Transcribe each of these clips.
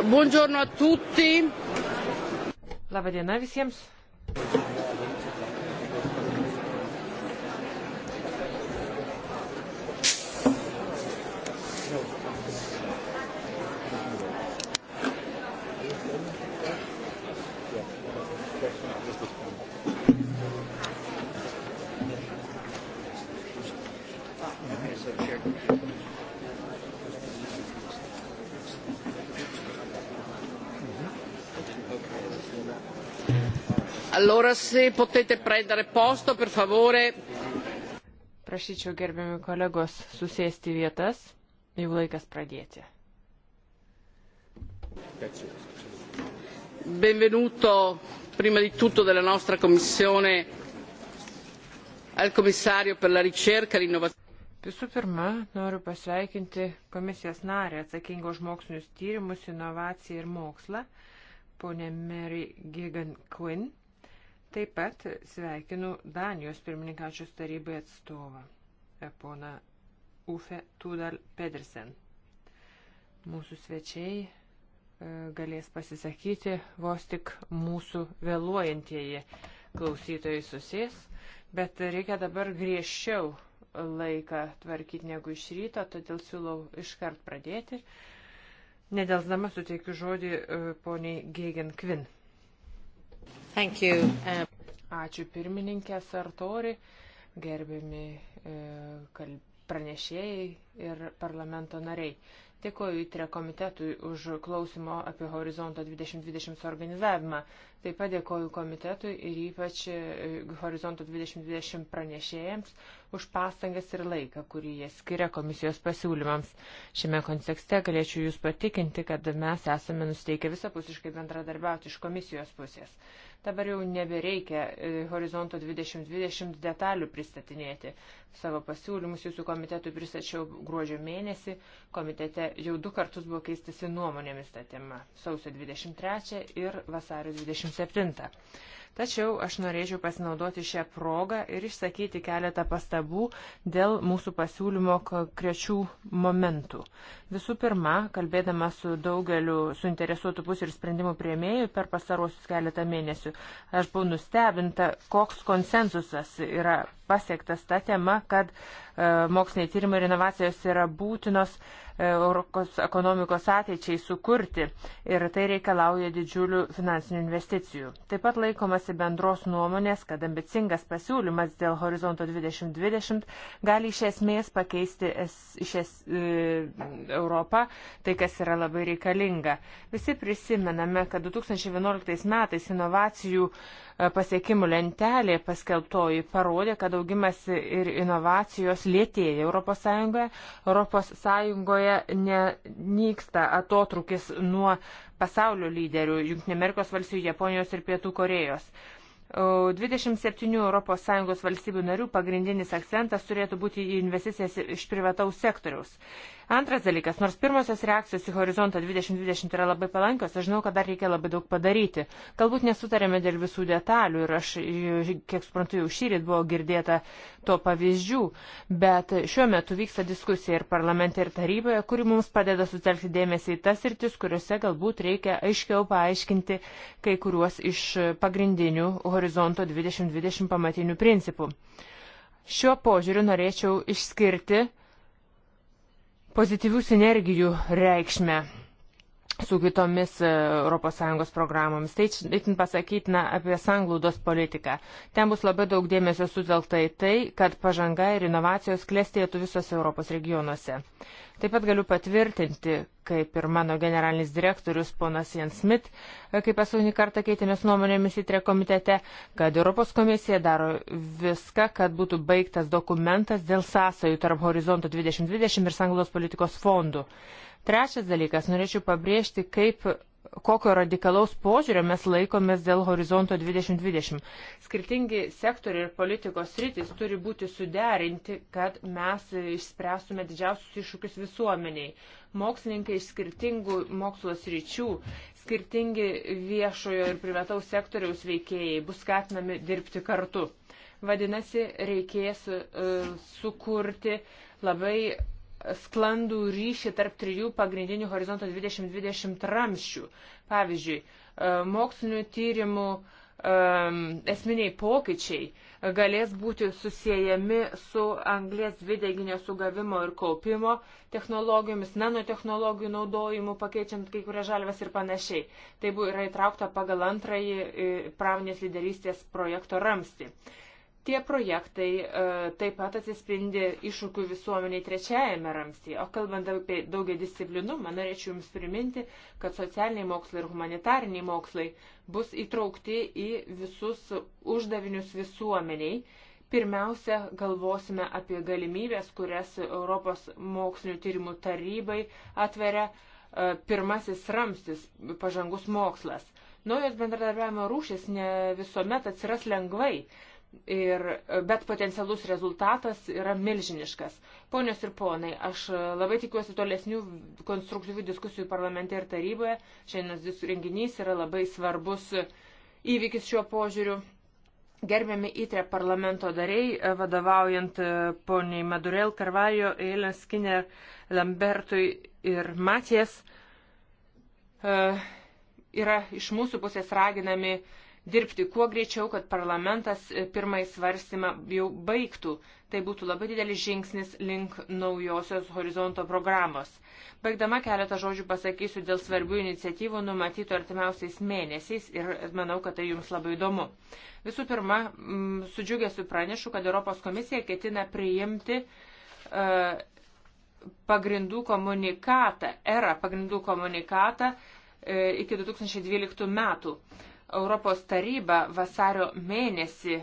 Buongiorno a tutti. Labadiena visiems. se potete prendere posto, per favore. Prašyčiau gerbiami kolegos susėsti vietas, jau laikas pradėti. Benvenuto prima di tutto della nostra Commissione al Commissario per la ricerca e l'innovazione. Visų pirma, noriu pasveikinti komisijos narį atsakingą už mokslinius tyrimus, inovaciją ir mokslą, ponė Mary Gigan Quinn. Taip pat sveikinu Danijos pirmininkačius tarybai atstovą, e, pona Ufe Tudal Pedersen. Mūsų svečiai e, galės pasisakyti vos tik mūsų vėluojantieji klausytojai susės, bet reikia dabar griežčiau laiką tvarkyti negu iš ryto, todėl siūlau iškart pradėti. Nedelsdama suteikiu žodį e, poniai Gegen Kvin. Thank you. Um, Ačiū pirmininkė Sartori, gerbiami e, pranešėjai ir parlamento nariai. Dėkuoju įtre komitetui už klausimo apie Horizonto 2020 organizavimą. Taip pat dėkuoju komitetui ir ypač e, Horizonto 2020 pranešėjams už pastangas ir laiką, kurį jie skiria komisijos pasiūlymams. Šiame kontekste galėčiau Jūs patikinti, kad mes esame nusteikę visapusiškai bendradarbiauti iš komisijos pusės. Dabar jau nebereikia e, horizonto 2020 detalių pristatinėti. Savo pasiūlymus jūsų komitetui pristačiau gruodžio mėnesį. Komitete jau du kartus buvo keistasi nuomonėmis tą temą. Sausio 23 ir vasario 27. Tačiau aš norėčiau pasinaudoti šią progą ir išsakyti keletą pastabų dėl mūsų pasiūlymo konkrečių momentų. Visų pirma, kalbėdama su daugeliu suinteresuotų pusių ir sprendimų prieimėjų per pastarosius keletą mėnesių, aš buvau nustebinta, koks konsensusas yra pasiektas ta tema, kad e, moksliniai tyrimai ir inovacijos yra būtinos e, Europos ekonomikos ateičiai sukurti ir tai reikalauja didžiulių finansinių investicijų. Taip pat laikomasi bendros nuomonės, kad ambicingas pasiūlymas dėl horizonto 2020 gali iš esmės pakeisti es, iš es, e, Europą, tai kas yra labai reikalinga. Visi prisimename, kad 2011 metais inovacijų e, E, pasiekimų lentelė paskelbtoji parodė, kad augimas ir inovacijos lėtėja ES. ES nenyksta atotrukis nuo pasaulio lyderių JAV, Japonijos ir Pietų Korejos. 27 ES valstybių narių pagrindinis akcentas turėtų būti investicijas iš privataus sektoriaus. Antras dalykas, nors pirmosios reakcijos į horizontą 2020 yra labai palankios, aš žinau, kad dar reikia labai daug padaryti. Galbūt nesutarėme dėl visų detalių ir aš, kiek suprantu, jau šyrit buvo girdėta to pavyzdžių, bet šiuo metu vyksta diskusija ir parlamente, ir taryboje, kuri mums padeda sutelkti dėmesį į tas rytis, kuriuose galbūt reikia aiškiau paaiškinti kai kuriuos iš pagrindinių horizonto 2020 pamatinių principų. Šiuo požiūriu norėčiau išskirti pozityvių sinergijų reikšmę su kitomis e, ES programomis. Tai itin pasakytina apie sanglaudos politiką. Ten bus labai daug dėmesio sutelkta į tai, kad pažanga ir inovacijos klestėtų visose Europos regionuose. Taip pat galiu patvirtinti, kaip ir mano generalinis direktorius ponas Jens Smith, e, kaip pasaulinį kartą keitėmės nuomonėmis į tre komitete, kad Europos komisija daro viską, kad būtų baigtas dokumentas dėl sąsajų tarp Horizonto 2020 ir sanglaudos politikos fondų. Trečias dalykas, norėčiau pabrėžti, kaip kokio radikalaus požiūrio mes laikomės dėl horizonto 2020. Skirtingi sektoriai ir politikos rytis turi būti suderinti, kad mes išspręstume didžiausius iššūkius visuomeniai. Mokslininkai iš skirtingų mokslos ryčių, skirtingi viešojo ir privataus sektoriaus veikėjai bus skatinami dirbti kartu. Vadinasi, reikės uh, sukurti labai sklandų ryšį tarp trijų pagrindinių horizonto 2020 ramščių. Pavyzdžiui, e, mokslinių tyrimų e, esminiai pokyčiai e, galės būti susijęjami su anglės dvideginio sugavimo ir kaupimo technologijomis, nanotehnologijų naudojimu, pakeičiant kai kurias žalvas ir panašiai. Tai buvo yra įtraukta pagal antrąjį pramonės lyderystės projekto ramstį. Tie projektai e, taip pat atsispindi iššūkių visuomeniai trečiajame ramstyje. O kalbant apie daugia disciplinumą, norėčiau Jums priminti, kad socialiniai mokslai ir humanitariniai mokslai bus įtraukti į visus uždavinius visuomeniai. Pirmiausia, galvosime apie galimybės, kurias Europos mokslinio tyrimų tarybai atveria e, pirmasis ramstis - pažangus mokslas. Naujos bendradarbiavimo rūšis ne visuomet atsiras lengvai. Ir, bet potencialus rezultatas yra milžiniškas. Ponios ir ponai, aš labai tikiuosi tolesnių konstruktyvių diskusijų parlamente ir taryboje. Šiandienas renginys yra labai svarbus įvykis šiuo požiūriu. Gerbiami įtrė parlamento dariai, vadovaujant e, poniai Madurel, Karvajo, Eilen Skinner, Lambertui ir Matijas, e, yra iš mūsų pusės raginami dirbti kuo greičiau, kad parlamentas e, pirmąjį svarstymą jau baigtų. Tai būtų labai didelis žingsnis link naujosios horizonto programos. Baigdama keletą žodžių pasakysiu dėl svarbių iniciatyvų numatytų artimiausiais mėnesiais ir manau, kad tai jums labai įdomu. Visų pirma, su džiugesiu pranešu, kad Europos komisija ketina priimti uh, pagrindų komunikatą, era pagrindų komunikatą e, iki 2012 metų. Europos taryba vasario mėnesį e,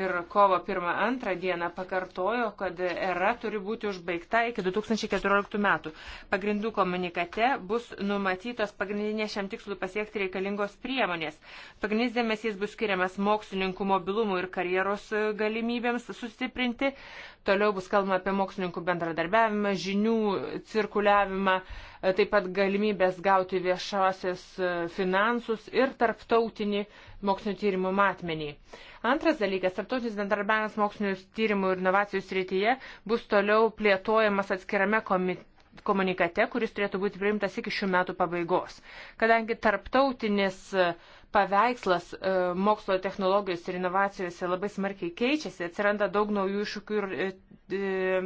ir kovo 1-2 dieną pakartojo, kad era turi būti užbaigta iki 2014 metų. Pagrindų komunikate bus numatytos pagrindinės šiam tikslui pasiekti reikalingos priemonės. Pagrindinis dėmesys bus skiriamas mokslininkų mobilumų ir karjeros e, galimybėms sustiprinti, Toliau bus kalbama apie mokslininkų bendradarbiavimą, žinių cirkuliavimą, e, taip pat galimybės gauti viešasis e, finansus ir tarptautinį mokslinio tyrimų matmenį. Antras dalykas - tarptautinis bendradarbiavimas mokslinio tyrimų ir inovacijų srityje bus toliau plėtojamas atskirame komitete komunikate, kuris turėtų būti priimtas iki šių metų pabaigos. Kadangi tarptautinis uh, paveikslas e, mokslo technologijos ir inovacijose labai smarkiai keičiasi, atsiranda daug naujų iššūkių ir e, e,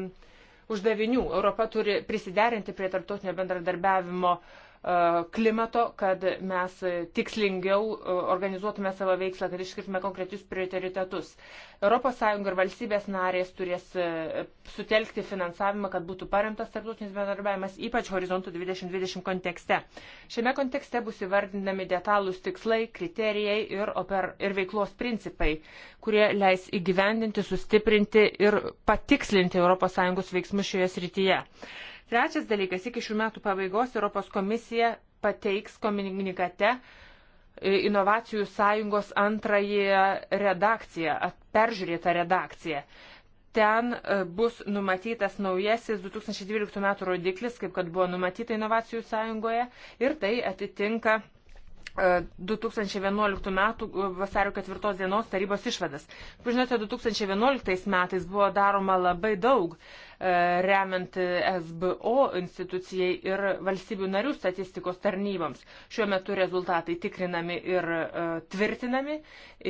uždavinių. Europa turi prisiderinti prie tarptautinio bendradarbiavimo uh, E, klimato, kad mes tikslingiau e, organizuotume savo veiklą, kad iškirtume konkrečius prioritetus. ES ir valstybės narės turės e, sutelkti finansavimą, kad būtų paremtas tarptautinis bendarbiavimas, ypač horizontų 2020 kontekste. Šiame kontekste bus įvardinami detalūs tikslai, kriterijai ir, oper, ir veiklos principai, kurie leis įgyvendinti, sustiprinti ir patikslinti ES veiksmus šioje srityje. Trečias dalykas, iki šių metų pabaigos Europos komisija pateiks komunikate e, inovacijų sąjungos antrąjį redakciją, peržiūrėtą redakciją. Ten e, bus numatytas naujasis 2012 metų rodiklis, kaip kad buvo numatyta inovacijų sąjungoje, ir tai atitinka 2011 e, metų vasario 4 dienos tarybos išvadas. Žinote, 2011 metais buvo daroma labai daug remiant SBO institucijai ir valstybių narių statistikos tarnyboms. Šiuo metu rezultatai tikrinami ir e, tvirtinami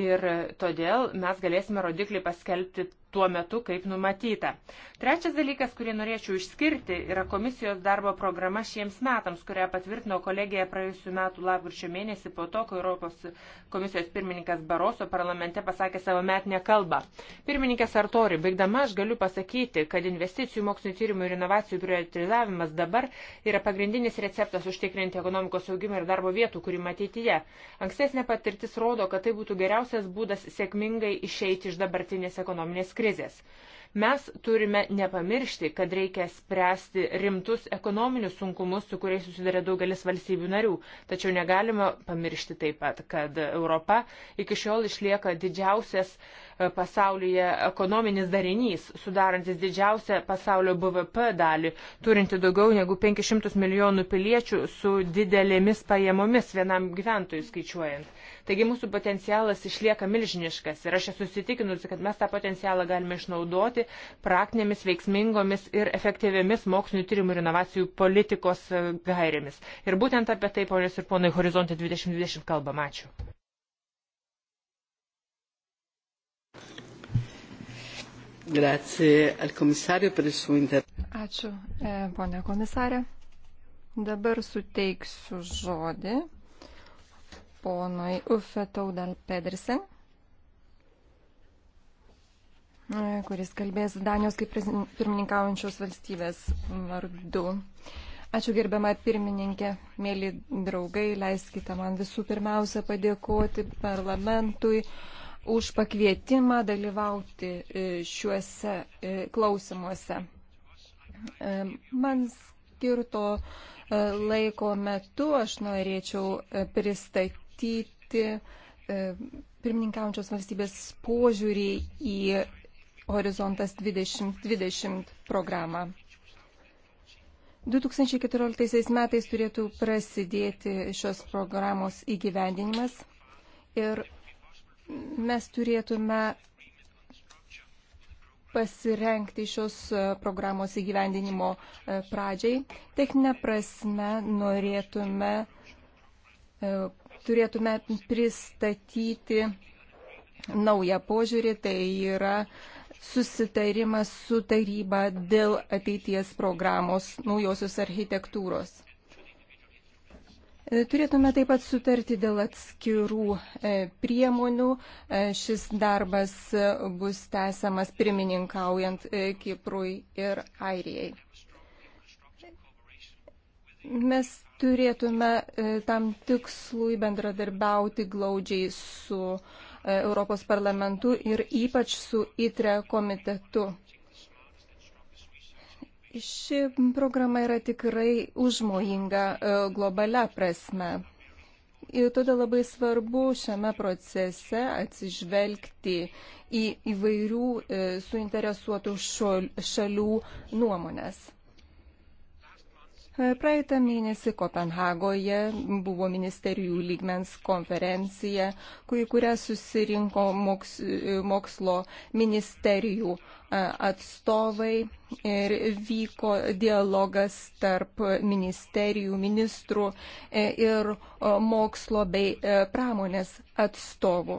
ir e, todėl mes galėsime rodiklį paskelbti tuo metu, kaip numatyta. Trečias dalykas, kurį norėčiau išskirti, yra komisijos darbo programa šiems metams, kurią patvirtino kolegija praėjusiu metu lapkričio mėnesį po to, kai Europos komisijos pirmininkas Baroso parlamente pasakė savo metinę kalbą. Pirmininkė Sartori, baigdama aš galiu pasakyti, kad investicijų mokslinio tyrimų ir inovacijų prioritizavimas dabar yra pagrindinis receptas užtikrinti ekonomikos augimą ir darbo vietų kūrimą ateityje. Ankstesnė patirtis rodo, kad tai būtų geriausias būdas sėkmingai išeiti iš dabartinės ekonominės krizės krizės. Mes turime nepamiršti, kad reikia spręsti rimtus ekonominius sunkumus, su kuriais susidarė daugelis valstybių narių. Tačiau negalime pamiršti taip pat, kad Europa iki šiol išlieka didžiausias e, pasaulyje ekonominis darinys, sudarantis didžiausią pasaulio BVP dalį, turinti daugiau negu 500 milijonų piliečių su didelėmis pajamomis vienam gyventojui skaičiuojant. Taigi mūsų potencialas išlieka milžiniškas ir aš esu susitikinusi, kad mes tą potencialą galime išnaudoti praktinėmis, veiksmingomis ir efektyviamis mokslinio tyrimų ir inovacijų politikos e, gairėmis. Ir būtent apie tai, ponios ir ponai, Horizontė 2020 kalbam. Ačiū. Grazie al komisario per il suo intervento. Ačiū, e, ponė komisarė. Dabar suteiksiu žodį ponui Uffe Taudal Pedersen, kuris kalbės Danijos kaip pirmininkaujančios valstybės vardu. Ačiū gerbiama pirmininkė, mėly draugai, leiskite man visų pirmiausia padėkoti parlamentui už pakvietimą dalyvauti e, šiuose e, klausimuose. E, man skirto laiko metu aš norėčiau pristatyti matyti e, pirmininkaujančios valstybės požiūrį į Horizontas 2020 programą. 2014 metais turėtų prasidėti šios programos įgyvendinimas ir mes turėtume pasirengti šios programos įgyvendinimo e, pradžiai. Techninė prasme norėtume e, turėtume pristatyti naują požiūrį, tai yra susitarimas su taryba dėl ateities programos naujosios architektūros. Turėtume taip pat sutarti dėl atskirų e, priemonių. E, šis darbas bus tęsiamas pirmininkaujant e, Kiprui ir Airijai. Mes turėtume e, tam tikslui bendradarbiauti glaudžiai su e, Europos parlamentu ir ypač su ITRE komitetu. Ši programa yra tikrai užmojinga e, globalia prasme. Ir todėl labai svarbu šiame procese atsižvelgti į įvairių suinteresuotų šalių nuomonės. Praeitą mėnesį Kopenhagoje buvo ministerijų lygmens konferencija, į kurią susirinko moks, mokslo ministerijų atstovai ir vyko dialogas tarp ministerijų, ministrų e, ir mokslo bei e, pramonės atstovų.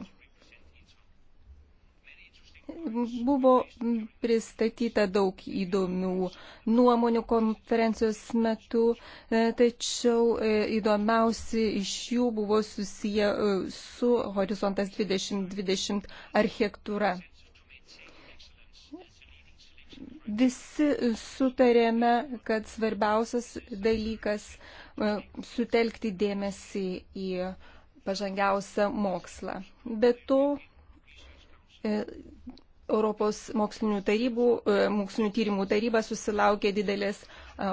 Buvo pristatyta daug įdomių nuomonių konferencijos metu, e, tačiau e, įdomiausi iš jų buvo susiję e, su Horizontas 2020 architektūra. Visi sutarėme, kad svarbiausias dalykas sutelkti dėmesį į pažangiausią mokslą. Be to, Europos mokslinių, tarybų, e, mokslinių tyrimų taryba susilaukė didelės e,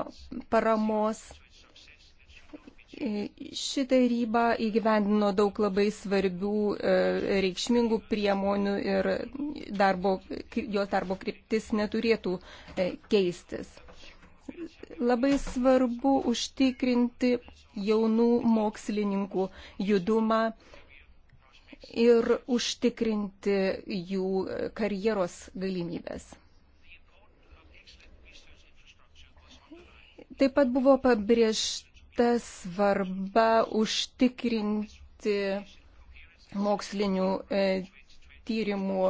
paramos. E, ši taryba įgyvendino daug labai svarbių reikšmingų priemonių ir darbo, jos darbo kryptis neturėtų keistis. Labai svarbu užtikrinti jaunų mokslininkų judumą, ir užtikrinti jų karjeros galimybės. Taip pat buvo pabrėžta svarba užtikrinti mokslinių e, tyrimų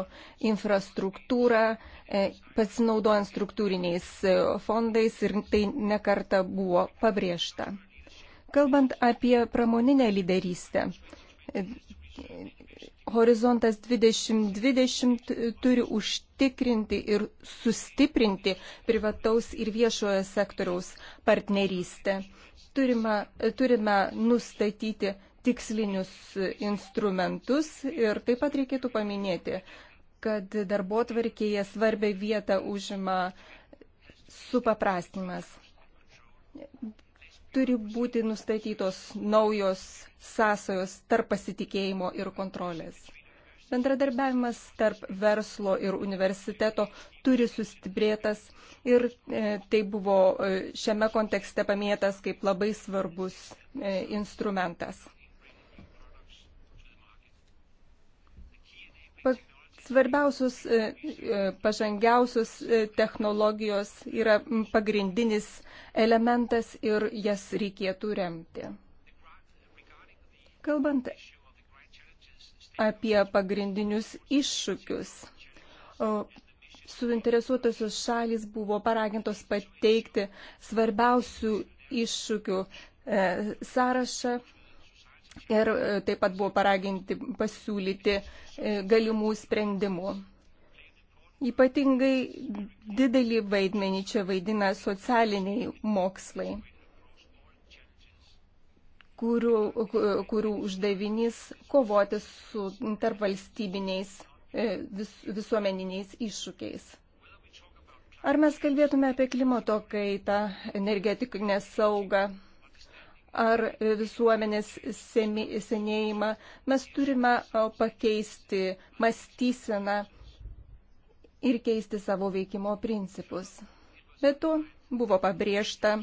infrastruktūrą, e, pasinaudojant struktūriniais e, fondais ir tai nekarta buvo pabrėžta. Kalbant apie pramoninę lyderystę, Horizontas 2020 turi užtikrinti ir sustiprinti privataus ir viešojo sektoriaus partnerystę. Turime, turime nustatyti tikslinius instrumentus ir taip pat reikėtų paminėti, kad darbo tvarkėje svarbę vietą užima supaprastimas turi būti nustatytos naujos sąsajos tarp pasitikėjimo ir kontrolės. Bendradarbiavimas tarp verslo ir universiteto turi sustiprėtas ir e, tai buvo e, šiame kontekste pamėtas kaip labai svarbus e, instrumentas. Pak Svarbiausius e, e, pažangiausius e, technologijos yra pagrindinis elementas ir jas reikėtų remti. Kalbant apie pagrindinius iššūkius, suinteresuotosios šalis buvo paragintos pateikti svarbiausių iššūkių sąrašą ir e, taip pat buvo paraginti pasiūlyti e, galimų sprendimų. Ypatingai didelį vaidmenį čia vaidina socialiniai mokslai, kurių, kurių uždavinys kovoti su tarpvalstybiniais e, vis, visuomeniniais iššūkiais. Ar mes kalbėtume apie klimato kaitą, energetikinę saugą ar visuomenės senėjimą. Mes turime pakeisti mąstyseną ir keisti savo veikimo principus. Bet to buvo pabrėžta,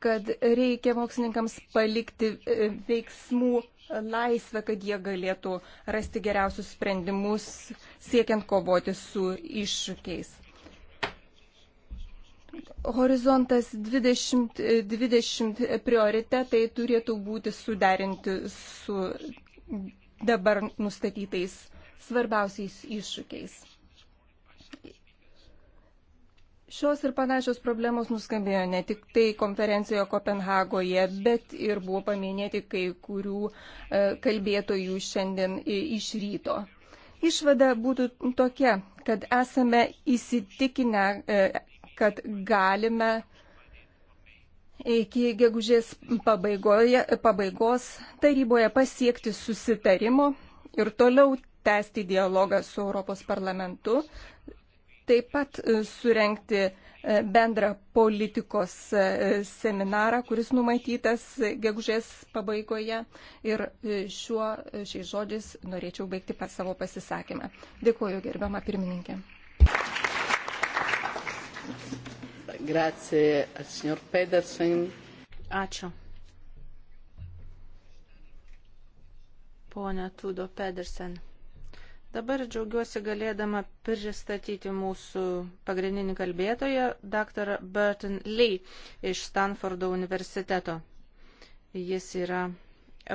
kad reikia mokslininkams palikti e, veiksmų laisvę, kad jie galėtų rasti geriausius sprendimus siekiant kovoti su iššūkiais. Horizontas 2020 e, prioritetai turėtų būti suderinti su dabar nustatytais svarbiausiais iššūkiais. Šios ir panašios problemos nuskambėjo ne tik tai konferencijoje Kopenhagoje, bet ir buvo paminėti kai kurių e, kalbėtojų šiandien iš ryto. Išvada būtų tokia, kad esame įsitikinę, e, kad galime iki gegužės pabaigoje, pabaigos taryboje pasiekti susitarimo ir toliau tęsti dialogą su Europos parlamentu, taip pat e, surenkti e, bendrą politikos e, seminarą, kuris numatytas gegužės pabaigoje. Ir šiuo, šiais žodžiais norėčiau baigti pat savo pasisakymą. Dėkuoju, gerbama pirmininkė. Grazie al signor Pedersen. Ačiū. Pone Tudo Pedersen. Dabar džiaugiuosi galėdama pristatyti mūsų pagrindinį kalbėtoją, dr. Burton Lee iš Stanfordo universiteto. Jis yra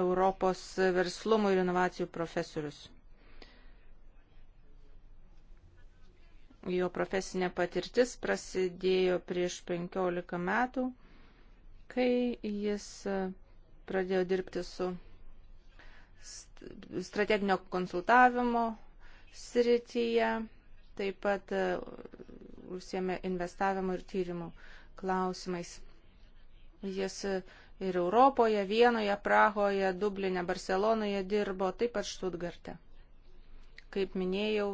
Europos verslumo ir inovacijų profesorius. Jo profesinė patirtis prasidėjo prieš 15 metų, kai jis e, pradėjo dirbti su strateginio konsultavimo srityje, taip pat e, užsiemė investavimo ir tyrimų klausimais. Jis e, ir Europoje, Vienoje, Prahoje, Dublinė, Barcelonoje dirbo, taip pat Štutgarte. Kaip minėjau,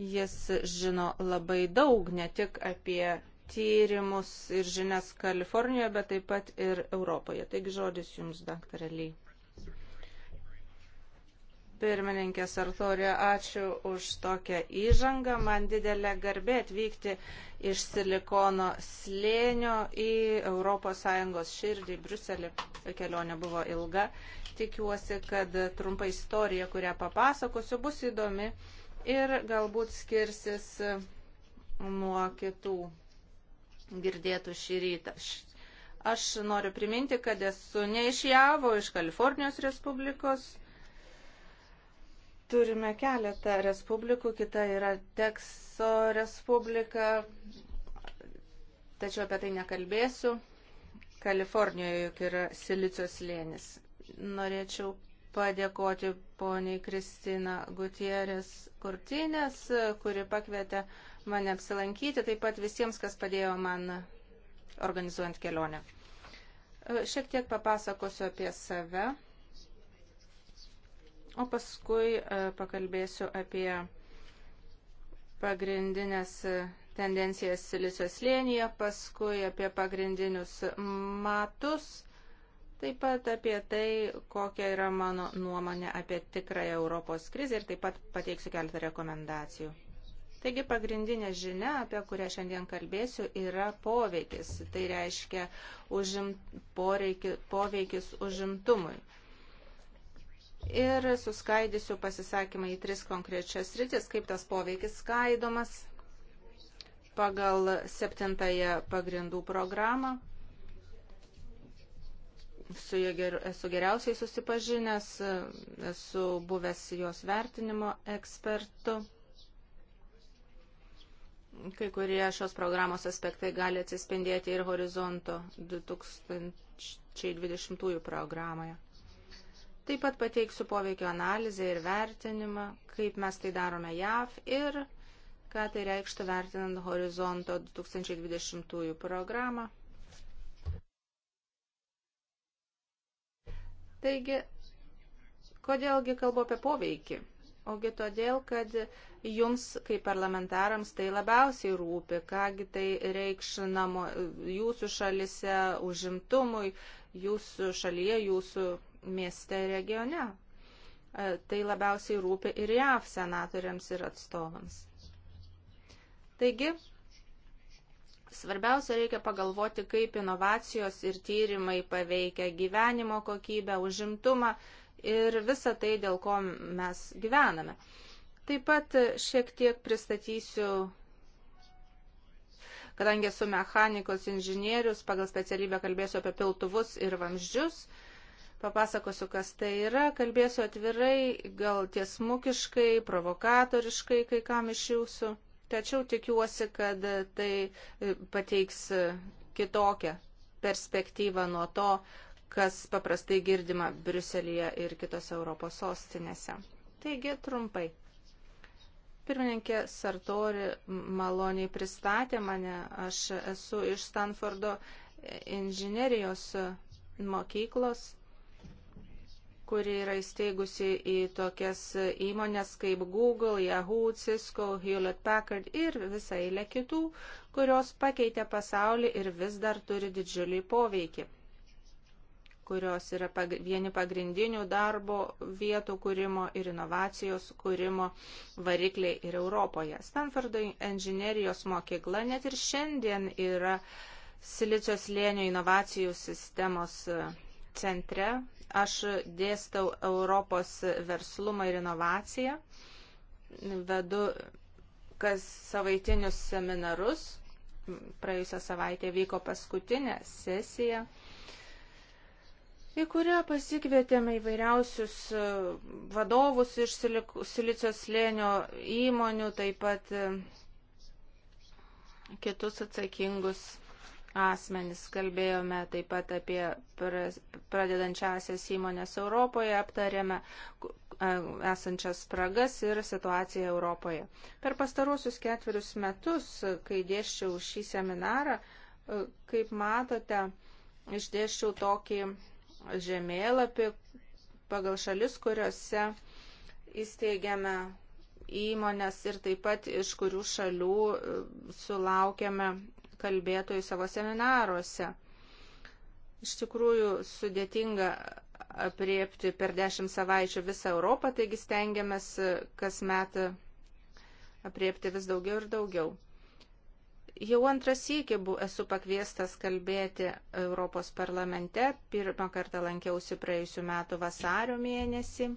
Jis žino labai daug, ne tik apie tyrimus ir žinias Kalifornijoje, bet taip pat ir Europoje. Taigi žodis jums, daktarė Lee. Pirmininkė Sartorija, ačiū už tokią įžangą. Man didelė garbė atvykti iš Silikono slėnio į ES širdį, Bruselį. Kelionė buvo ilga. Tikiuosi, kad trumpa istorija, kurią papasakosiu, bus įdomi ir galbūt skirsis nuo kitų girdėtų šį rytą. Aš noriu priminti, kad esu ne iš JAV, o iš Kalifornijos Respublikos. Turime keletą respublikų, kita yra Tekso Respublika, tačiau apie tai nekalbėsiu. Kalifornijoje juk yra silicijos lėnis. Norėčiau padėkoti poniai Kristina Gutierės Kurtinės, kuri pakvietė mane apsilankyti, taip pat visiems, kas padėjo man organizuojant kelionę. Šiek tiek papasakosiu apie save, o paskui e, pakalbėsiu apie pagrindinės tendencijas Silicio slėnyje, paskui apie pagrindinius matus Taip pat apie tai, kokia yra mano nuomonė apie tikrąją Europos krizę ir taip pat pateiksiu keletą rekomendacijų. Taigi pagrindinė žinia, apie kurią šiandien kalbėsiu, yra poveikis. Tai reiškia užim, poreiki, poveikis užimtumui. Ir suskaidysiu pasisakymą į tris konkrečias rytis, kaip tas poveikis skaidomas pagal septintąją pagrindų programą, su juo ger, esu geriausiai susipažinęs, esu buvęs jos vertinimo ekspertu. Kai kurie šios programos aspektai gali atsispindėti ir horizonto 2020 programoje. Taip pat pateiksiu poveikio analizę ir vertinimą, kaip mes tai darome JAV ir ką tai reikštų vertinant horizonto 2020 programą Taigi, kodėlgi kalbu apie poveikį? Ogi todėl, kad jums, kaip parlamentarams, tai labiausiai rūpi, kągi tai reikš namo, jūsų šalise užimtumui, jūsų šalyje, jūsų mieste regione. E, tai labiausiai rūpi ir JAV senatoriams ir atstovams. Taigi, Svarbiausia, reikia pagalvoti, kaip inovacijos ir tyrimai paveikia gyvenimo kokybę, užimtumą ir visą tai, dėl ko mes gyvename. Taip pat šiek tiek pristatysiu, kadangi esu mechanikos inžinierius, pagal specialybę kalbėsiu apie piltuvus ir vamzdžius. Papasakosiu, kas tai yra, kalbėsiu atvirai, gal tiesmukiškai, provokatoriškai kai kam iš jūsų. Tačiau tikiuosi, kad tai e, pateiks e, kitokią perspektyvą nuo to, kas paprastai girdima Briuselėje ir kitose Europos sostinėse. Taigi trumpai. Pirmininkė Sartori maloniai pristatė mane. Aš esu iš Stanfordo inžinerijos mokyklos kuri yra įsteigusi į tokias įmonės kaip Google, Yahoo, Cisco, Hewlett Packard ir visą eilę kitų, kurios pakeitė pasaulį ir vis dar turi didžiulį poveikį, kurios yra pag vieni pagrindinių darbo vietų kūrimo ir inovacijos kūrimo varikliai ir Europoje. Stanfordo inžinerijos mokykla net ir šiandien yra Silicijos lėnio inovacijų sistemos centre, Aš dėstau Europos verslumą ir inovaciją, vedu kas savaitinius seminarus. Praėjusią savaitę vyko paskutinė sesija, į kurią pasikvietėme įvairiausius vadovus iš Silicijos slėnio įmonių, taip pat kitus atsakingus asmenis. Kalbėjome taip pat apie pradedančiasias įmonės Europoje, aptarėme esančias spragas ir situaciją Europoje. Per pastaruosius ketverius metus, kai dėščiau šį seminarą, kaip matote, išdėščiau tokį žemėlapį pagal šalis, kuriuose įsteigiame įmonės ir taip pat iš kurių šalių sulaukėme kalbėtojų savo seminaruose. Iš tikrųjų sudėtinga apriepti per dešimt savaičių visą Europą, taigi stengiamės kas metą apriepti vis daugiau ir daugiau. Jau antras sykį esu pakviestas kalbėti Europos parlamente. Pirmą kartą lankiausi praėjusiu metu vasario mėnesį,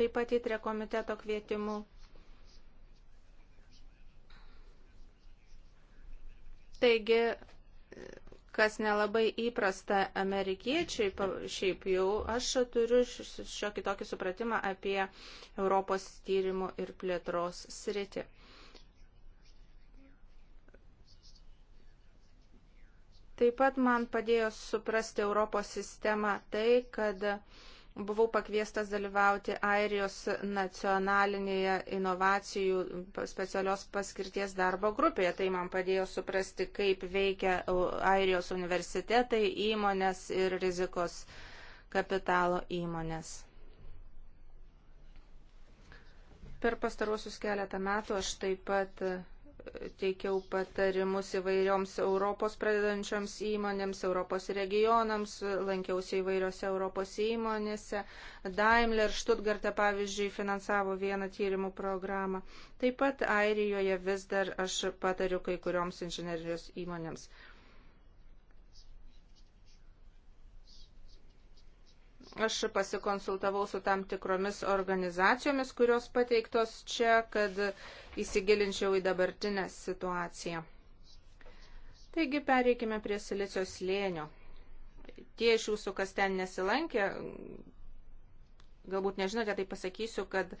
taip pat įtre komiteto kvietimu. Taigi, kas nelabai įprasta amerikiečiai, šiaip jau aš turiu šiokį tokį supratimą apie Europos tyrimų ir plėtros sritį. Taip pat man padėjo suprasti Europos sistemą tai, kad buvau pakviestas dalyvauti Airijos nacionalinėje inovacijų specialios paskirties darbo grupėje. Tai man padėjo suprasti, kaip veikia Airijos universitetai, įmonės ir rizikos kapitalo įmonės. Per pastaruosius keletą metų aš taip pat teikiau patarimus įvairioms Europos pradedančioms įmonėms, Europos regionams, lankiausi įvairiose Europos įmonėse. Daimler Stuttgarte, pavyzdžiui, finansavo vieną tyrimų programą. Taip pat Airijoje vis dar aš patariu kai kurioms inžinerijos įmonėms. Uh, Aš pasikonsultavau su tam tikromis organizacijomis, kurios pateiktos čia, kad įsigilinčiau į dabartinę situaciją. Taigi pereikime prie silicio slėnio. Tie iš jūsų, kas ten nesilankė, galbūt nežinote, tai pasakysiu, kad e,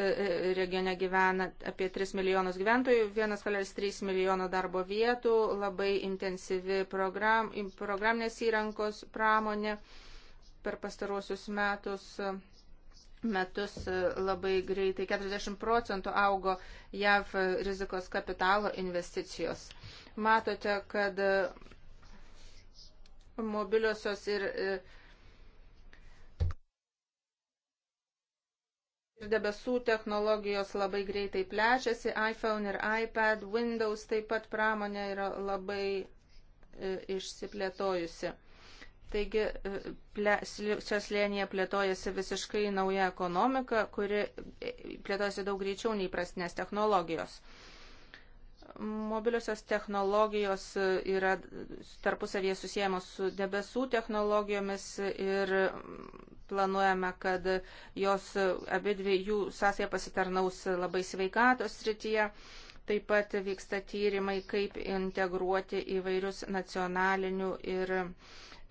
e, regione gyvena apie 3 milijonus gyventojų, 1,3 milijono darbo vietų, labai intensyvi program, programinės įrankos pramonė, per pastaruosius metus metus e, labai greitai 40 procentų augo JAV rizikos kapitalo investicijos. Matote, kad e, mobiliosios ir, e, ir debesų technologijos labai greitai plečiasi, iPhone ir iPad, Windows taip pat pramonė yra labai išsiplėtojusi. Taigi, šios e, lėnyje plėtojasi visiškai nauja ekonomika, kuri e, plėtojasi daug greičiau nei prasnės technologijos. Mobiliosios technologijos e, yra tarpusavėje susijęmos su debesų technologijomis ir mm, planuojame, kad jos abidvi jų sąsaja pasitarnaus labai sveikatos srityje. Taip pat vyksta tyrimai, kaip integruoti įvairius nacionalinių ir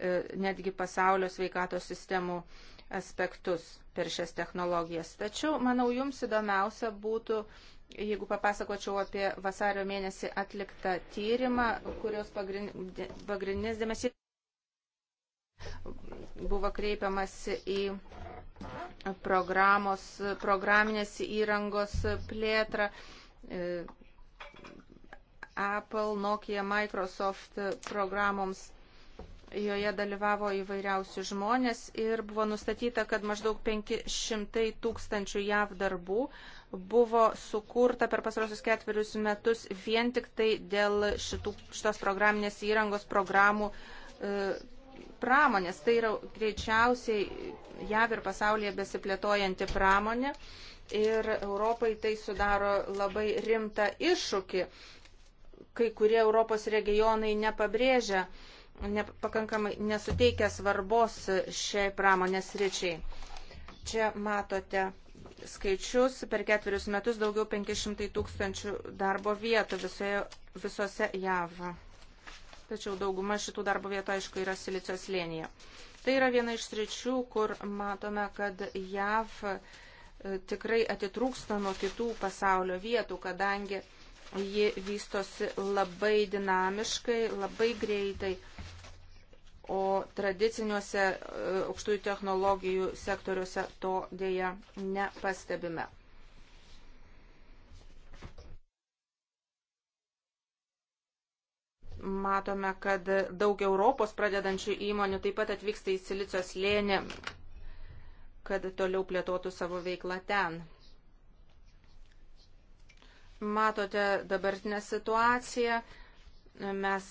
E, netgi pasaulio sveikatos sistemų aspektus per šias technologijas. Tačiau, manau, jums įdomiausia būtų, jeigu papasakočiau apie vasario mėnesį atliktą tyrimą, kurios pagrindinis dėmesys buvo kreipiamas į programos, programinės įrangos plėtrą. E, Apple, Nokia, Microsoft programoms Joje dalyvavo įvairiausi žmonės ir buvo nustatyta, kad maždaug 500 tūkstančių JAV darbų buvo sukurta per pasarosius ketverius metus vien tik tai dėl šitų, šitos programinės įrangos programų e, pramonės. Tai yra greičiausiai JAV ir pasaulyje besiplėtojanti pramonė ir Europai tai sudaro labai rimtą iššūkį. Kai kurie Europos regionai nepabrėžia nepakankamai nesuteikia svarbos šiai pramonės ryčiai. Čia matote skaičius, per ketverius metus daugiau 500 tūkstančių darbo vietų visoje, visose JAV. Tačiau dauguma šitų darbo vietų, aišku, yra silicijos lėnyje. Tai yra viena iš sričių, kur matome, kad JAV e, tikrai atitrūksta nuo kitų pasaulio vietų, kadangi Ji vystosi labai dinamiškai, labai greitai. O tradiciniuose e, aukštųjų technologijų sektoriuose to dėja nepastebime. Matome, kad daug Europos pradedančių įmonių taip pat atvyksta į Silicijos lėnį, kad toliau plėtotų savo veiklą ten. Matote dabartinę situaciją. Mes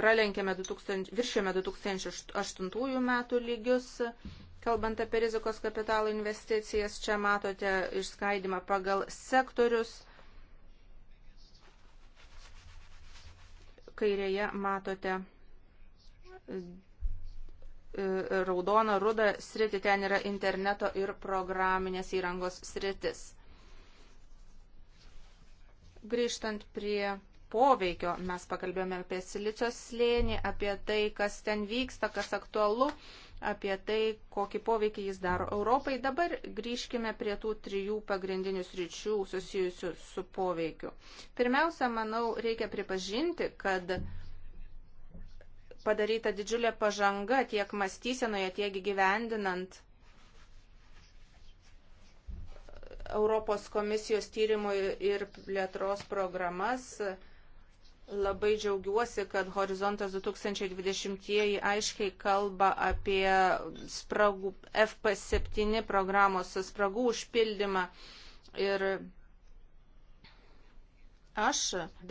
pralenkėme 2000, viršėme 2008 metų lygius. Kalbant apie rizikos kapitalo investicijas, čia matote išskaidimą pagal sektorius. Kairėje matote e, raudoną rudą sritį, ten yra interneto ir programinės įrangos sritis. Grįžtant prie poveikio, mes pakalbėjome apie silicio slėnį, apie tai, kas ten vyksta, kas aktualu, apie tai, kokį poveikį jis daro Europai. Dabar grįžkime prie tų trijų pagrindinių sričių susijusių su poveikiu. Pirmiausia, manau, reikia pripažinti, kad padaryta didžiulė pažanga tiek mąstysenoje, tiek gyvendinant Europos komisijos tyrimų ir plėtros programas. Labai džiaugiuosi, kad Horizontas 2020 aiškiai kalba apie spragų, FP7 programos spragų užpildymą. Ir aš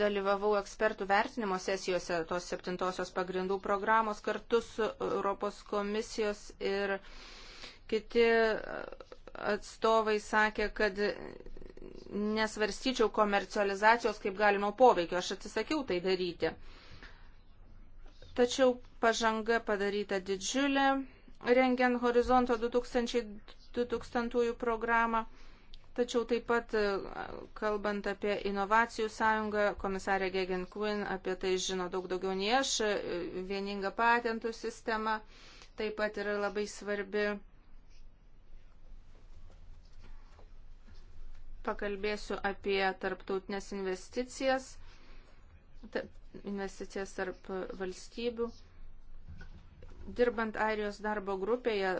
dalyvavau ekspertų vertinimo sesijose tos septintosios pagrindų programos kartu su Europos komisijos ir kiti atstovai sakė, kad nesvarstyčiau komercializacijos kaip galimo poveikio. Aš atsisakiau tai daryti. Tačiau pažanga padaryta didžiulė, rengiant Horizonto 2000 programą. Tačiau taip pat, kalbant apie inovacijų sąjungą, komisarė Gegen Quinn apie tai žino daug daugiau nei aš, vieninga patentų sistema taip pat yra labai svarbi pakalbėsiu apie tarptautinės investicijas, investicijas tarp valstybių. Dirbant Airijos darbo grupėje,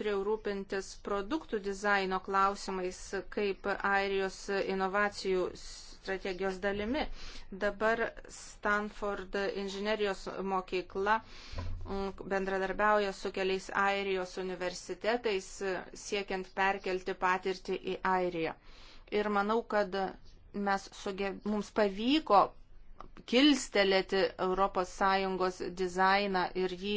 turėjau rūpintis produktų dizaino klausimais kaip Airijos inovacijų strategijos dalimi. Dabar Stanford inžinerijos mokykla mm, bendradarbiauja su keliais Airijos universitetais, siekiant perkelti patirtį į Airiją ir manau, kad mes suge... mums pavyko kilstelėti ES dizainą ir jį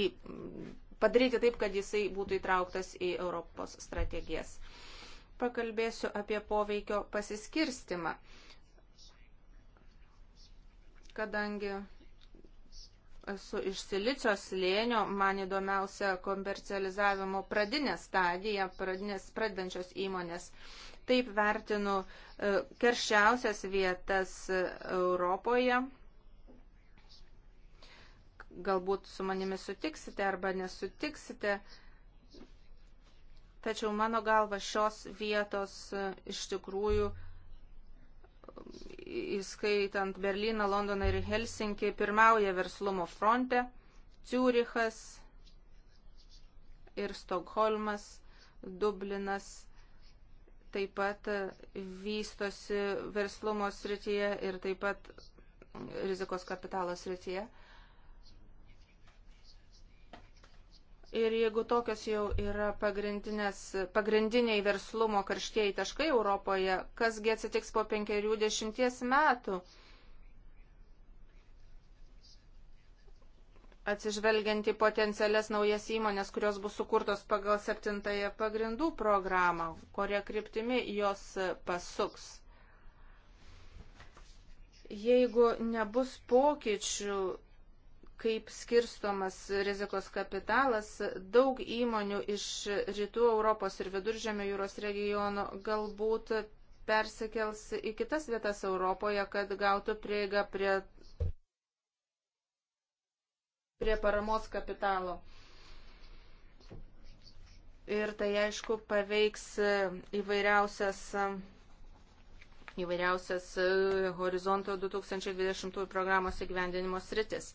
padaryti taip, kad jisai būtų įtrauktas į Europos strategijas. Pakalbėsiu apie poveikio pasiskirstimą, kadangi esu iš silicijos slėnio, man įdomiausia komercializavimo pradinė stadija, pradinės, pradedančios įmonės taip vertinu e, kerščiausias vietas e, Europoje. Galbūt su manimi sutiksite arba nesutiksite, tačiau mano galva šios vietos e, iš tikrųjų, įskaitant Berliną, Londoną ir Helsinkį, pirmauja verslumo fronte, Ciurichas ir Stokholmas, Dublinas taip pat vystosi verslumo srityje ir taip pat rizikos kapitalo srityje. Ir jeigu tokios jau yra pagrindiniai verslumo karštieji taškai Europoje, kasgi atsitiks po penkerių dešimties metų? atsižvelgiant į potencialias naujas įmonės, kurios bus sukurtos pagal septintąją pagrindų programą, kuria kryptimi jos pasuks. Jeigu nebus pokyčių, kaip skirstomas rizikos kapitalas, daug įmonių iš rytų Europos ir viduržėmio jūros regiono galbūt persikels į kitas vietas Europoje, kad gautų prieigą prie prie paramos kapitalo. Ir tai aišku paveiks e, įvairiausias, e, įvairiausias e, horizonto 2020 programos įgyvendinimo sritis.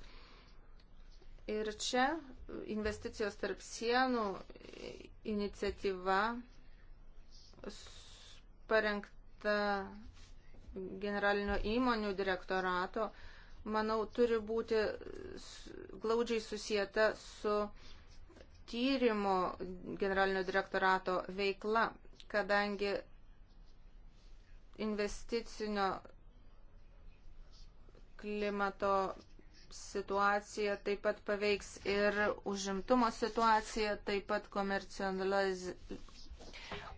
Ir čia investicijos tarp sienų iniciatyva parengta generalinio įmonių direktorato manau, turi būti glaudžiai susijęta su tyrimo generalinio direktorato veikla, kadangi investicinio klimato situacija taip pat paveiks ir užimtumo situacija, taip pat komercializ...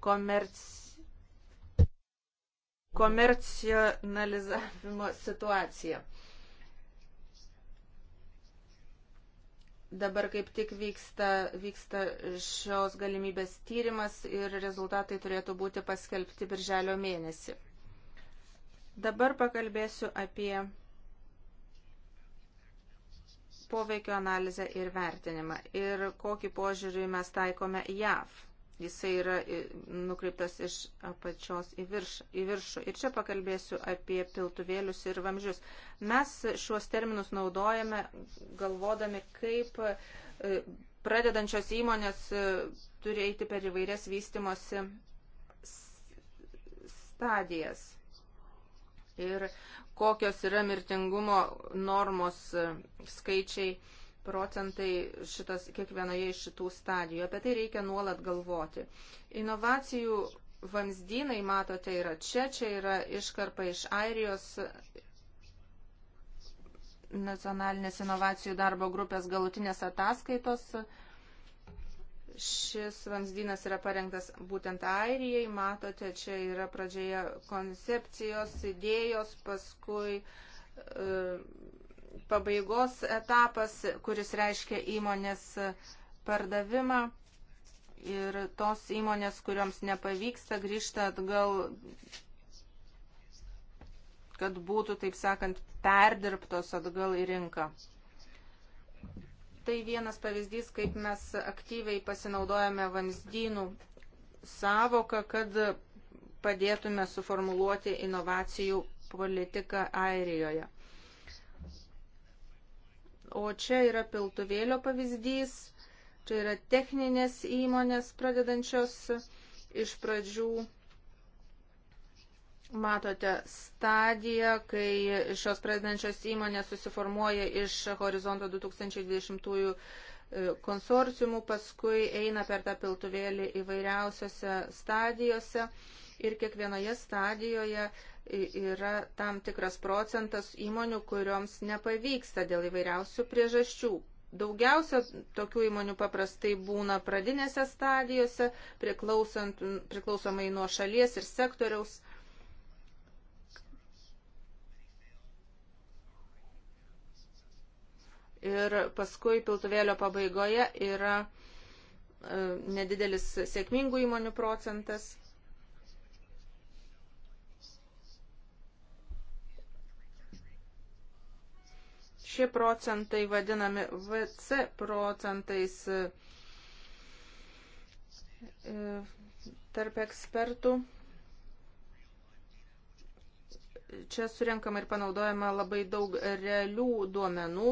komerci... komercionalizavimo situacija. Dabar kaip tik vyksta, vyksta šios galimybės tyrimas ir rezultatai turėtų būti paskelbti birželio mėnesį. Dabar pakalbėsiu apie poveikio analizę ir vertinimą ir kokį požiūrį mes taikome JAV. Jisai yra nukreiptas iš apačios į viršų. Į viršų. Ir čia pakalbėsiu apie piltuvėlius ir vamzdžius. Mes šiuos terminus naudojame galvodami, kaip e, pradedančios įmonės e, turi eiti per įvairias vystimosi stadijas. Ir kokios yra mirtingumo normos e, skaičiai procentai šitas, kiekvienoje iš šitų stadijų. Apie tai reikia nuolat galvoti. Inovacijų vamzdynai, matote, yra čia, čia yra iškarpa iš Airijos nacionalinės inovacijų darbo grupės galutinės ataskaitos. Šis vamzdynas yra parengtas būtent Airijai, matote, čia yra pradžioje koncepcijos, idėjos, paskui e, pabaigos etapas, kuris reiškia įmonės pardavimą. Ir tos įmonės, kuriuoms nepavyksta, grįžta atgal, kad būtų, taip sakant, perdirbtos atgal į rinką. Tai vienas pavyzdys, kaip mes aktyviai pasinaudojame vamzdynų savoką, kad padėtume suformuluoti inovacijų politiką Airijoje. O čia yra piltuvėlio pavyzdys, čia yra techninės įmonės pradedančios iš pradžių. Matote stadiją, kai šios pradedančios įmonės susiformuoja iš horizonto 2020 e, konsorciumų, paskui eina per tą piltuvėlį įvairiausiose stadijose ir kiekvienoje stadijoje yra tam tikras procentas įmonių, kurioms nepavyksta dėl įvairiausių priežasčių. Daugiausia tokių įmonių paprastai būna pradinėse stadijose, priklausomai nuo šalies ir sektoriaus. ir paskui piltuvėlio pabaigoje yra e, nedidelis sėkmingų įmonių procentas. šie procentai vadinami VC procentais e, tarp ekspertų. Čia surinkama ir panaudojama labai daug realių duomenų,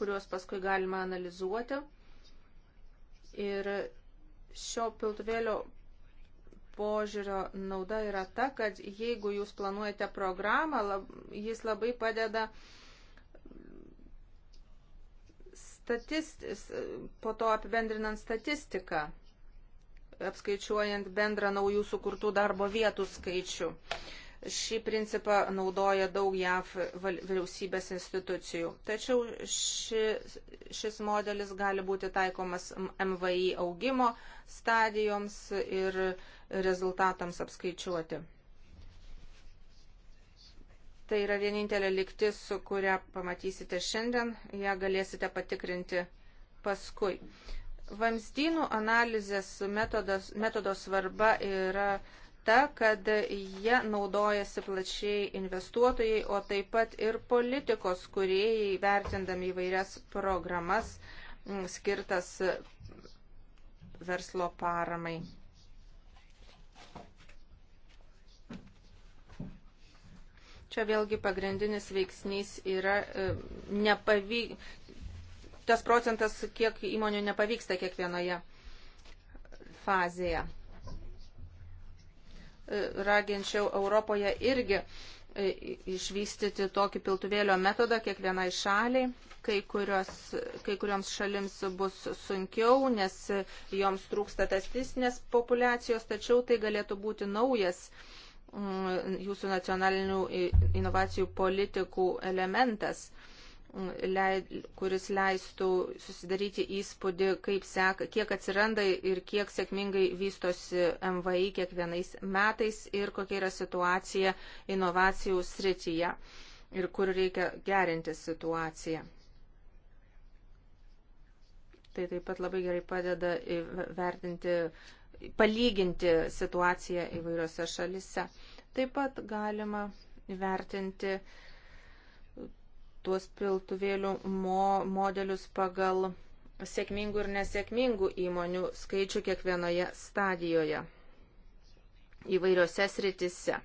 kuriuos paskui galima analizuoti. Ir šio piltuvėlio požiūrio nauda yra ta, kad jeigu jūs planuojate programą, lab, jis labai padeda statistis, po to apibendrinant statistiką, apskaičiuojant bendrą naujų sukurtų darbo vietų skaičių. Šį principą naudoja daug JAV vyriausybės institucijų. Tačiau ši, šis modelis gali būti taikomas MVI augimo stadijoms ir uh, rezultatams apskaičiuoti. Tai yra vienintelė liktis, kurią pamatysite šiandien, ją galėsite patikrinti paskui. Vamzdynų analizės metodos, metodo svarba yra ta, kad jie naudojasi plačiai investuotojai, o taip pat ir politikos, kurie vertindami įvairias programas mm, skirtas verslo paramai. Čia vėlgi pagrindinis veiksnys yra e, nepavyk... tas procentas, kiek įmonių nepavyksta kiekvienoje fazėje. E, raginčiau Europoje irgi e, išvystyti tokį piltuvėlio metodą kiekvienai šaliai. Kai, kurios, kai kurioms šalims bus sunkiau, nes joms trūksta testisnės populiacijos, tačiau tai galėtų būti naujas uh, Mm, jūsų nacionalinių inovacijų politikų elementas, mm, kuris leistų susidaryti įspūdį, kaip seka, kiek atsiranda ir kiek sėkmingai vystosi MVI kiekvienais metais ir kokia yra situacija inovacijų srityje ir kur reikia gerinti situaciją. Tai taip pat labai gerai padeda vertinti palyginti situaciją įvairiose šalise. Taip pat galima vertinti tuos piltuvėlių mo, modelius pagal sėkmingų ir nesėkmingų įmonių skaičių kiekvienoje stadijoje įvairiose sritise.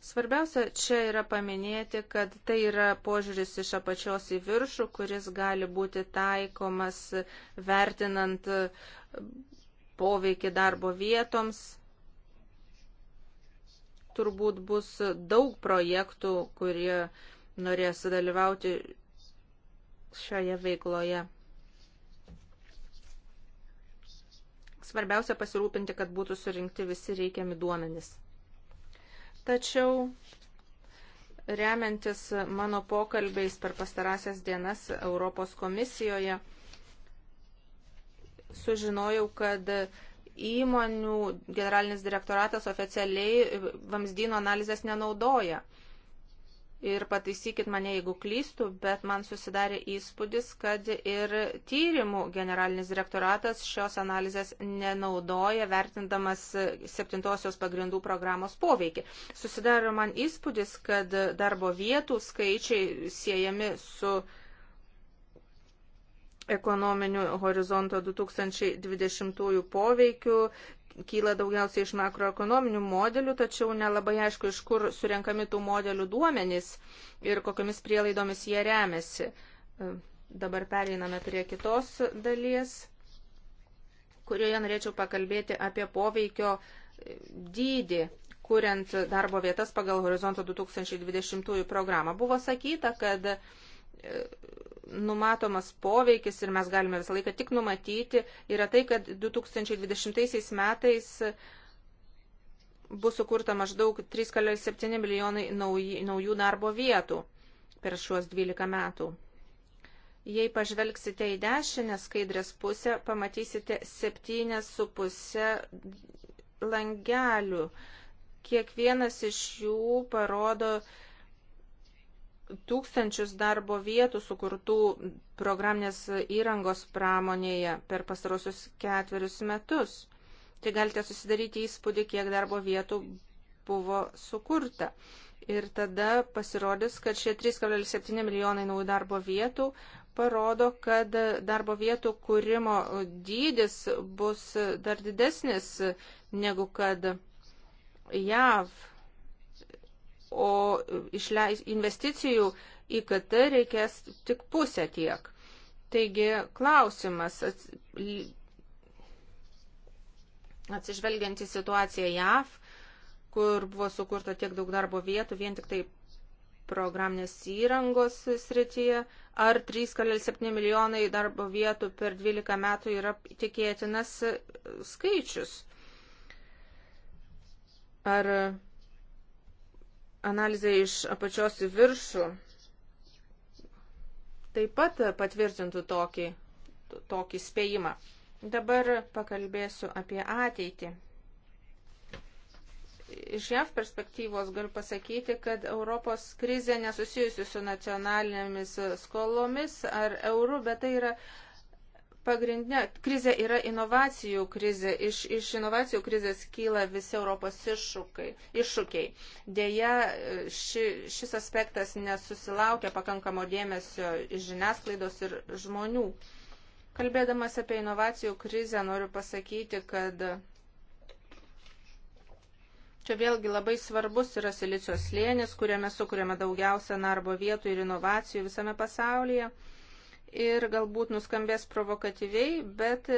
Svarbiausia čia yra paminėti, kad tai yra požiūris iš apačios į viršų, kuris gali būti taikomas vertinant poveikį darbo vietoms. Turbūt bus daug projektų, kurie norės dalyvauti šioje veikloje. Svarbiausia pasirūpinti, kad būtų surinkti visi reikiami duomenys. Tačiau remiantis mano pokalbiais per pastarąsias dienas Europos komisijoje, sužinojau, kad įmonių generalinis direktoratas oficialiai vamzdyno analizės nenaudoja. Ir pataisykit mane, jeigu klystu, bet man susidarė įspūdis, kad ir tyrimų generalinis direktoratas šios analizės nenaudoja, vertindamas septintosios pagrindų programos poveikį. Susidaro man įspūdis, kad darbo vietų skaičiai siejami su uh, ekonominių horizonto 2020 poveikių kyla daugiausiai iš makroekonominių modelių, tačiau nelabai aišku, iš kur surenkami tų modelių duomenys ir kokiamis prielaidomis jie remiasi. E, dabar pereiname prie kitos dalies, kurioje norėčiau pakalbėti apie poveikio dydį kuriant darbo vietas pagal Horizonto 2020 programą. Buvo sakyta, kad e, numatomas poveikis ir mes galime visą laiką tik numatyti, yra tai, kad 2020 metais bus sukurta maždaug 3,7 milijonai naujų darbo vietų per šiuos 12 metų. Jei pažvelgsite į dešinę skaidrės pusę, pamatysite 7,5 langelių. Kiekvienas iš jų parodo tūkstančius darbo vietų sukurtų programinės įrangos pramonėje per pastarosius ketverius metus. Tai galite susidaryti įspūdį, kiek darbo vietų buvo sukurta. Ir tada pasirodys, kad šie 3,7 milijonai naujų darbo vietų parodo, kad darbo vietų kūrimo dydis bus dar didesnis negu kad JAV o išleis investicijų į KT reikės tik pusę tiek. Taigi klausimas, atsižvelgiant į situaciją JAV, kur buvo sukurta tiek daug darbo vietų, vien tik tai programinės įrangos srityje, ar 3,7 milijonai darbo vietų per 12 metų yra tikėtinas skaičius. Ar analizė iš apačios į viršų taip pat patvirtintų tokį, tokį spėjimą. Dabar pakalbėsiu apie ateitį. Iš JAV perspektyvos galiu pasakyti, kad Europos krizė nesusijusi su nacionalinėmis skolomis ar eurų, bet tai yra pagrindinė krizė yra inovacijų krizė. Iš, iš inovacijų krizės kyla visi Europos iššūkai, iššūkiai. Deja, ši, šis aspektas nesusilaukia pakankamo dėmesio iš žiniasklaidos ir žmonių. Kalbėdamas apie inovacijų krizę, noriu pasakyti, kad čia vėlgi labai svarbus yra silicijos slėnis, kuriame sukūrėme daugiausia darbo vietų ir inovacijų visame pasaulyje ir galbūt nuskambės provokatyviai, bet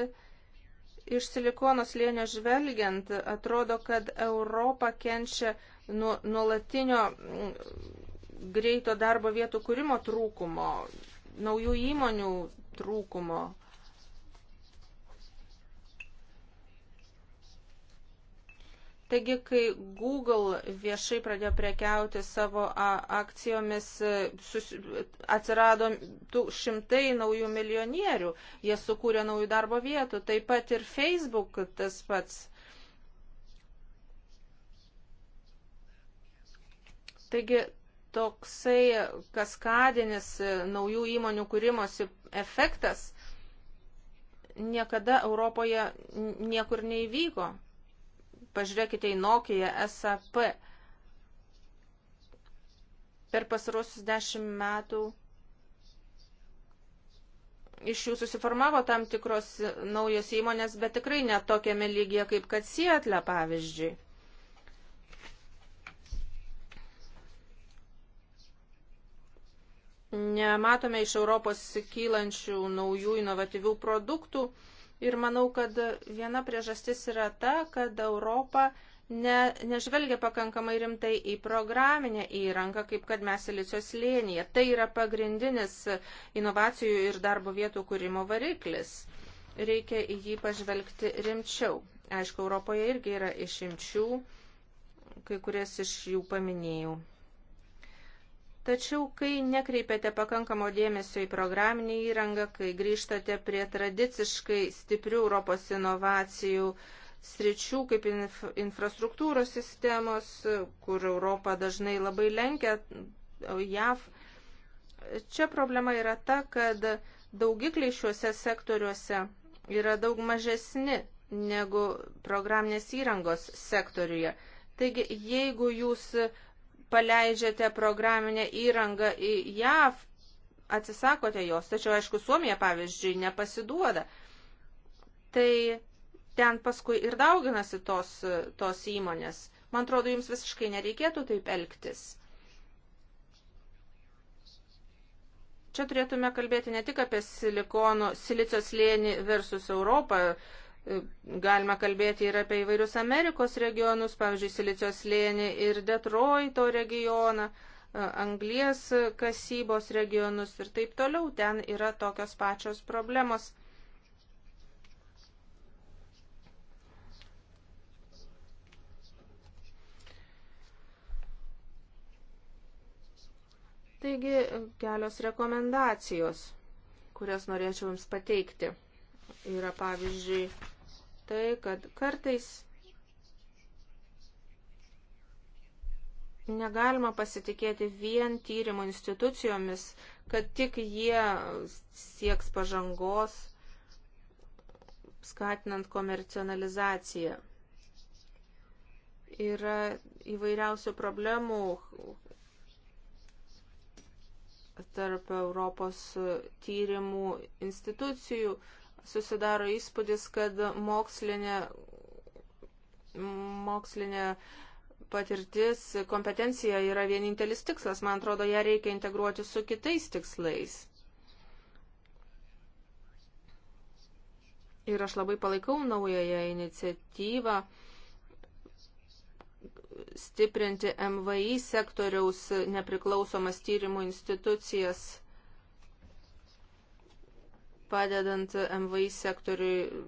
iš silikono slėnio žvelgiant atrodo, kad Europa kenčia nuo nuolatinio mm, greito darbo vietų kūrimo trūkumo, naujų įmonių trūkumo. Taigi, kai Google viešai pradėjo prekiauti savo akcijomis, e, sus, atsirado šimtai naujų milijonierių, jie sukūrė naujų darbo vietų, taip pat ir Facebook tas pats. Taigi, toksai kaskadinis e, naujų įmonių kūrimosi efektas niekada Europoje niekur neįvyko. Pažiūrėkite į Nokia SAP. Per pasarosius dešimt metų iš jų susiformavo tam tikros naujos įmonės, bet tikrai net tokiame lygyje kaip kad Sietle, pavyzdžiui. Nematome iš Europos kylančių naujų inovatyvių produktų Ir manau, kad viena priežastis yra ta, kad Europa ne, nežvelgia pakankamai rimtai į programinę įrangą, kaip kad mes silicijos lėnyje. Tai yra pagrindinis inovacijų ir darbo vietų kūrimo variklis. Reikia į jį pažvelgti rimčiau. Aišku, Europoje irgi yra išimčių, kai kurias iš jų paminėjau. Tačiau, kai nekreipiate pakankamo dėmesio į programinį įrangą, kai grįžtate prie tradiciškai stiprių Europos inovacijų sričių, kaip inf infrastruktūros sistemos, kur Europa dažnai labai lenkia JAV, čia problema yra ta, kad daugikliai šiuose sektoriuose yra daug mažesni negu programinės įrangos sektoriuje. Taigi, jeigu jūs paleidžiate programinę įrangą į JAV, atsisakote jos, tačiau aišku, Suomija, pavyzdžiui, nepasiduoda. Tai ten paskui ir dauginasi tos, tos įmonės. Man atrodo, jums visiškai nereikėtų taip elgtis. Čia turėtume kalbėti ne tik apie silikono, silicio slėnį versus Europą, Galime kalbėti ir apie įvairius Amerikos regionus, pavyzdžiui, Silicijos slėnį ir Detroito regioną, anglies kasybos regionus ir taip toliau. Ten yra tokios pačios problemos. Taigi kelios rekomendacijos, kurias norėčiau Jums pateikti, yra pavyzdžiui tai, kad kartais negalima pasitikėti vien tyrimo institucijomis, kad tik jie sieks pažangos, skatinant komercionalizaciją. Yra įvairiausių problemų tarp Europos tyrimų institucijų, susidaro įspūdis, kad mokslinė, mokslinė patirtis, kompetencija yra vienintelis tikslas. Man atrodo, ją reikia integruoti su kitais tikslais. Ir aš labai palaikau naująją iniciatyvą stiprinti MVI sektoriaus nepriklausomas tyrimų institucijas padedant MVI sektoriui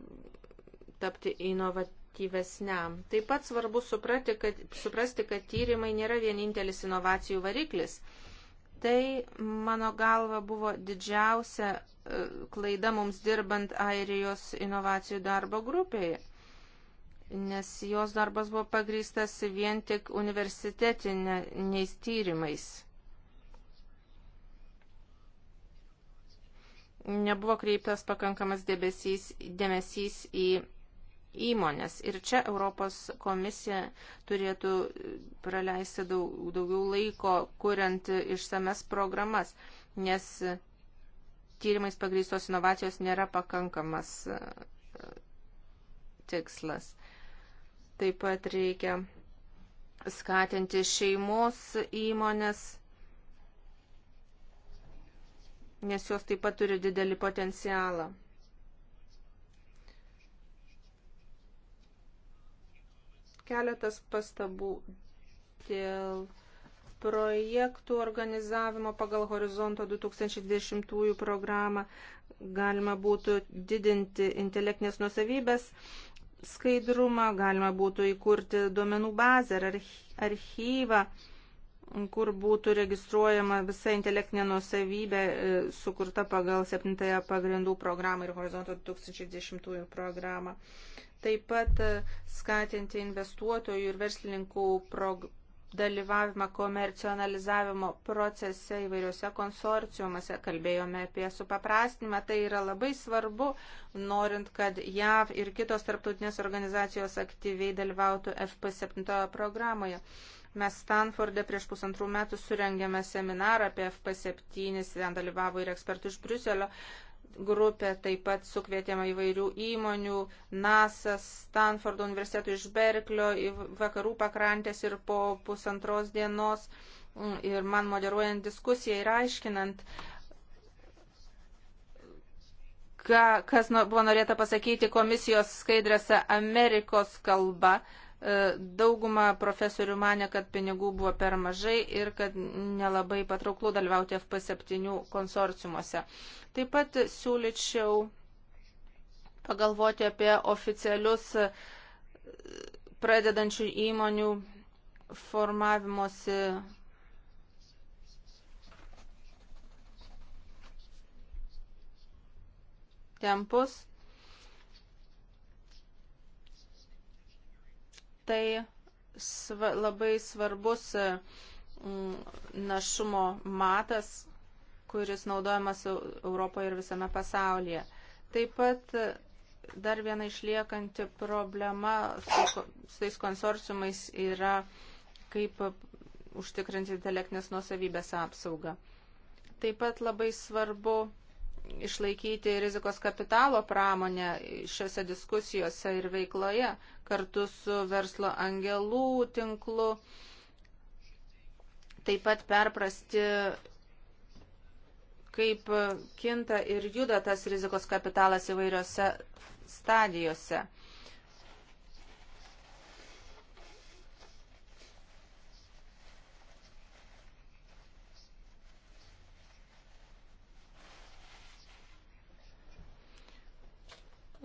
tapti inovatyvesniam. Taip pat svarbu suprati, kad, suprasti, kad tyrimai nėra vienintelis inovacijų variklis. Tai, mano galva, buvo didžiausia e, klaida mums dirbant Airijos inovacijų darbo grupėje, nes jos darbas buvo pagrįstas vien tik universitetiniais tyrimais nebuvo kreiptas pakankamas dėmesys, dėmesys į įmonės. Ir čia Europos komisija turėtų praleisti daug, daugiau laiko, kuriant išsames programas, nes tyrimais pagrįstos inovacijos nėra pakankamas e, tikslas. Taip pat reikia skatinti šeimos įmonės nes jos taip pat turi didelį potencialą. Keletas pastabų dėl projektų organizavimo pagal Horizonto 2020 programą galima būtų didinti intelektinės nusavybės skaidrumą, galima būtų įkurti duomenų bazę ar archyvą. Archy kur būtų registruojama visa intelektinė nusavybė e, sukurta pagal 7 pagrindų programą ir horizonto 2010 programą. Taip pat e, skatinti investuotojų ir verslininkų prog dalyvavimą komercionalizavimo procese įvairiuose konsorciumuose. Kalbėjome apie supaprastinimą. Tai yra labai svarbu, norint, kad JAV ir kitos tarptautinės organizacijos aktyviai dalyvautų FP7 programoje. Mes Stanforde prieš pusantrų metų surengėme seminarą apie FP7, ten dalyvavo ir ekspertų iš Briuselio grupė, taip pat sukvietėme įvairių įmonių, NASA, Stanfordo universitetų iš Berklio, vakarų pakrantės ir po pusantros dienos mm, ir man moderuojant diskusiją ir aiškinant, ką, kas buvo norėta pasakyti komisijos skaidrėse Amerikos kalba. Uh, E, dauguma profesorių mane, kad pinigų buvo per mažai ir kad nelabai patrauklu dalyvauti FP7 konsorciumuose. Taip pat siūlyčiau pagalvoti apie oficialius e, pradedančių įmonių formavimosi tempus. tai sva, labai svarbus mm, našumo matas, kuris naudojamas Europoje ir visame pasaulyje. Taip pat e, dar viena išliekanti problema su, su tais konsorciumais yra kaip užtikrinti intelektinės nuosavybės apsaugą. Taip pat labai svarbu išlaikyti rizikos kapitalo pramonę šiuose diskusijose ir veikloje kartu su verslo angelų tinklu. Taip pat perprasti, kaip kinta ir juda tas rizikos kapitalas įvairiose stadijose.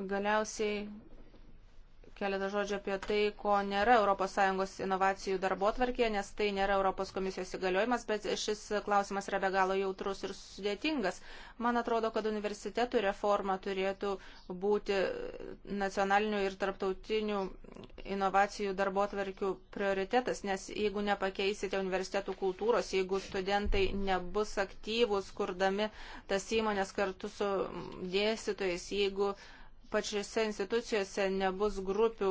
Galiausiai keletą žodžių apie tai, ko nėra ES inovacijų darbo tvarkėje, nes tai nėra ES komisijos įgaliojimas, bet šis klausimas yra be galo jautrus ir sudėtingas. Man atrodo, kad universitetų reforma turėtų būti nacionalinių ir tarptautinių inovacijų darbo tvarkių prioritetas, nes jeigu nepakeisite universitetų kultūros, jeigu studentai nebus aktyvūs, kurdami tas įmonės kartu su dėstytojais, jeigu uh, pačiose institucijose nebus grupių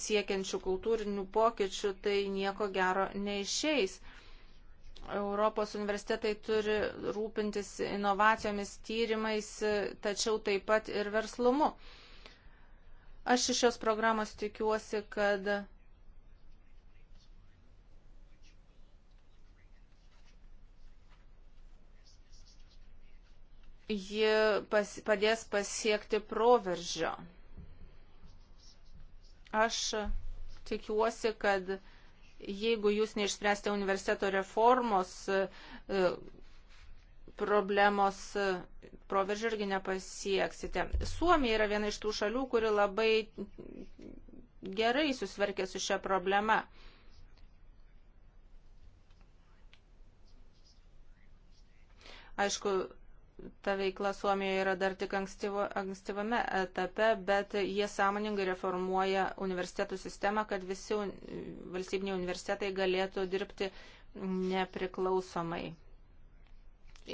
siekiančių kultūrinių pokyčių, tai nieko gero neišeis. Europos universitetai turi rūpintis inovacijomis, tyrimais, tačiau taip pat ir verslumu. Aš iš šios programos tikiuosi, kad ji pas, padės pasiekti proveržio. Aš tikiuosi, kad jeigu jūs neišspręsite universiteto reformos e, problemos, e, proveržio irgi nepasieksite. Suomija yra viena iš tų šalių, kuri labai gerai susverkė su šia problema. Aišku, ta veikla Suomijoje yra dar tik ankstyvo, ankstyvame etape, bet jie sąmoningai reformuoja universitetų sistemą, kad visi un, valstybiniai universitetai galėtų dirbti nepriklausomai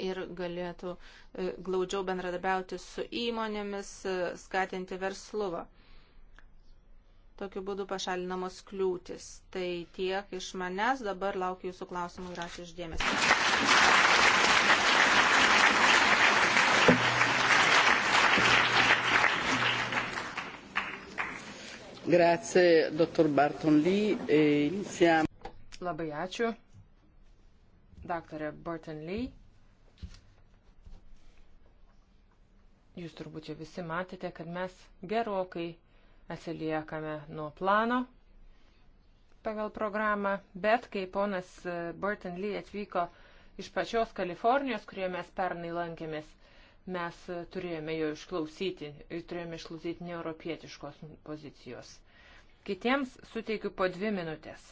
ir galėtų e, glaudžiau bendradarbiauti su įmonėmis, e, skatinti versluvą. Tokiu būdu pašalinamos kliūtis. Tai tiek iš manęs, dabar laukiu jūsų klausimų ir ačiū išdėmesį. Grazie, dottor Barton Lee. E iniziamo. Labai ačiū, daktarė Barton Lee. Jūs turbūt jau visi matėte, kad mes gerokai atsiliekame nuo plano pagal programą, bet kai ponas Burton Lee atvyko iš pačios Kalifornijos, kurioje mes pernai lankėmės, Mes turėjome jo išklausyti ir turėjome išklausyti neeuropietiškos pozicijos. Kitiems suteikiu po dvi minutės.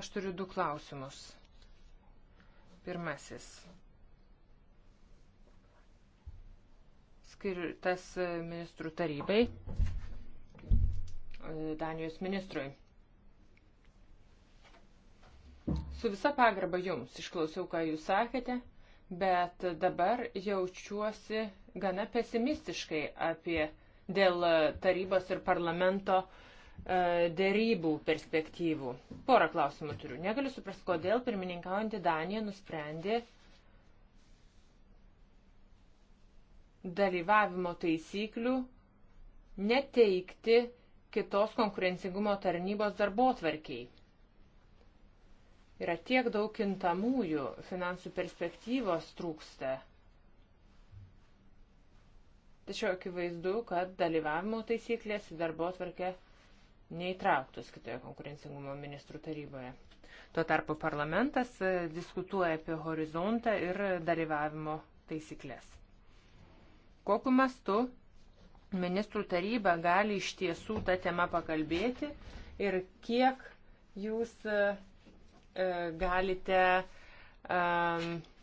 Aš turiu du klausimus. Pirmasis. Skirtas ministrų tarybai, Danijos ministrui. Su visa pagarba jums išklausiau, ką jūs sakėte, bet dabar jaučiuosi gana pesimistiškai apie dėl tarybos ir parlamento e, dėrybų perspektyvų. Porą klausimų turiu. Negaliu suprasti, kodėl pirmininkaujantį Daniją nusprendė dalyvavimo taisyklių neteikti kitos konkurencingumo tarnybos darbo tvarkiai. Yra tiek daug kintamųjų, finansų perspektyvos trūksta. Tačiau akivaizdu, kad dalyvavimo taisyklės į darbo atvarkę neįtrauktos kitoje konkurencingumo ministrų taryboje. Tuo tarpu parlamentas e, diskutuoja apie horizontą ir dalyvavimo taisyklės. Kokiu mastu ministrų taryba gali iš tiesų tą temą pakalbėti ir kiek jūs e, E, galite e,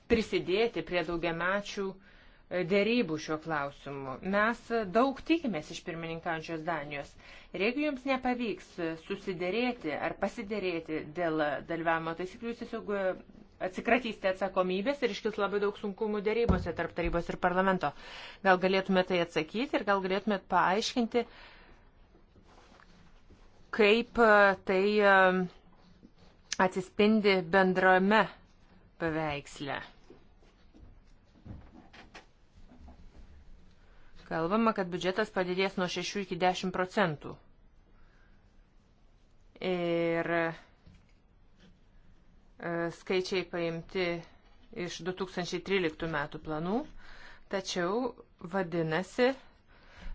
prisidėti prie daugiamečių e, dėrybų šiuo klausimu. Mes daug tikimės iš pirmininkančios Danijos. Ir jeigu jums nepavyks susidėrėti ar pasidėrėti dėl dalyvavimo taisyklių, jūs tiesiog atsikratysite atsakomybės ir iškils labai daug sunkumų dėrybose tarp tarybos ir parlamento. Gal galėtumėte tai atsakyti ir gal galėtumėte paaiškinti, kaip tai atsispindi bendrame paveiksle. Kalbama, kad biudžetas padidės nuo 6 iki 10 procentų. Ir e, skaičiai paimti iš 2013 metų planų, tačiau vadinasi,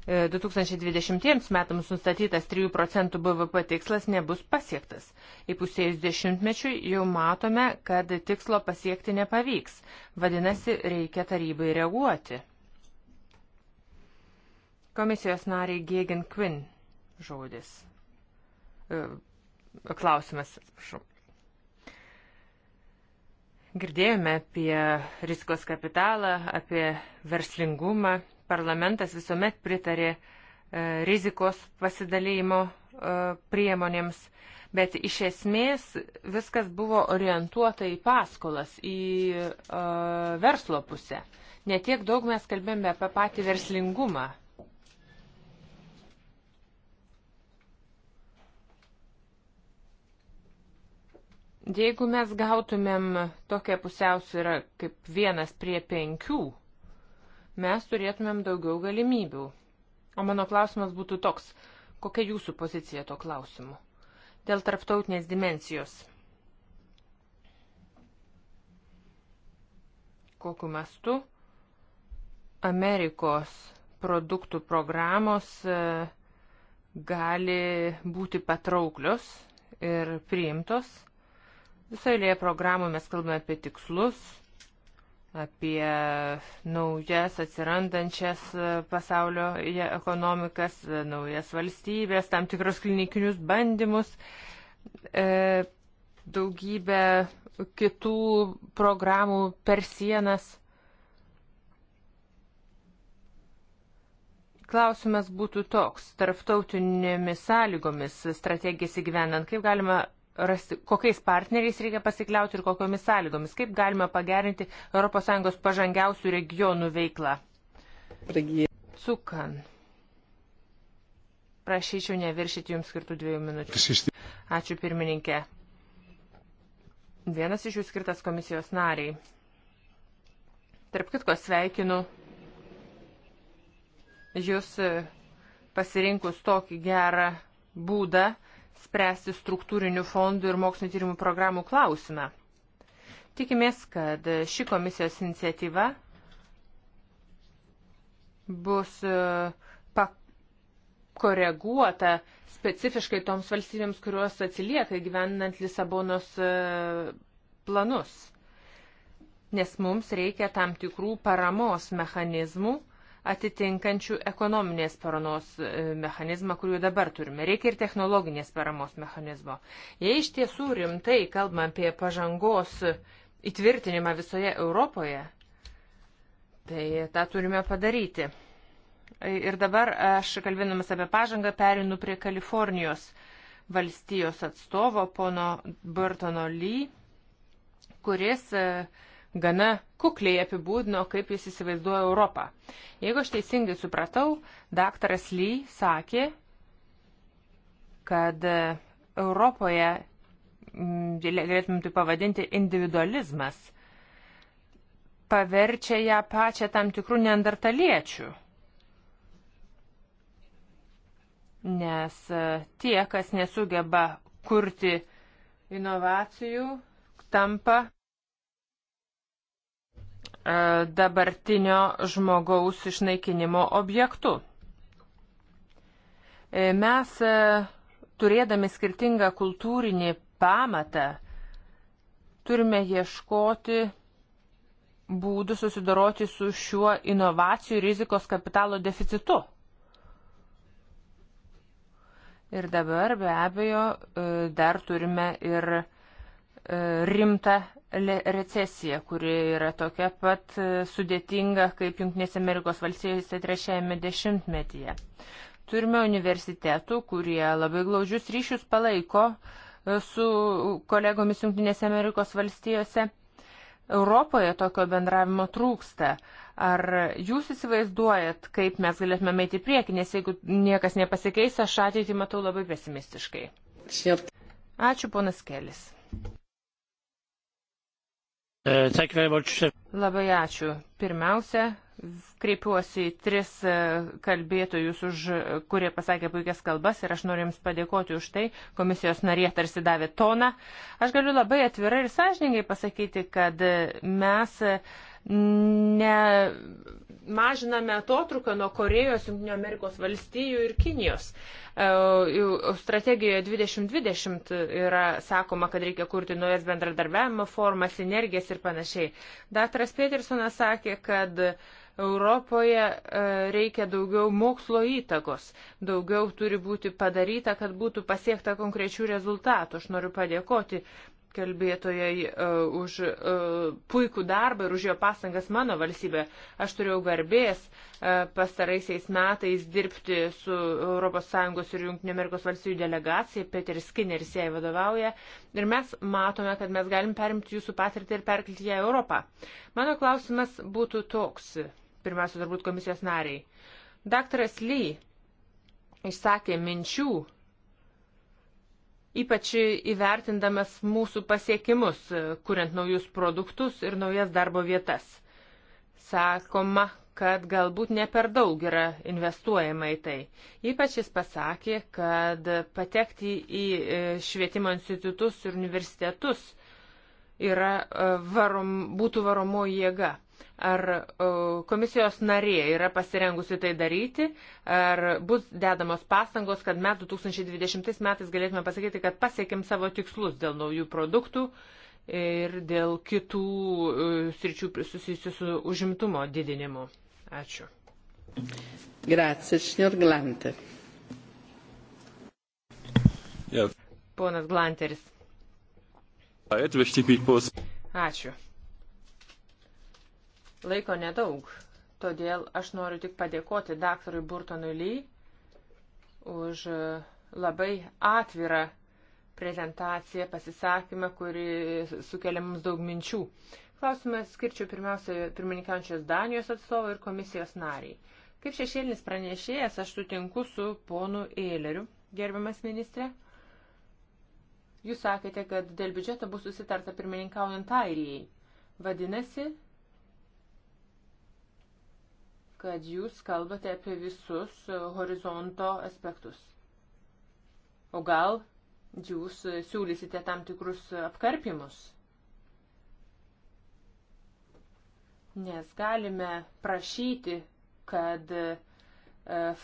2020 e, metams nustatytas 3 procentų BVP tikslas nebus pasiektas. Įpusėjus dešimtmečiui jau matome, kad tikslo pasiekti nepavyks. Vadinasi, reikia tarybai reaguoti. Komisijos nariai Gėgin Quinn žodis. E, klausimas, atsiprašau. Girdėjome apie rizikos kapitalą, apie verslingumą parlamentas visuomet pritarė e, rizikos pasidalymo e, priemonėms, bet iš esmės viskas buvo orientuota į paskolas, į e, verslo pusę. Netiek daug mes kalbėjome apie patį verslingumą. Jeigu mes gautumėm tokią pusiausvyrą kaip vienas prie penkių, mes turėtumėm daugiau galimybių. O mano klausimas būtų toks, kokia jūsų pozicija to klausimu? Dėl tarptautinės dimensijos. Kokiu mastu Amerikos produktų programos e, gali būti patrauklios ir priimtos. Visoje programų mes kalbame apie tikslus, apie naujas atsirandančias pasaulio ekonomikas, naujas valstybės, tam tikrus klinikinius bandymus, e, daugybę kitų programų per sienas. Klausimas būtų toks, tarptautinėmis sąlygomis strategijas įgyvenant, kaip galima rasti, kokiais partneriais reikia pasikliauti ir kokiomis sąlygomis, kaip galima pagerinti ES pažangiausių regionų veiklą. Cukan. Prašyčiau neviršyti jums skirtų dviejų minučių. Ačiū pirmininkė. Vienas iš jų skirtas komisijos nariai. Tarp kitko sveikinu jūs e, pasirinkus tokį gerą būdą spręsti struktūrinių fondų ir mokslinio tyrimų programų klausimą. Tikimės, kad ši komisijos iniciatyva bus e, pakoreguota specifiškai toms valstybėms, kurios atsilieka gyvenant Lisabonos e, planus. Nes mums reikia tam tikrų paramos mechanizmų, atitinkančių ekonominės paramos e, mechanizmą, kurį dabar turime. Reikia ir technologinės paramos mechanizmo. Jei iš tiesų rimtai kalbam apie pažangos įtvirtinimą visoje Europoje, tai tą turime padaryti. Ir dabar aš kalbėdamas apie pažangą perinu prie Kalifornijos valstijos atstovo pono Burtono Lee, kuris uh, gana kukliai apibūdino, kaip jis įsivaizduoja Europą. Jeigu aš teisingai supratau, daktaras Lee sakė, kad e, Europoje, galėtumėm tai pavadinti, individualizmas paverčia ją pačią tam tikrų neandertaliečių. Nes e, tie, kas nesugeba kurti inovacijų, tampa E, dabartinio žmogaus išnaikinimo objektu. E, mes e, turėdami skirtingą kultūrinį pamatą turime ieškoti būdų susidoroti su šiuo inovacijų rizikos kapitalo deficitu. Ir dabar be abejo dar turime ir E, rimtą recesiją, kuri yra tokia pat e, sudėtinga kaip Junktinėse Amerikos valstijose trečiajame dešimtmetyje. Turime universitetų, kurie labai glaudžius ryšius palaiko e, su kolegomis Junktinėse Amerikos valstijose. Europoje tokio bendravimo trūksta. Ar jūs įsivaizduojat, kaip mes galėtume meiti priekį, nes jeigu niekas nepasikeis, aš ateitį matau labai pesimistiškai. Ačiū, ponas Kelis. Uh, labai ačiū. Pirmiausia, kreipiuosi į tris uh, kalbėtojus, už, uh, kurie pasakė puikias kalbas ir aš noriu Jums padėkoti už tai. Komisijos narė tarsi davė toną. Aš galiu labai atvirai ir sąžiningai pasakyti, kad mes ne mažiname atotrukio nuo Korejos, Junktinio Amerikos valstijų ir Kinijos. E, strategijoje 2020 yra sakoma, kad reikia kurti naujas bendradarbiavimo formas, sinergijas ir panašiai. Daktaras Petersonas sakė, kad Europoje e, reikia daugiau mokslo įtakos, daugiau turi būti padaryta, kad būtų pasiekta konkrečių rezultatų. Aš noriu padėkoti kalbėtojai uh, už uh, puikų darbą ir už jo pastangas mano valstybė. Aš turėjau garbės uh, pastaraisiais metais dirbti su ES ir JAV delegacija, Peteris Skinneris jai vadovauja, ir mes matome, kad mes galim perimti jūsų patirtį ir perkelti ją į Europą. Mano klausimas būtų toks, pirmiausia, turbūt komisijos nariai. Daktaras Lee išsakė minčių, ypač įvertindamas mūsų pasiekimus, kuriant naujus produktus ir naujas darbo vietas. Sakoma, kad galbūt ne per daug yra investuojama į tai. Ypač jis pasakė, kad patekti į e, švietimo institutus ir universitetus yra e, varom, būtų varomoji jėga. Ar komisijos narė yra pasirengusi tai daryti, ar bus dedamos pastangos, kad mes 2020 metais galėtume pasakyti, kad pasiekim savo tikslus dėl naujų produktų ir dėl kitų e, sričių susijusių su užimtumo didinimu. Ačiū. Grazie, signor Glante. Ja. Ponas Glanteris. Ačiū. Laiko nedaug, todėl aš noriu tik padėkoti daktarui Burtonui Lee už e, labai atvirą prezentaciją, pasisakymą, kuri sukelia mums daug minčių. Klausimą skirčiau pirmiausia pirmininkančios Danijos atstovo ir komisijos nariai. Kaip šešėlinis pranešėjas, aš sutinku su ponu Eileriu, gerbiamas ministrė. Jūs sakėte, kad dėl biudžeto bus susitarta pirmininkaujant Airijai. Vadinasi, kad jūs kalbate apie visus e, horizonto aspektus. O gal jūs siūlysite tam tikrus apkarpimus? Nes galime prašyti, kad e,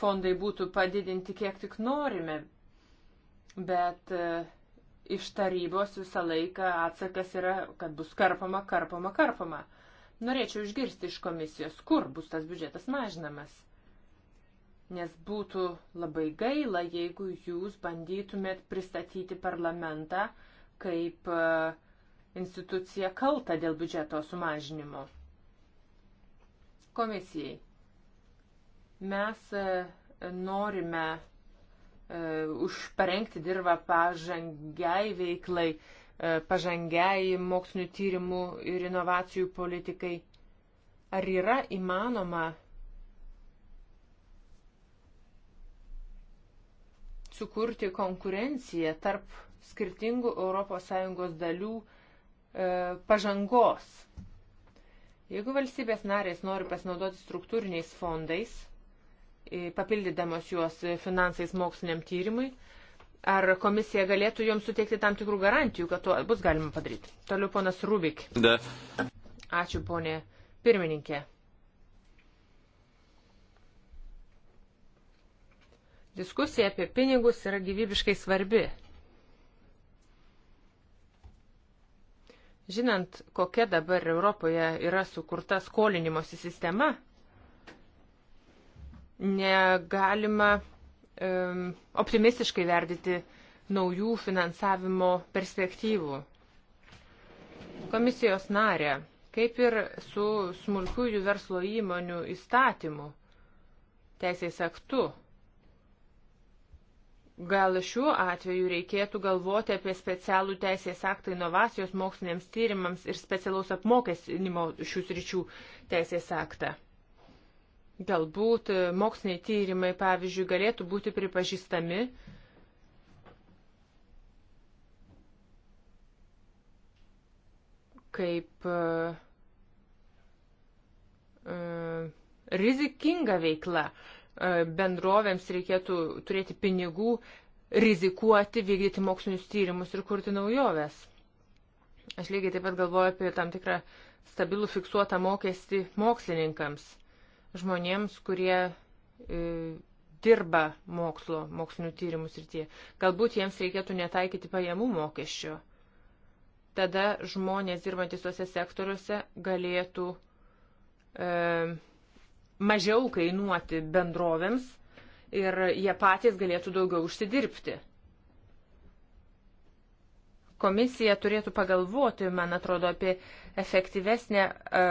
fondai būtų padidinti kiek tik norime, bet e, iš tarybos visą laiką atsakas yra, kad bus karpama, karpama, karpama. karpama Norėčiau išgirsti iš komisijos, kur bus tas biudžetas mažinamas. Nes būtų labai gaila, jeigu jūs bandytumėt pristatyti parlamentą kaip e, institucija kalta dėl biudžeto sumažinimo. Komisijai. Mes e, norime e, už parengti dirbą pažangiai veiklai E, pažangiai mokslinių tyrimų ir inovacijų politikai. Ar yra įmanoma sukurti konkurenciją tarp skirtingų ES dalių e, pažangos? Jeigu valstybės narės nori pasinaudoti struktūriniais fondais, e, papildydamos juos finansais moksliniam tyrimui, Ar komisija galėtų joms suteikti tam tikrų garantijų, kad to bus galima padaryti? Toliau ponas Rubik. Da. Ačiū, ponė pirmininkė. Diskusija apie pinigus yra gyvybiškai svarbi. Žinant, kokia dabar Europoje yra sukurta skolinimosi sistema, negalima optimistiškai verdyti naujų finansavimo perspektyvų. Komisijos narė, kaip ir su smulkiųjų verslo įmonių įstatymu, teisės aktu, gal šiuo atveju reikėtų galvoti apie specialų teisės aktą inovacijos moksliniams tyrimams ir specialaus apmokestinimo šių sričių teisės aktą. Galbūt e, moksliniai tyrimai, pavyzdžiui, galėtų būti pripažįstami. kaip uh, uh, rizikinga veikla. Uh, bendrovėms reikėtų turėti pinigų, rizikuoti, vykdyti mokslinius tyrimus ir kurti naujoves. Aš lygiai taip pat galvoju apie tam tikrą stabilų fiksuotą mokestį mokslininkams žmonėms, kurie e, dirba mokslo, mokslinių tyrimų srityje. Galbūt jiems reikėtų netaikyti pajamų mokesčio. Tada žmonės dirbantys tuose sektoriuose galėtų e, mažiau kainuoti bendrovėms ir jie patys galėtų daugiau užsidirbti. Komisija turėtų pagalvoti, man atrodo, apie efektyvesnę e,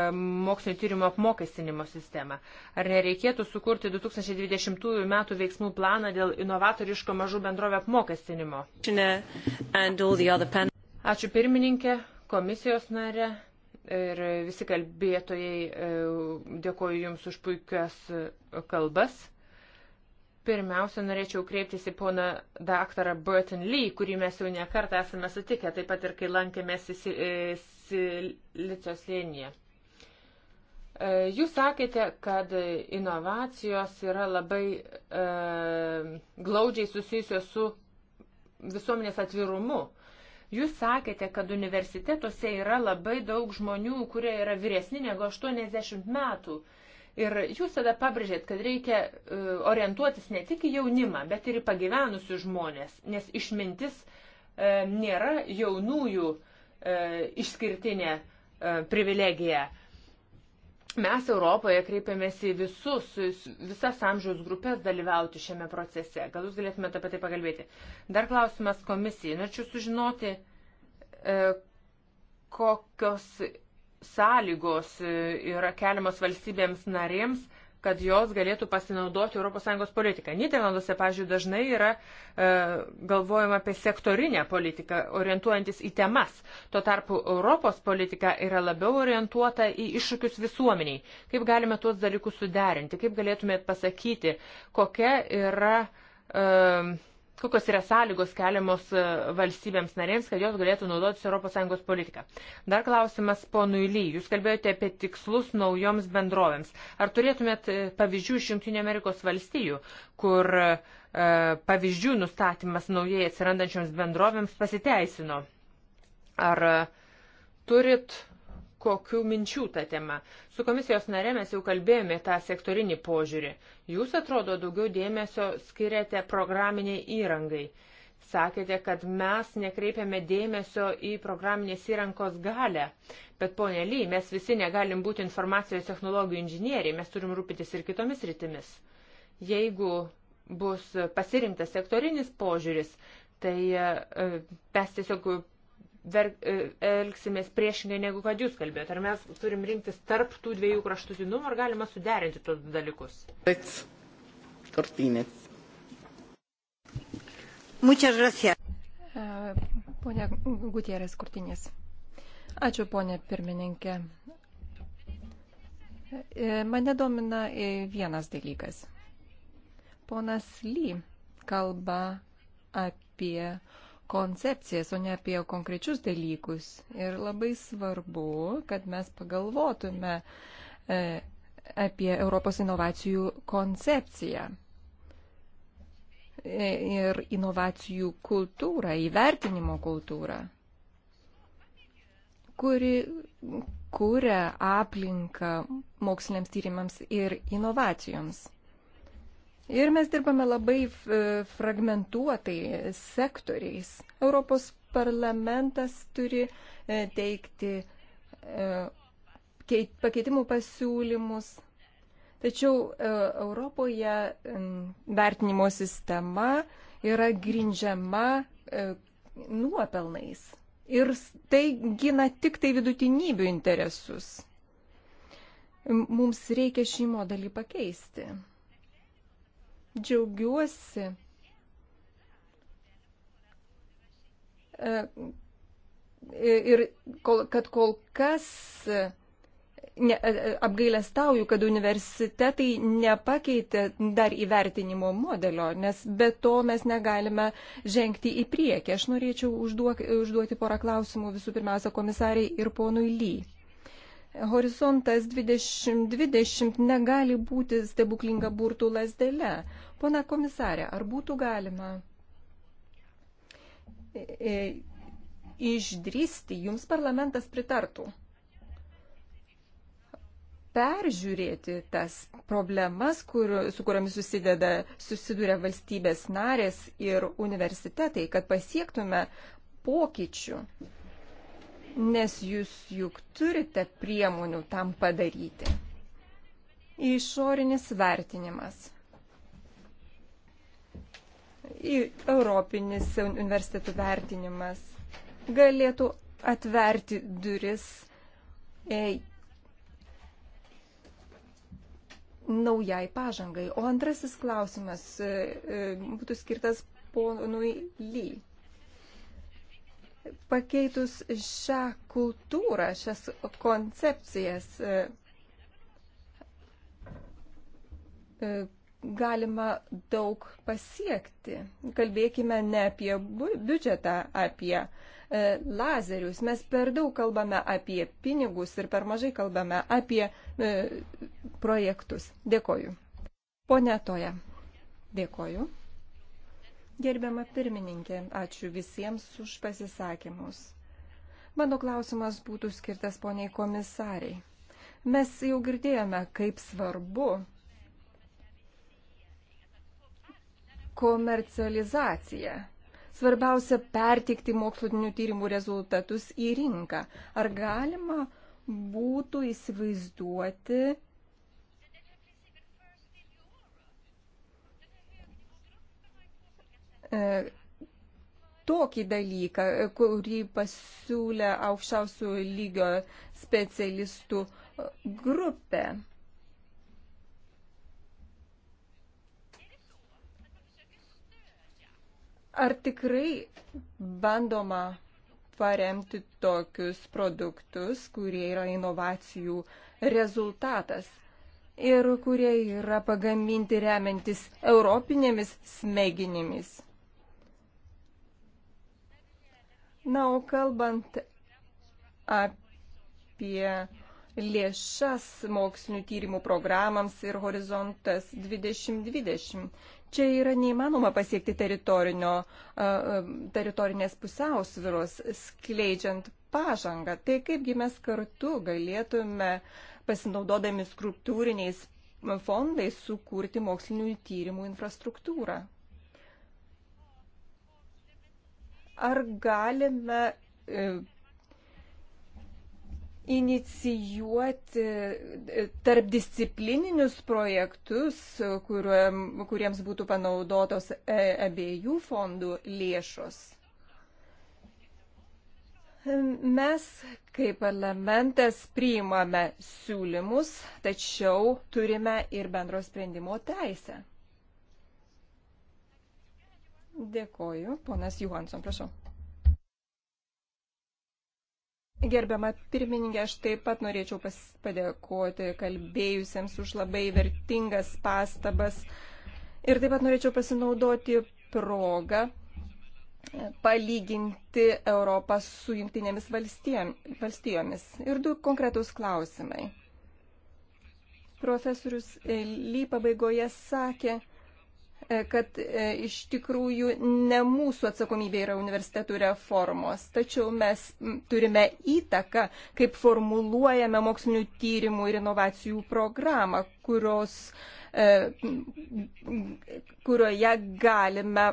mokslinio tyrimo apmokestinimo sistemą. Ar nereikėtų sukurti 2020 m. veiksmų planą dėl inovatoriško mažų bendrovio apmokestinimo? Ačiū pirmininkė, komisijos narė ir visi kalbėtojai. E, dėkoju Jums už puikias kalbas. Pirmiausia, norėčiau kreiptis į poną daktarą Burton Lee, kurį mes jau nekartą esame sutikę, taip pat ir kai lankėmės į Silicio slėnyje. E, jūs sakėte, kad inovacijos yra labai e, glaudžiai susijusios su visuomenės atvirumu. Jūs sakėte, kad universitetuose yra labai daug žmonių, kurie yra vyresni negu 80 metų. E, Ir jūs tada pabrėžėt, kad reikia e, orientuotis ne tik į jaunimą, bet ir į pagyvenusius žmonės, nes išmintis e, nėra jaunųjų e, išskirtinė e, privilegija. Mes Europoje kreipiamės į visus, visas amžiaus grupės dalyvauti šiame procese. Gal jūs galėtumėte apie tai pakalbėti? Dar klausimas komisijai. Norėčiau sužinoti, e, kokios sąlygos e, yra keliamos valstybėms narėms, kad jos galėtų pasinaudoti ES politiką. Niderlanduose, pažiūrėjau, dažnai yra e, galvojama apie sektorinę politiką, orientuojantis į temas. Tuo tarpu Europos politika yra labiau orientuota į iššūkius visuomeniai. Kaip galime tuos dalykus suderinti? Kaip galėtumėt pasakyti, kokia yra. E, kokios yra sąlygos keliamos e, valstybėms narėms, kad jos galėtų naudotis ES politiką. Dar klausimas ponui Ly. Jūs kalbėjote apie tikslus naujoms bendrovėms. Ar turėtumėt e, pavyzdžių iš JAV, kur e, pavyzdžių nustatymas naujai atsirandančioms bendrovėms pasiteisino? Ar e, turit kokių minčių tą temą. Su komisijos nare mes jau kalbėjome tą sektorinį požiūrį. Jūs atrodo daugiau dėmesio skiriate programiniai įrangai. Sakėte, kad mes nekreipiame dėmesio į programinės įrankos galę. Bet ponė Ly, mes visi negalim būti informacijos technologijų inžinieriai, mes turim rūpytis ir kitomis rytimis. Jeigu bus pasirimtas sektorinis požiūris, tai e, e, mes tiesiog ver, e, elgsimės priešingai negu kad jūs kalbėjote. Ar mes turim rinktis tarp tų dviejų kraštutinumų, ar galima suderinti tos dalykus? Kortinės. Muchas gracias. E, Pone Gutierės Kurtinės. Ačiū, ponė pirmininkė. E, mane domina vienas dalykas. Ponas Ly kalba apie uh, koncepcijas, o ne apie konkrečius dalykus. Ir labai svarbu, kad mes pagalvotume e, apie Europos inovacijų koncepciją e, ir inovacijų kultūrą, įvertinimo kultūrą, kuri kūrė aplinką moksliniams tyrimams ir inovacijoms. Ir mes dirbame labai e, fragmentuotai sektoriais. Europos parlamentas turi e, teikti e, pakeitimų pasiūlymus. Tačiau Europoje vertinimo sistema yra grindžiama nuopelnais. Ir tai gina tik tai vidutinybių interesus. Mums reikia šį modelį pakeisti. Džiaugiuosi, e, ir kol, kad kol kas ne, e, e, apgailestauju, kad universitetai nepakeitė dar įvertinimo modelio, nes be to mes negalime žengti į priekį. Aš norėčiau užduok, užduoti porą klausimų visų pirmiausia komisariai ir ponui Ly. Horizontas 2020 negali būti stebuklinga burtų lasdelė. Pona komisarė, ar būtų galima e, e, išdrysti, jums parlamentas pritartų, peržiūrėti tas problemas, kur, su kuriamis susideda, susiduria valstybės narės ir universitetai, kad pasiektume pokyčių nes jūs juk turite priemonių tam padaryti. Išorinis vertinimas. Europinis universitetų vertinimas galėtų atverti duris e, naujai pažangai. O antrasis klausimas e, e, būtų skirtas ponui Ly pakeitus šią kultūrą, šias koncepcijas, e, galima daug pasiekti. Kalbėkime ne apie biudžetą, apie e, lazerius. Mes per daug kalbame apie pinigus ir per mažai kalbame apie e, projektus. Dėkoju. Pone Toja, dėkoju. Gerbiama pirmininkė, ačiū visiems už pasisakymus. Mano klausimas būtų skirtas poniai komisariai. Mes jau girdėjome, kaip svarbu komercializacija. Svarbiausia pertikti mokslinių tyrimų rezultatus į rinką. Ar galima būtų įsivaizduoti E, tokį dalyką, kurį pasiūlė aukščiausių lygio specialistų grupė. Ar tikrai bandoma paremti tokius produktus, kurie yra inovacijų rezultatas ir kurie yra pagaminti remiantis europinėmis smegenimis? Na, o kalbant apie lėšas mokslinių tyrimų programams ir horizontas 2020. Čia yra neįmanoma pasiekti teritorinės pusiausviros, skleidžiant pažangą. Tai kaipgi mes kartu galėtume, pasinaudodami struktūriniais fondais, sukurti mokslinių tyrimų infrastruktūrą. Ar galime e, inicijuoti e, tarpdisciplininius projektus, kuriems būtų panaudotos e, abiejų fondų lėšos. Mes kaip parlamentas priimame siūlymus, tačiau turime ir bendro sprendimo teisę. Dėkoju. Ponas Johansson, prašau. Gerbiama pirmininkė, aš taip pat norėčiau padėkoti kalbėjusiems už labai vertingas pastabas. Ir taip pat norėčiau pasinaudoti progą palyginti Europą su jungtinėmis valstijomis. Ir du konkretūs klausimai. Profesorius Ly pabaigoje sakė, E, kad e, iš tikrųjų ne mūsų atsakomybė yra universitetų reformos, tačiau mes turime įtaką, kaip formuluojame mokslinių tyrimų ir inovacijų programą, kurios, e, kurioje galime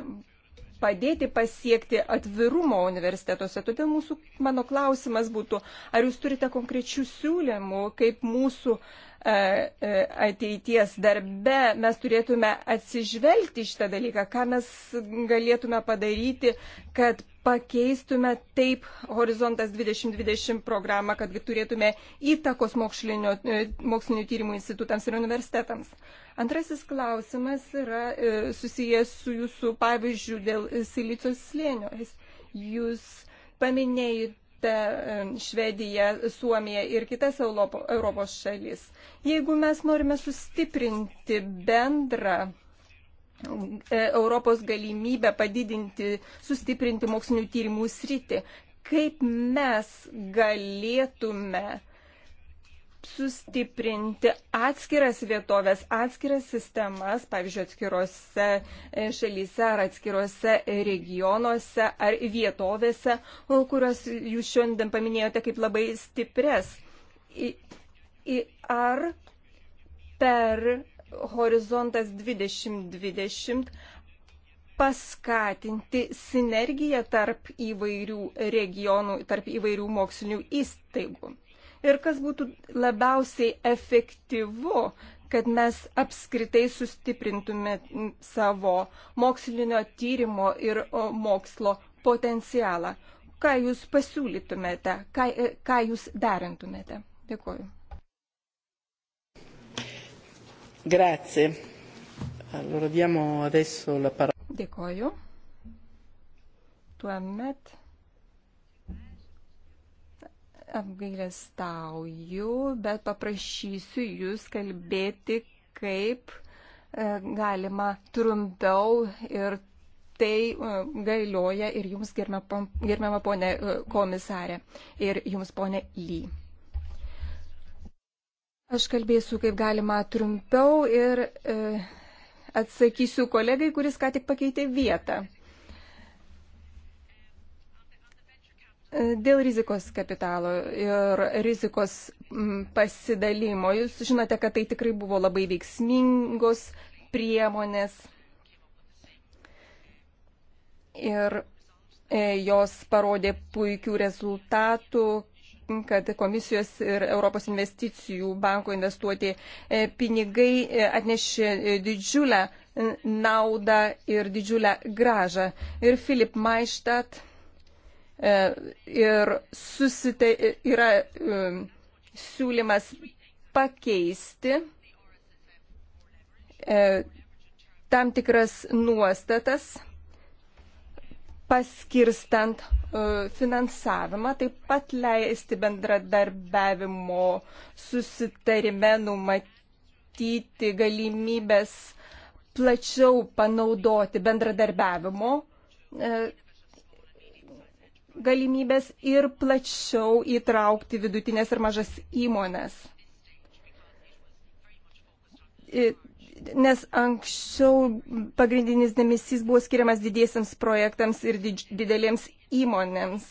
padėti pasiekti atvirumo universitetuose. Todėl mūsų, mano klausimas būtų, ar jūs turite konkrečių siūlymų, kaip mūsų uh, E, e, ateities darbe mes turėtume atsižvelgti šitą dalyką, ką mes galėtume padaryti, kad pakeistume taip Horizontas 2020 programą, kad turėtume įtakos mokslinio, e, mokslinio tyrimų institutams ir universitetams. Antrasis klausimas yra susijęs su jūsų pavyzdžiu dėl silicijos slėnio. Jūs paminėjote Švediją, Suomiją ir kitas Europos šalis. Jeigu mes norime sustiprinti bendrą e, Europos galimybę padidinti, sustiprinti mokslinių tyrimų sritį, kaip mes galėtume sustiprinti atskiras vietovės, atskiras sistemas, pavyzdžiui, atskirose e, šalyse ar atskirose regionuose ar vietovėse, kuriuos jūs šiandien paminėjote kaip labai stipres. I, i, ar per horizontas 2020 paskatinti sinergiją tarp įvairių regionų, tarp įvairių mokslinių įstaigų ir kas būtų labiausiai efektyvu, kad mes apskritai sustiprintume savo mokslinio tyrimo ir mokslo potencialą. Ką jūs pasiūlytumėte, ką, e, ką jūs derintumėte? Dėkuoju. Grazie. Allora diamo adesso la parola. Dėkuoju. Tuomet apgailestauju, bet paprašysiu jūs kalbėti, kaip e, galima trumpiau ir tai e, galioja ir jums, gerbiama ponė e, komisarė, ir jums ponė Ly. Aš kalbėsiu kaip galima trumpiau ir e, atsakysiu kolegai, kuris ką tik pakeitė vietą. Dėl rizikos kapitalo ir rizikos pasidalimo, jūs žinote, kad tai tikrai buvo labai veiksmingos priemonės ir e, jos parodė puikių rezultatų, kad komisijos ir Europos investicijų banko investuoti e, pinigai e, atnešė didžiulę naudą ir didžiulę gražą. Ir Filip Maištat E, ir susite, yra e, siūlymas pakeisti e, tam tikras nuostatas, paskirstant finansavimą, taip pat leisti bendradarbiavimo susitarime numatyti galimybės plačiau panaudoti bendradarbiavimo galimybės ir plačiau įtraukti vidutinės ir mažas įmonės. Nes anksčiau pagrindinis dėmesys buvo skiriamas didiesiams projektams ir didelėms įmonėms.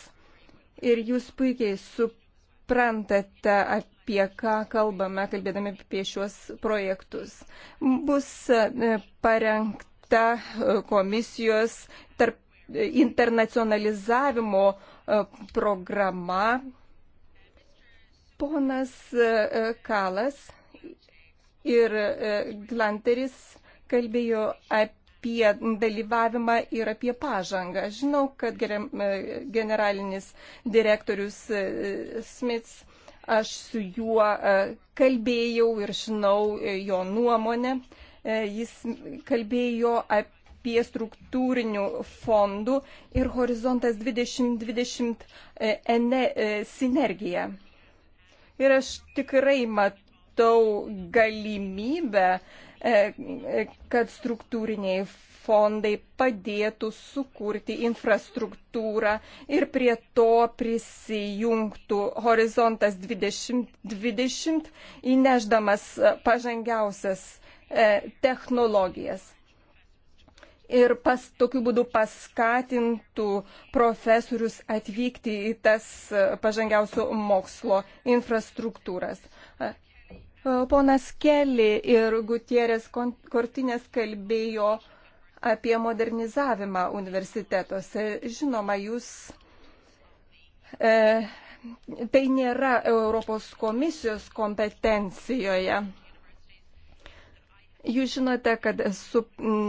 Ir jūs puikiai suprantate apie ką kalbame, kalbėdami apie šiuos projektus. Bus e, parengta e, komisijos tarp internacionalizavimo e, programa. Ponas e, e, Kalas ir Glanteris kalbėjo apie dalyvavimą ir apie pažangą. Žinau, kad generalinis direktorius Smits, aš su juo kalbėjau ir žinau jo nuomonę. Jis kalbėjo apie apie struktūrinių fondų ir horizontas 2020 e, ene, e, sinergiją. Ir aš tikrai matau galimybę, e, kad struktūriniai fondai padėtų sukurti infrastruktūrą ir prie to prisijungtų horizontas 2020, įneždamas pažangiausias technologijas ir pas, tokiu būdu paskatintų profesorius atvykti į tas e, pažangiausio mokslo infrastruktūras. E, ponas Kelly ir Gutierės Kortinės kalbėjo apie modernizavimą universitetuose. Žinoma, jūs e, tai nėra Europos komisijos kompetencijoje. Jūs žinote, kad esu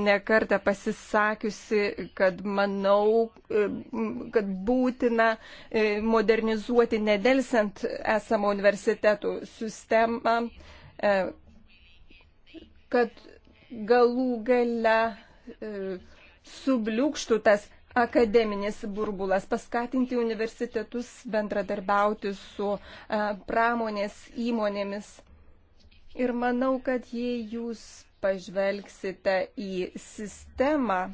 nekartą pasisakiusi, kad manau, e, kad būtina e, modernizuoti nedelsiant esamą universitetų sistemą, e, kad galų gale subliūkštų tas akademinis burbulas, paskatinti universitetus bendradarbiauti su pramonės įmonėmis Ir manau, kad jei jūs pažvelgsite į sistemą e,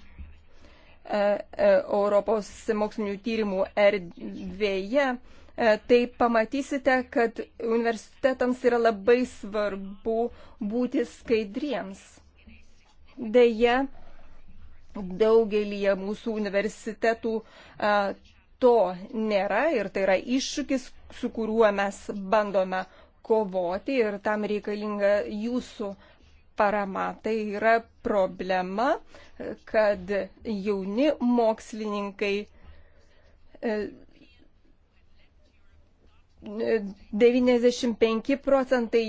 e, Europos mokslinių tyrimų erdvėje, e, tai pamatysite, kad universitetams yra labai svarbu būti skaidriems. Deja, daugelį mūsų universitetų to nėra ir tai yra iššūkis, su kuriuo mes bandome kovoti ir tam reikalinga jūsų parama. Tai yra problema, kad jauni mokslininkai 95 e, procentai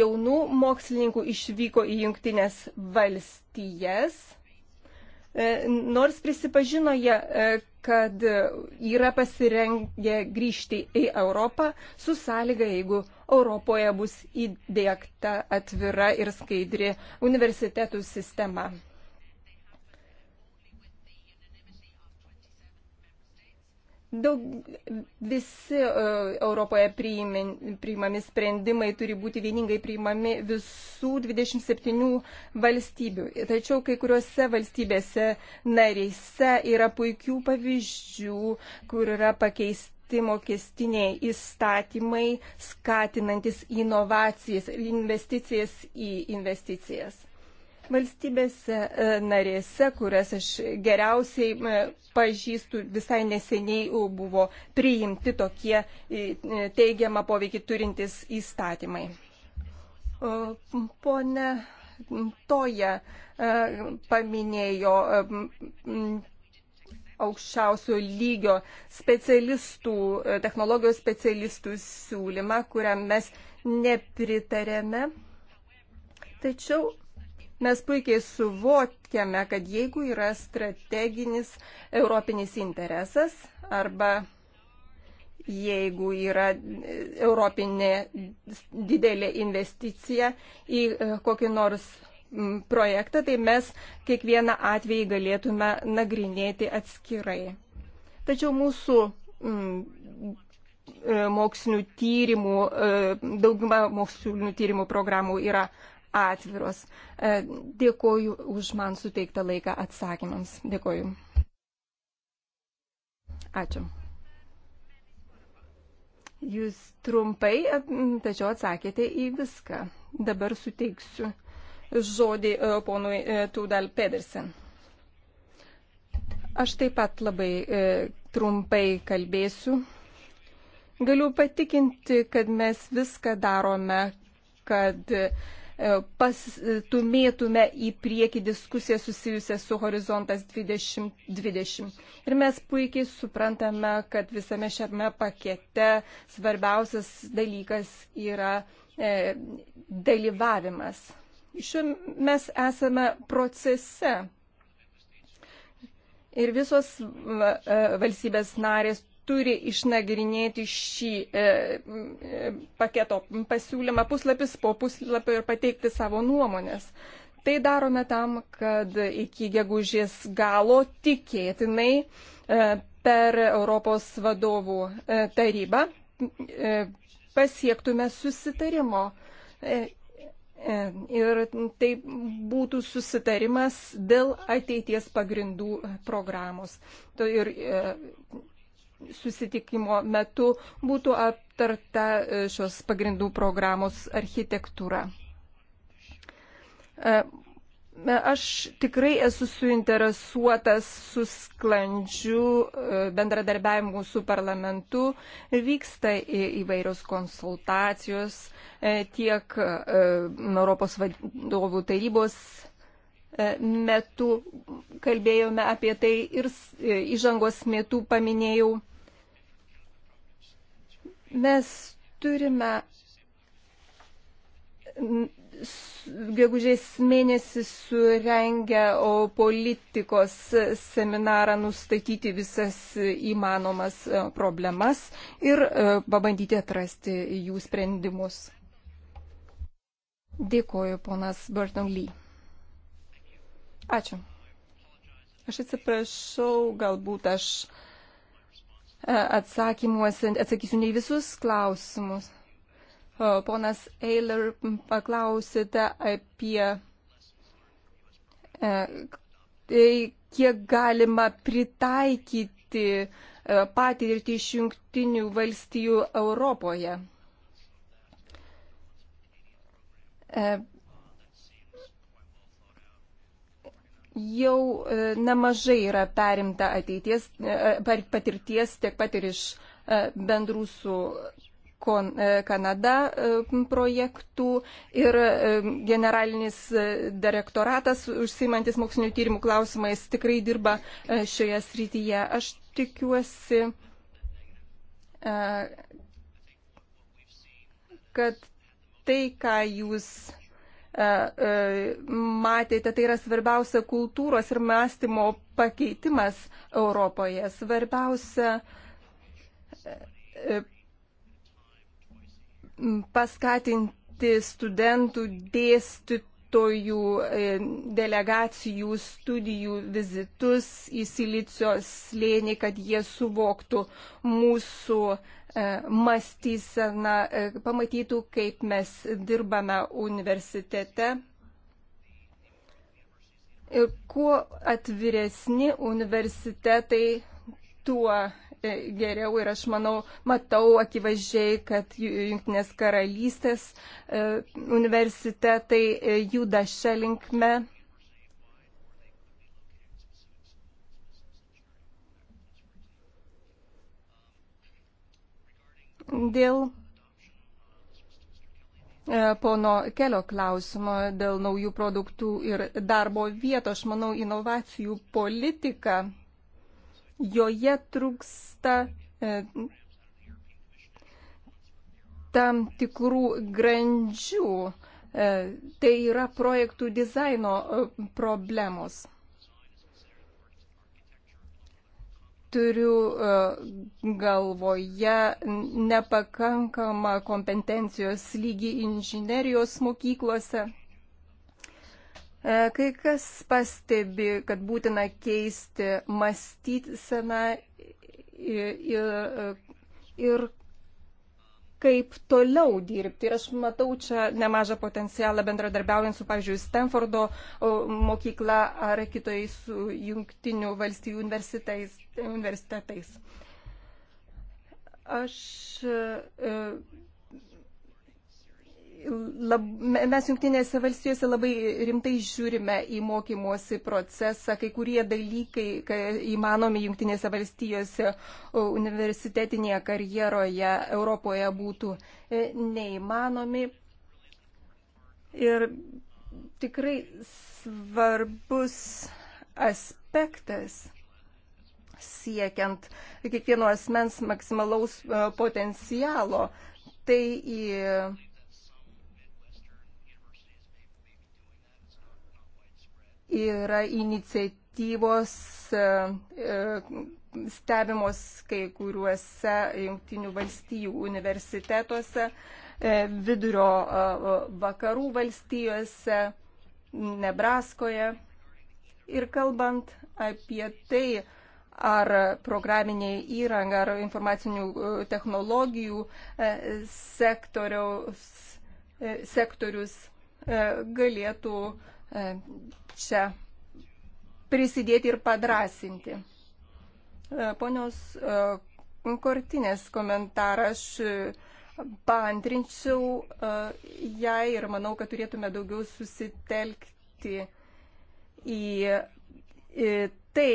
jaunų mokslininkų išvyko į Junktinės valstijas, e, nors prisipažino jie, e, kad yra pasirengę grįžti į Europą su sąlyga, jeigu Europoje bus įdėkta atvira ir skaidri universitetų sistema. Daug, visi e, Europoje priimi, priimami sprendimai turi būti vieningai priimami visų 27 valstybių. Tačiau kai kuriuose valstybėse narėse yra puikių pavyzdžių, kur yra pakeisti mokestiniai įstatymai skatinantis inovacijas ir investicijas į investicijas. Valstybėse e, narėse, kurias aš geriausiai e, pažįstu, visai neseniai e, buvo priimti tokie teigiamą poveikį turintys įstatymai. Pone Toja paminėjo aukščiausio lygio specialistų, technologijos specialistų siūlymą, kuriam mes nepritarėme. Tačiau Mes puikiai suvokiame, kad jeigu yra strateginis europinis interesas arba jeigu yra europinė didelė investicija į e, kokį nors projektą, tai mes kiekvieną atvejį galėtume nagrinėti atskirai. Tačiau mūsų mm, mokslinių tyrimų, e, dauguma mokslinių tyrimų programų yra atviros. E, dėkoju už man suteiktą laiką atsakymams. Dėkoju. Ačiū. Jūs trumpai, tačiau atsakėte į viską. Dabar suteiksiu žodį e, ponui e, Tudal Pedersen. Aš taip pat labai trumpai kalbėsiu. Galiu patikinti, kad mes viską darome, kad uh, E, pastumėtume į priekį diskusiją susijusią su Horizontas 2020. Ir mes puikiai suprantame, kad visame šiame pakete svarbiausias dalykas yra e, dalyvavimas. Šiuo mes esame procese. Ir visos e, valstybės narės turi išnagrinėti šį e, e, paketo pasiūlymą puslapis po puslapio ir pateikti savo nuomonės. Tai darome tam, kad iki gegužės galo tikėtinai e, per Europos vadovų e, tarybą e, pasiektume susitarimo. E, e Ir tai būtų susitarimas dėl ateities pagrindų programos. Ir e, susitikimo metu būtų aptarta e, šios pagrindų programos architektūra. E, aš tikrai esu suinteresuotas su sklandžiu e, bendradarbiavimu su parlamentu. Vyksta įvairios konsultacijos tiek Europos vadovų tarybos metu kalbėjome apie tai ir įžangos metu paminėjau Mes turime gegužės mėnesį surengę politikos seminarą nustatyti visas įmanomas e, problemas ir e, pabandyti atrasti jų sprendimus. Dėkoju, ponas Burton Lee. Ačiū. Aš atsiprašau, galbūt aš uh, atsakymuose atsakysiu ne visus klausimus. Ponas Eiler paklausėte apie e, tai, kiek galima pritaikyti e, patirtį iš jungtinių valstijų Europoje. E, jau e, nemažai yra perimta ateities, e, patirties tiek pat ir iš e, bendrų su Kanada projektų ir generalinis direktoratas užsimantis mokslinių tyrimų klausimais tikrai dirba šioje srityje. Aš tikiuosi, kad tai, ką jūs E, e, matėte, tai yra svarbiausia kultūros ir mąstymo pakeitimas Europoje. Svarbiausia e, paskatinti studentų, dėstytojų, delegacijų, studijų vizitus į Silicio slėnį, kad jie suvoktų mūsų uh, E, mąstyseną, e, pamatytų, kaip mes dirbame universitete. Ir kuo atviresni universitetai, tuo e, geriau. Ir aš manau, matau akivaizdžiai, kad Junktinės karalystės universitetai juda šią linkmę. Dėl e, pono Kelio klausimo dėl naujų produktų ir darbo vietų, aš manau, inovacijų politika, joje trūksta e, tam tikrų grandžių. E, tai yra projektų dizaino problemos. turiu e, galvoje nepakankamą kompetencijos lygį inžinerijos mokyklose. E, kai kas pastebi, kad būtina keisti mąstyseną ir, ir, ir kaip toliau dirbti. Ir aš matau čia nemažą potencialą bendradarbiaujant su, pavyzdžiui, Stanfordo mokykla ar kitais jungtinių valstybių universitetais. Aš e, lab, mes jungtinėse valstijose labai rimtai žiūrime į mokymosi procesą, kai kurie dalykai kai įmanomi jungtinėse valstijose universitetinėje karjeroje Europoje būtų e, neįmanomi. Ir tikrai svarbus aspektas siekiant kiekvieno asmens maksimalaus e, potencialo. Tai į yra iniciatyvos e, e, stebimos kai kuriuose jungtinių valstijų universitetuose, e, vidurio vakarų valstijose, Nebraskoje. Ir kalbant apie tai, ar programinė įranga, ar informacinių technologijų sektorius galėtų E, čia prisidėti ir padrasinti. E, ponios e, Kortinės komentarą aš paantrinčiau jai ir manau, kad turėtume daugiau susitelkti į tai,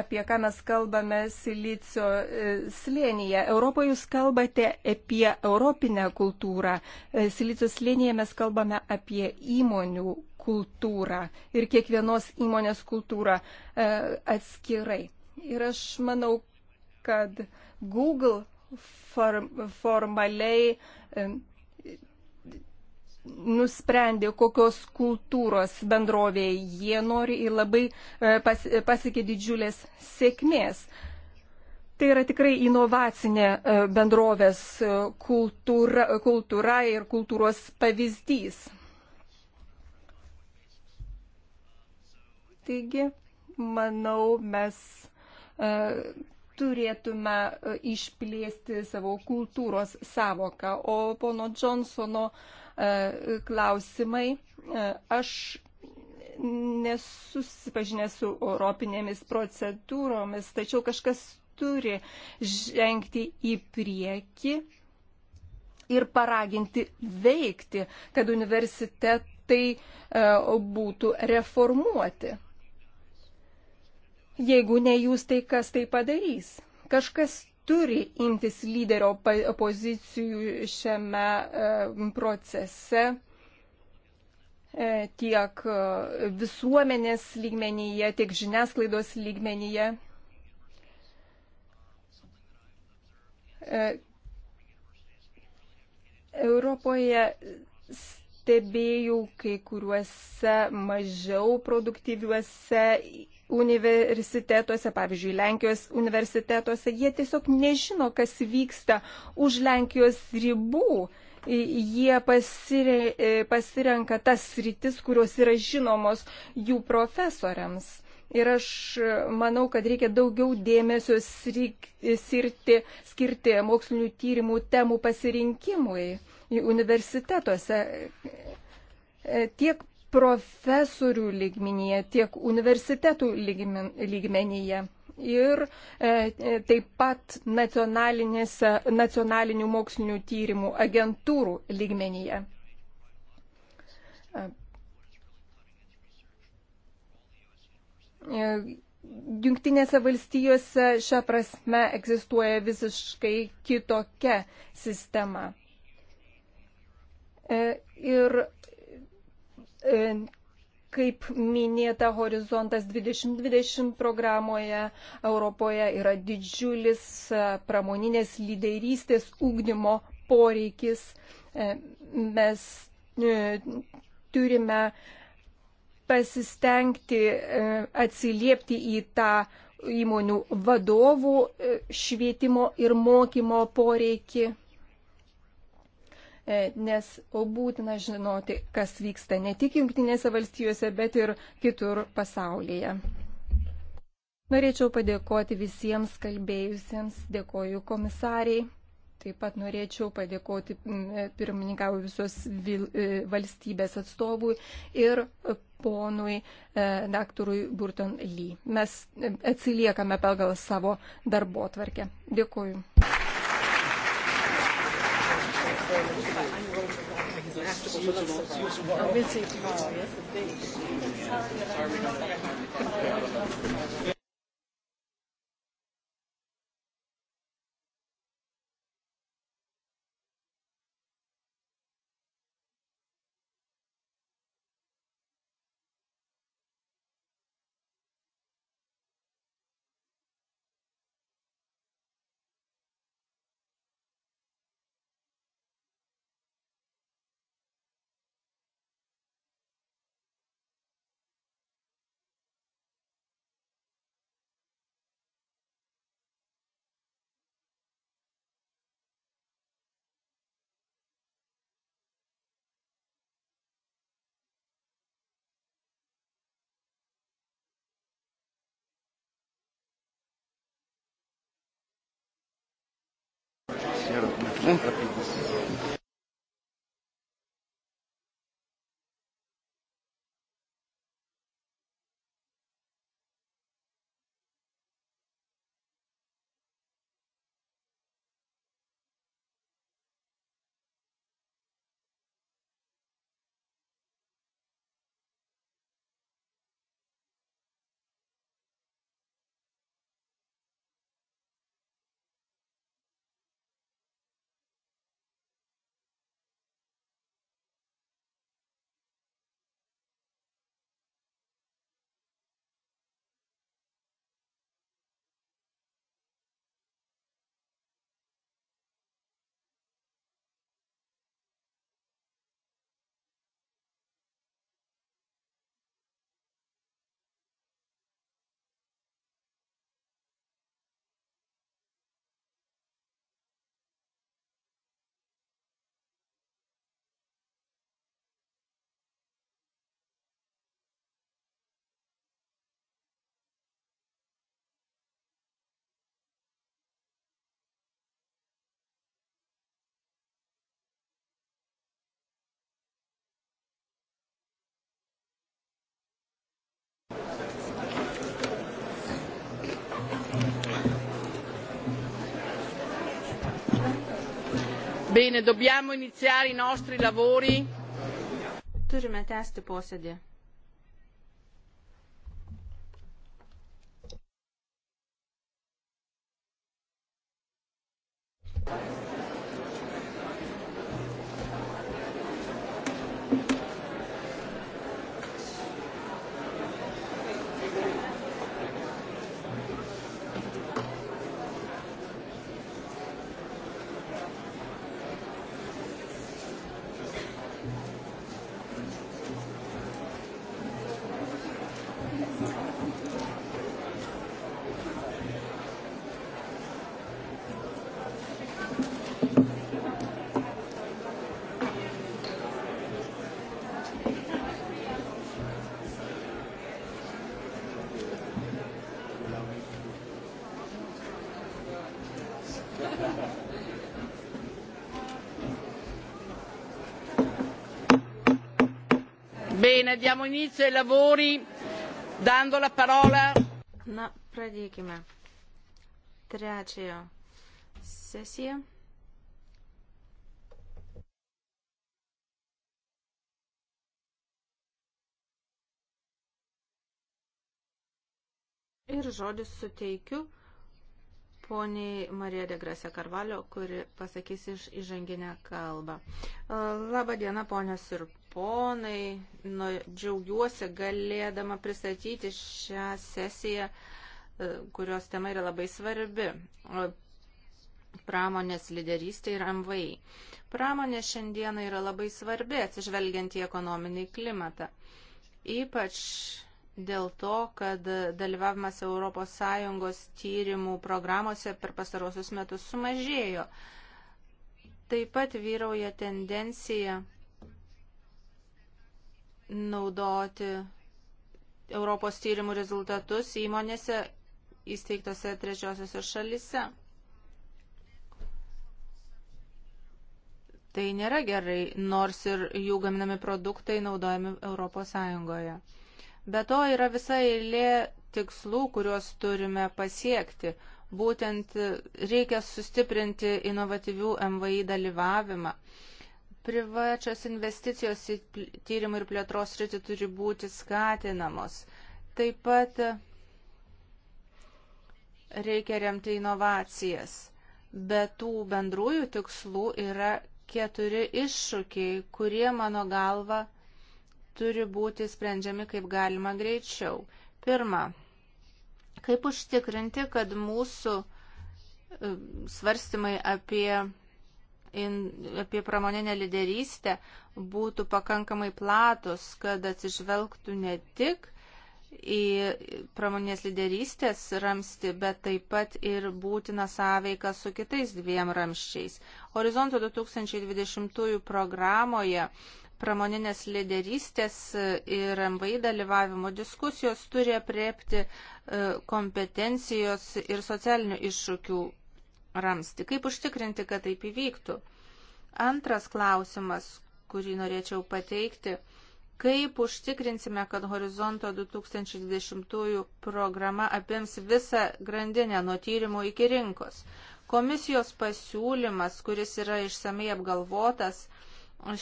apie ką mes kalbame silicio slėnyje. Europoje jūs kalbate apie europinę kultūrą. Silicio slėnyje mes kalbame apie įmonių kultūrą ir kiekvienos įmonės kultūrą e, atskirai. Ir aš manau, kad Google form, formaliai e, nusprendė, kokios kultūros bendrovėje jie nori ir labai e, pas, pasiekė didžiulės sėkmės. Tai yra tikrai inovacinė bendrovės kultūra, kultūra ir kultūros pavyzdys. Taigi, manau, mes e, turėtume e, išplėsti savo kultūros savoką. O pono Johnsono e, klausimai, aš nesusipažinęs su europinėmis procedūromis, tačiau kažkas turi žengti į priekį ir paraginti veikti, kad universitetai būtų reformuoti. Jeigu ne jūs, tai kas tai padarys? Kažkas turi imtis lyderio pozicijų šiame e, procese e, tiek e, visuomenės lygmenyje, tiek žiniasklaidos lygmenyje. Europoje stebėjau kai kuriuose mažiau produktyviuose universitetuose, pavyzdžiui, Lenkijos universitetuose, jie tiesiog nežino, kas vyksta už Lenkijos ribų. Jie pasire, e, pasirenka tas sritis, kurios yra žinomos jų profesoriams. Ir aš manau, kad reikia daugiau dėmesio skirti, skirti mokslinių tyrimų temų pasirinkimui universitetuose. E, e, tiek profesorių lygmenyje, tiek universitetų lygmenyje ir e, e taip pat nacionalinių mokslinių tyrimų agentūrų lygmenyje. E, Junktinėse valstijose šią prasme egzistuoja visiškai kitokia sistema. E, ir Kaip minėta, Horizontas 2020 programoje Europoje yra didžiulis e, pramoninės lyderystės ūkdymo poreikis. E, mes e, turime pasistengti atsiliepti į tą įmonių vadovų švietimo ir mokymo poreikį. E, nes būtina žinoti, kas vyksta ne tik Junktinėse valstijose, bet ir kitur pasaulyje. Norėčiau padėkoti visiems kalbėjusiems, dėkoju komisariai, taip pat norėčiau padėkoti e, pirmininkavų visos e, valstybės atstovui ir ponui daktarui Burton Lee. Mes atsiliekame pagal savo darbo tvarkę. Dėkoju very much. If I, I'm going to walk because I'm after the lunch so far. We'll see you tomorrow. Yes, indeed. nėra. Ne, Bene, dobbiamo iniziare i nostri lavori. Turime tęsti posėdį. Thank you. Bene, diamo inizio ai lavori dando la parola. Na, pradėkime. Trečiojo sesiją. Ir žodis suteikiu poniai Marija de Grasė Karvalio, kuri pasakys iš įžanginę kalbą. Labą dieną, ponios ir ponai, nu, džiaugiuosi galėdama pristatyti šią sesiją, e, kurios tema yra labai svarbi - pramonės lyderystė ir MVI. Pramonė šiandieną yra labai svarbi, atsižvelgiant į ekonominį klimatą. Ypač dėl to, kad dalyvavimas ES tyrimų programuose per pastarosius metus sumažėjo. Taip pat vyrauja tendencija naudoti Europos tyrimų rezultatus įmonėse įsteigtose trečiosiose šalise. Tai nėra gerai, nors ir jų gaminami produktai naudojami Europos Sąjungoje. Be to yra visa eilė tikslų, kuriuos turime pasiekti. Būtent reikia sustiprinti inovatyvių MVI dalyvavimą. Uh, Privačios investicijos į tyrimų ir plėtros rytį turi būti skatinamos. Taip pat reikia remti inovacijas. Be tų bendrųjų tikslų yra keturi iššūkiai, kurie mano galva turi būti sprendžiami kaip galima greičiau. Pirma, kaip užtikrinti, kad mūsų e, svarstymai apie in, apie pramoninę lyderystę būtų pakankamai platus, kad atsižvelgtų ne tik į pramonės lyderystės ramsti, bet taip pat ir būtina sąveika su kitais dviem ramščiais. Horizonto 2020 programoje pramoninės lyderystės ir MVI dalyvavimo diskusijos turi apriepti e, kompetencijos ir socialinių iššūkių ramsti. Kaip užtikrinti, kad taip įvyktų? Antras klausimas, kurį norėčiau pateikti. Kaip užtikrinsime, kad Horizonto 2020 programa apims visą grandinę nuo tyrimų iki rinkos? Komisijos pasiūlymas, kuris yra išsamei apgalvotas,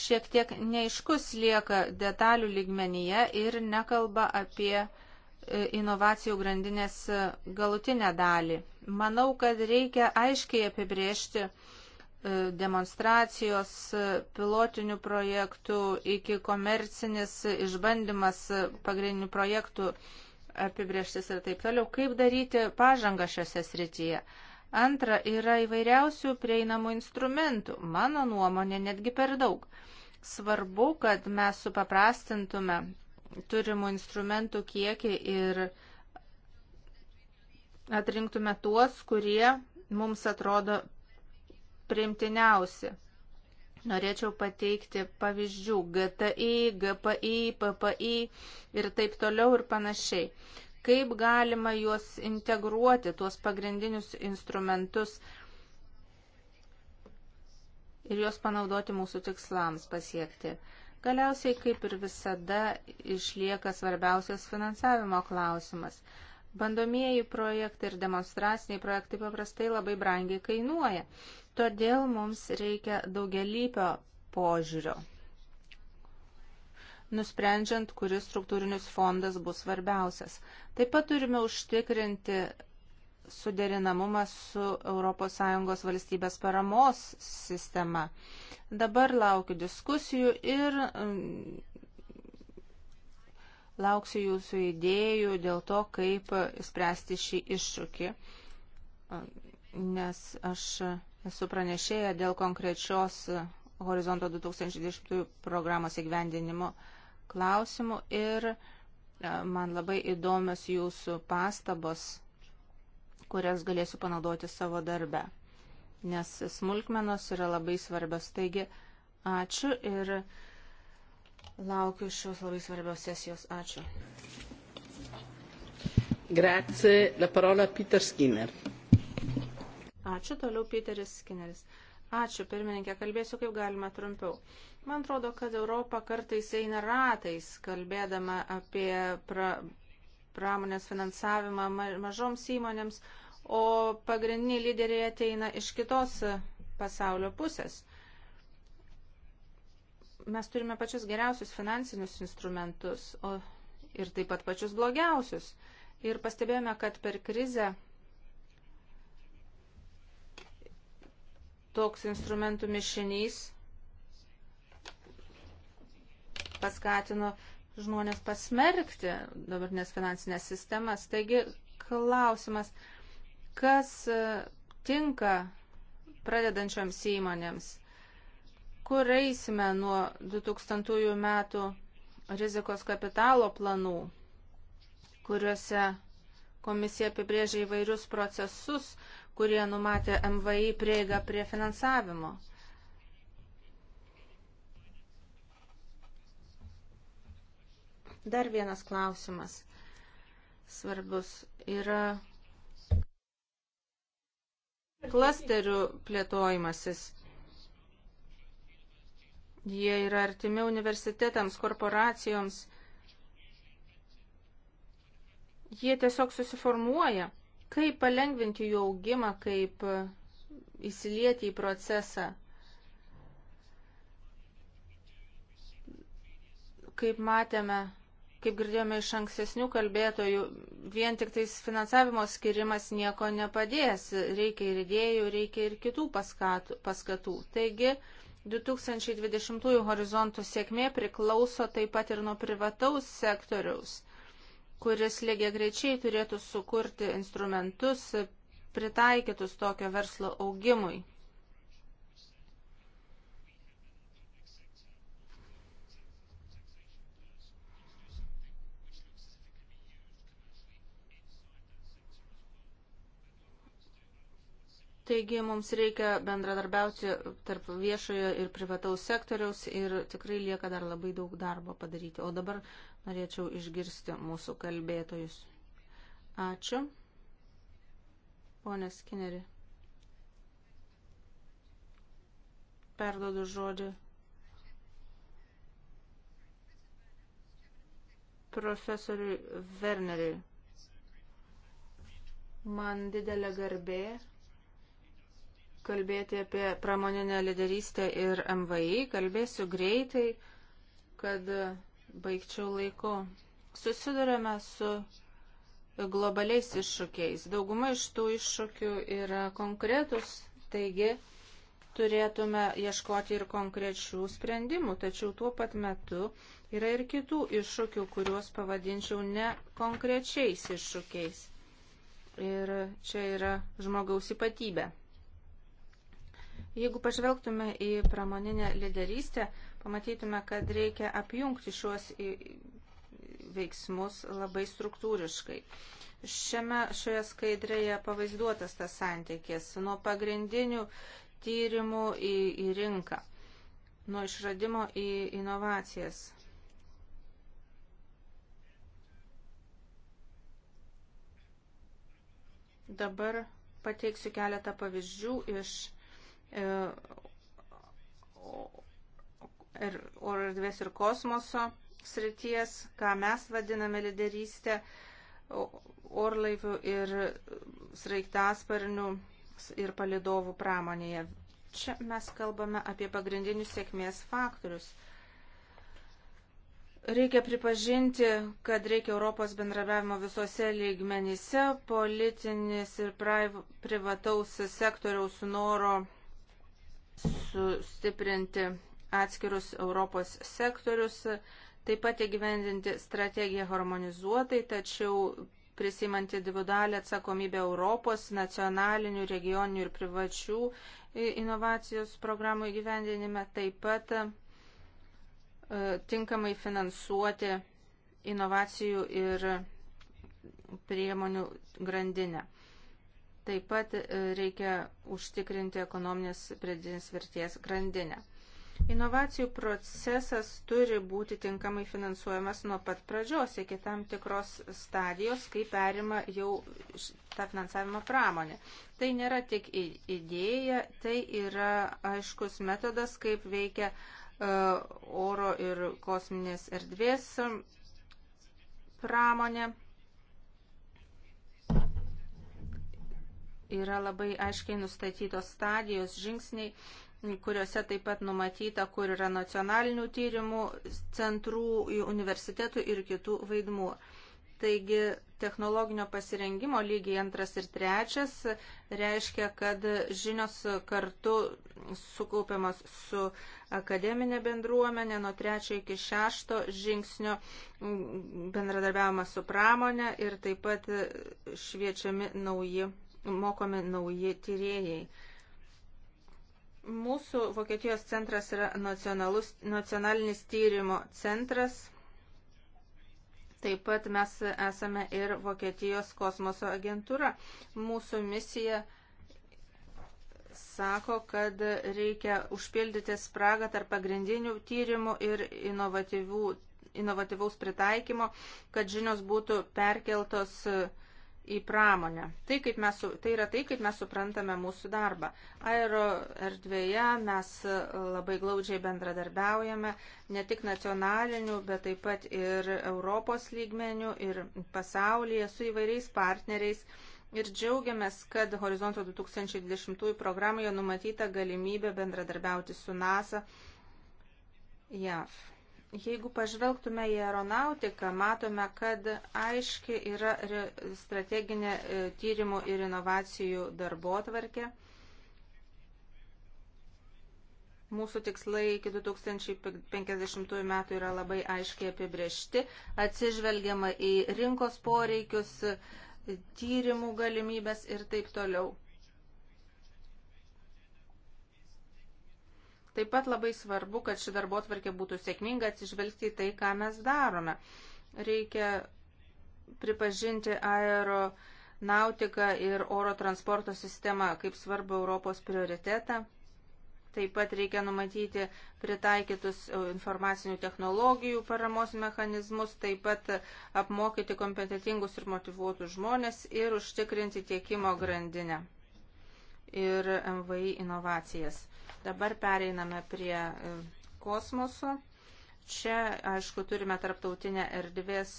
šiek tiek neiškus lieka detalių lygmenyje ir nekalba apie E, inovacijų grandinės e, galutinę dalį. Manau, kad reikia aiškiai apibriežti e, demonstracijos, pilotinių projektų iki komercinis išbandymas pagrindinių projektų apibrieštis ir taip toliau. Kaip daryti pažangą šiose srityje? Antra, yra įvairiausių prieinamų instrumentų. Mano nuomonė netgi per daug. Svarbu, kad mes supaprastintume turimų instrumentų kiekį ir atrinktume tuos, kurie mums atrodo primtiniausi. Norėčiau pateikti pavyzdžių GTI, GPI, PPI ir taip toliau ir panašiai. Kaip galima juos integruoti, tuos pagrindinius instrumentus ir juos panaudoti mūsų tikslams pasiekti. Galiausiai, kaip ir visada, išlieka svarbiausias finansavimo klausimas. Bandomieji projektai ir demonstraciniai projektai paprastai labai brangiai kainuoja. Todėl mums reikia daugelypio požiūrio, nusprendžiant, kuris struktūrinis fondas bus svarbiausias. Taip pat turime užtikrinti suderinamumas su ES valstybės paramos sistema. Dabar laukiu diskusijų ir mm, lauksiu jūsų idėjų dėl to, kaip spręsti šį iššūkį, nes aš esu pranešėja dėl konkrečios Horizonto 2020 programos įgyvendinimo klausimų ir e, man labai įdomios jūsų pastabos kurias galėsiu panaudoti savo darbę, nes smulkmenos yra labai svarbios. Taigi, ačiū ir laukiu šios labai svarbios sesijos. Ačiū. Grazie, la parola Peter Skinner. Ačiū toliau Peteris Skinneris. Ačiū, pirmininkė, kalbėsiu kaip galima trumpiau. Man atrodo, kad Europa kartais eina ratais, kalbėdama apie pra, pramonės finansavimą mažoms įmonėms, o pagrindiniai lyderiai ateina iš kitos pasaulio pusės. Mes turime pačius geriausius finansinius instrumentus o, ir taip pat pačius blogiausius. Ir pastebėjome, kad per krizę toks instrumentų mišinys paskatino žmonės pasmerkti dabartinės finansinės sistemas. Taigi klausimas, kas e, tinka pradedančioms įmonėms, kur eisime nuo 2000 metų rizikos kapitalo planų, kuriuose komisija apibrėžia įvairius procesus, kurie numatė MVI prieigą prie finansavimo. Dar vienas klausimas svarbus yra klasterių plėtojimasis. Jie yra artimi universitetams, korporacijoms. Jie tiesiog susiformuoja. Kaip palengvinti jų augimą, kaip įsilieti į procesą, kaip matėme kaip girdėjome iš ankstesnių kalbėtojų, vien tik tais finansavimo skirimas nieko nepadės. Reikia ir idėjų, reikia ir kitų paskatų. paskatų. Taigi, 2020 horizontų sėkmė priklauso taip pat ir nuo privataus sektoriaus, kuris lygiai greičiai turėtų sukurti instrumentus pritaikytus tokio verslo augimui. Taigi mums reikia bendradarbiauti tarp viešojo ir privataus sektoriaus ir tikrai lieka dar labai daug darbo padaryti. O dabar norėčiau išgirsti mūsų kalbėtojus. Ačiū. Pone Skinneri. Perdodu žodį. Profesoriui Werneriui. Man didelė garbė kalbėti apie pramoninę lyderystę ir MVI. Kalbėsiu greitai, kad baigčiau laiku. Susidurėme su globaliais iššūkiais. Dauguma iš tų iššūkių yra konkretus, taigi turėtume ieškoti ir konkrečių sprendimų, tačiau tuo pat metu yra ir kitų iššūkių, kuriuos pavadinčiau ne konkrečiais iššūkiais. Ir čia yra žmogaus ypatybė. Jeigu pažvelgtume į pramoninę lyderystę, pamatytume, kad reikia apjungti šiuos veiksmus labai struktūriškai. Šiame, šioje skaidrėje pavaizduotas tas santykis nuo pagrindinių tyrimų į, į rinką, nuo išradimo į inovacijas. Dabar pateiksiu keletą pavyzdžių iš E, ir oro erdvės ir kosmoso srities, ką mes vadiname lyderystę orlaivių ir sraigtasparnių ir palidovų pramonėje. Čia mes kalbame apie pagrindinius sėkmės faktorius. Reikia pripažinti, kad reikia Europos bendravimo visose lygmenyse, politinis ir privataus sektoriaus noro sustiprinti atskirus Europos sektorius, taip pat įgyvendinti strategiją harmonizuotai, tačiau prisimant individualią atsakomybę Europos nacionalinių, regioninių ir privačių inovacijos programų įgyvendinime, taip pat e, tinkamai finansuoti inovacijų ir priemonių grandinę. Taip pat e, reikia užtikrinti ekonominės pridinės vertės grandinę. Inovacijų procesas turi būti tinkamai finansuojamas nuo pat pradžios iki tam tikros stadijos, kai perima jau tą finansavimą pramonė. Tai nėra tik idėja, tai yra aiškus metodas, kaip veikia e, oro ir kosminės erdvės pramonė. yra labai aiškiai nustatytos stadijos, žingsniai, kuriuose taip pat numatyta, kur yra nacionalinių tyrimų centrų, universitetų ir kitų vaidmuo. Taigi technologinio pasirengimo lygiai antras ir trečias reiškia, kad žinios kartu sukaupiamas su akademinė bendruomenė, nuo trečio iki šešto žingsnio bendradarbiavimas su pramonė ir taip pat šviečiami nauji mokomi nauji tyrėjai. Mūsų Vokietijos centras yra nacionalinis tyrimo centras. Taip pat mes esame ir Vokietijos kosmoso agentūra. Mūsų misija sako, kad reikia užpildyti spragą tarp pagrindinių tyrimų ir inovatyvaus pritaikymo, kad žinios būtų perkeltos uh, į pramonę. Tai, kaip mes, tai yra tai, kaip mes suprantame mūsų darbą. Aero erdvėje mes e, labai glaudžiai bendradarbiaujame ne tik nacionaliniu, bet taip pat ir Europos lygmeniu ir pasaulyje su įvairiais partneriais. Ir džiaugiamės, kad Horizonto 2020 programoje numatyta galimybė bendradarbiauti su NASA JAV. Jeigu pažvelgtume į aeronautiką, matome, kad aiški yra strateginė e, tyrimų ir inovacijų darbo atvarkė. Mūsų tikslai iki 2050 metų yra labai aiškiai apibriešti, atsižvelgiama į rinkos poreikius, tyrimų galimybės ir taip toliau. Taip pat labai svarbu, kad ši darbo tvarkė būtų sėkminga atsižvelgti į tai, ką mes darome. Reikia pripažinti aero nautiką ir oro transporto sistemą kaip svarbu Europos prioritetą. Taip pat reikia numatyti pritaikytus e, informacinių technologijų paramos mechanizmus, taip pat apmokyti kompetitingus ir motivuotus žmonės ir užtikrinti tiekimo grandinę ir MVI inovacijas. Dabar pereiname prie e, kosmoso. Čia, aišku, turime tarptautinę erdvės,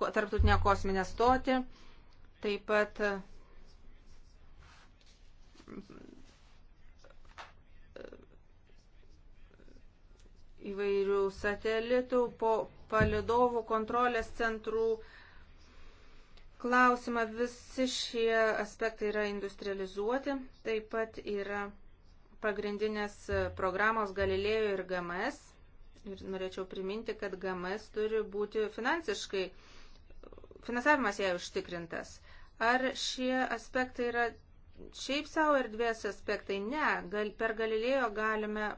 tarptautinę kosminę stotį, taip pat e, įvairių satelitų, po palidovų kontrolės centrų. Klausimą visi šie aspektai yra industrializuoti, taip pat yra pagrindinės programos Galilėjo ir GMS. Ir norėčiau priminti, kad GMS turi būti finansiškai, finansavimas jai užtikrintas. Ar šie aspektai yra šiaip savo erdvės aspektai? Ne, gal, per Galilėjo galime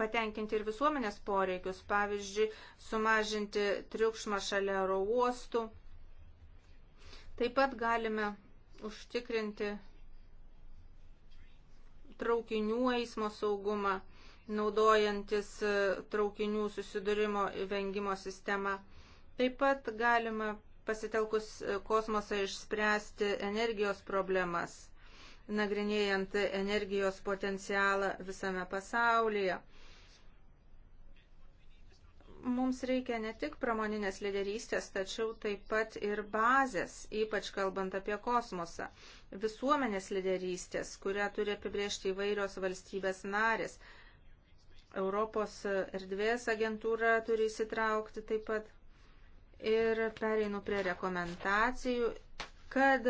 patenkinti ir visuomenės poreikius, pavyzdžiui, sumažinti triukšmą šalia oro uostų. Taip pat galime užtikrinti traukinių eismo saugumą, naudojantis e, traukinių susidūrimo vengimo sistemą. Taip pat galima pasitelkus e, kosmosą išspręsti energijos problemas, nagrinėjant energijos potencialą visame pasaulyje. Mums reikia ne tik pramoninės lyderystės, tačiau taip pat ir bazės, ypač kalbant apie kosmosą, visuomenės lyderystės, kurią turi apibriežti įvairios valstybės narės. Europos erdvės agentūra turi įsitraukti taip pat. Ir pereinu prie rekomendacijų, kad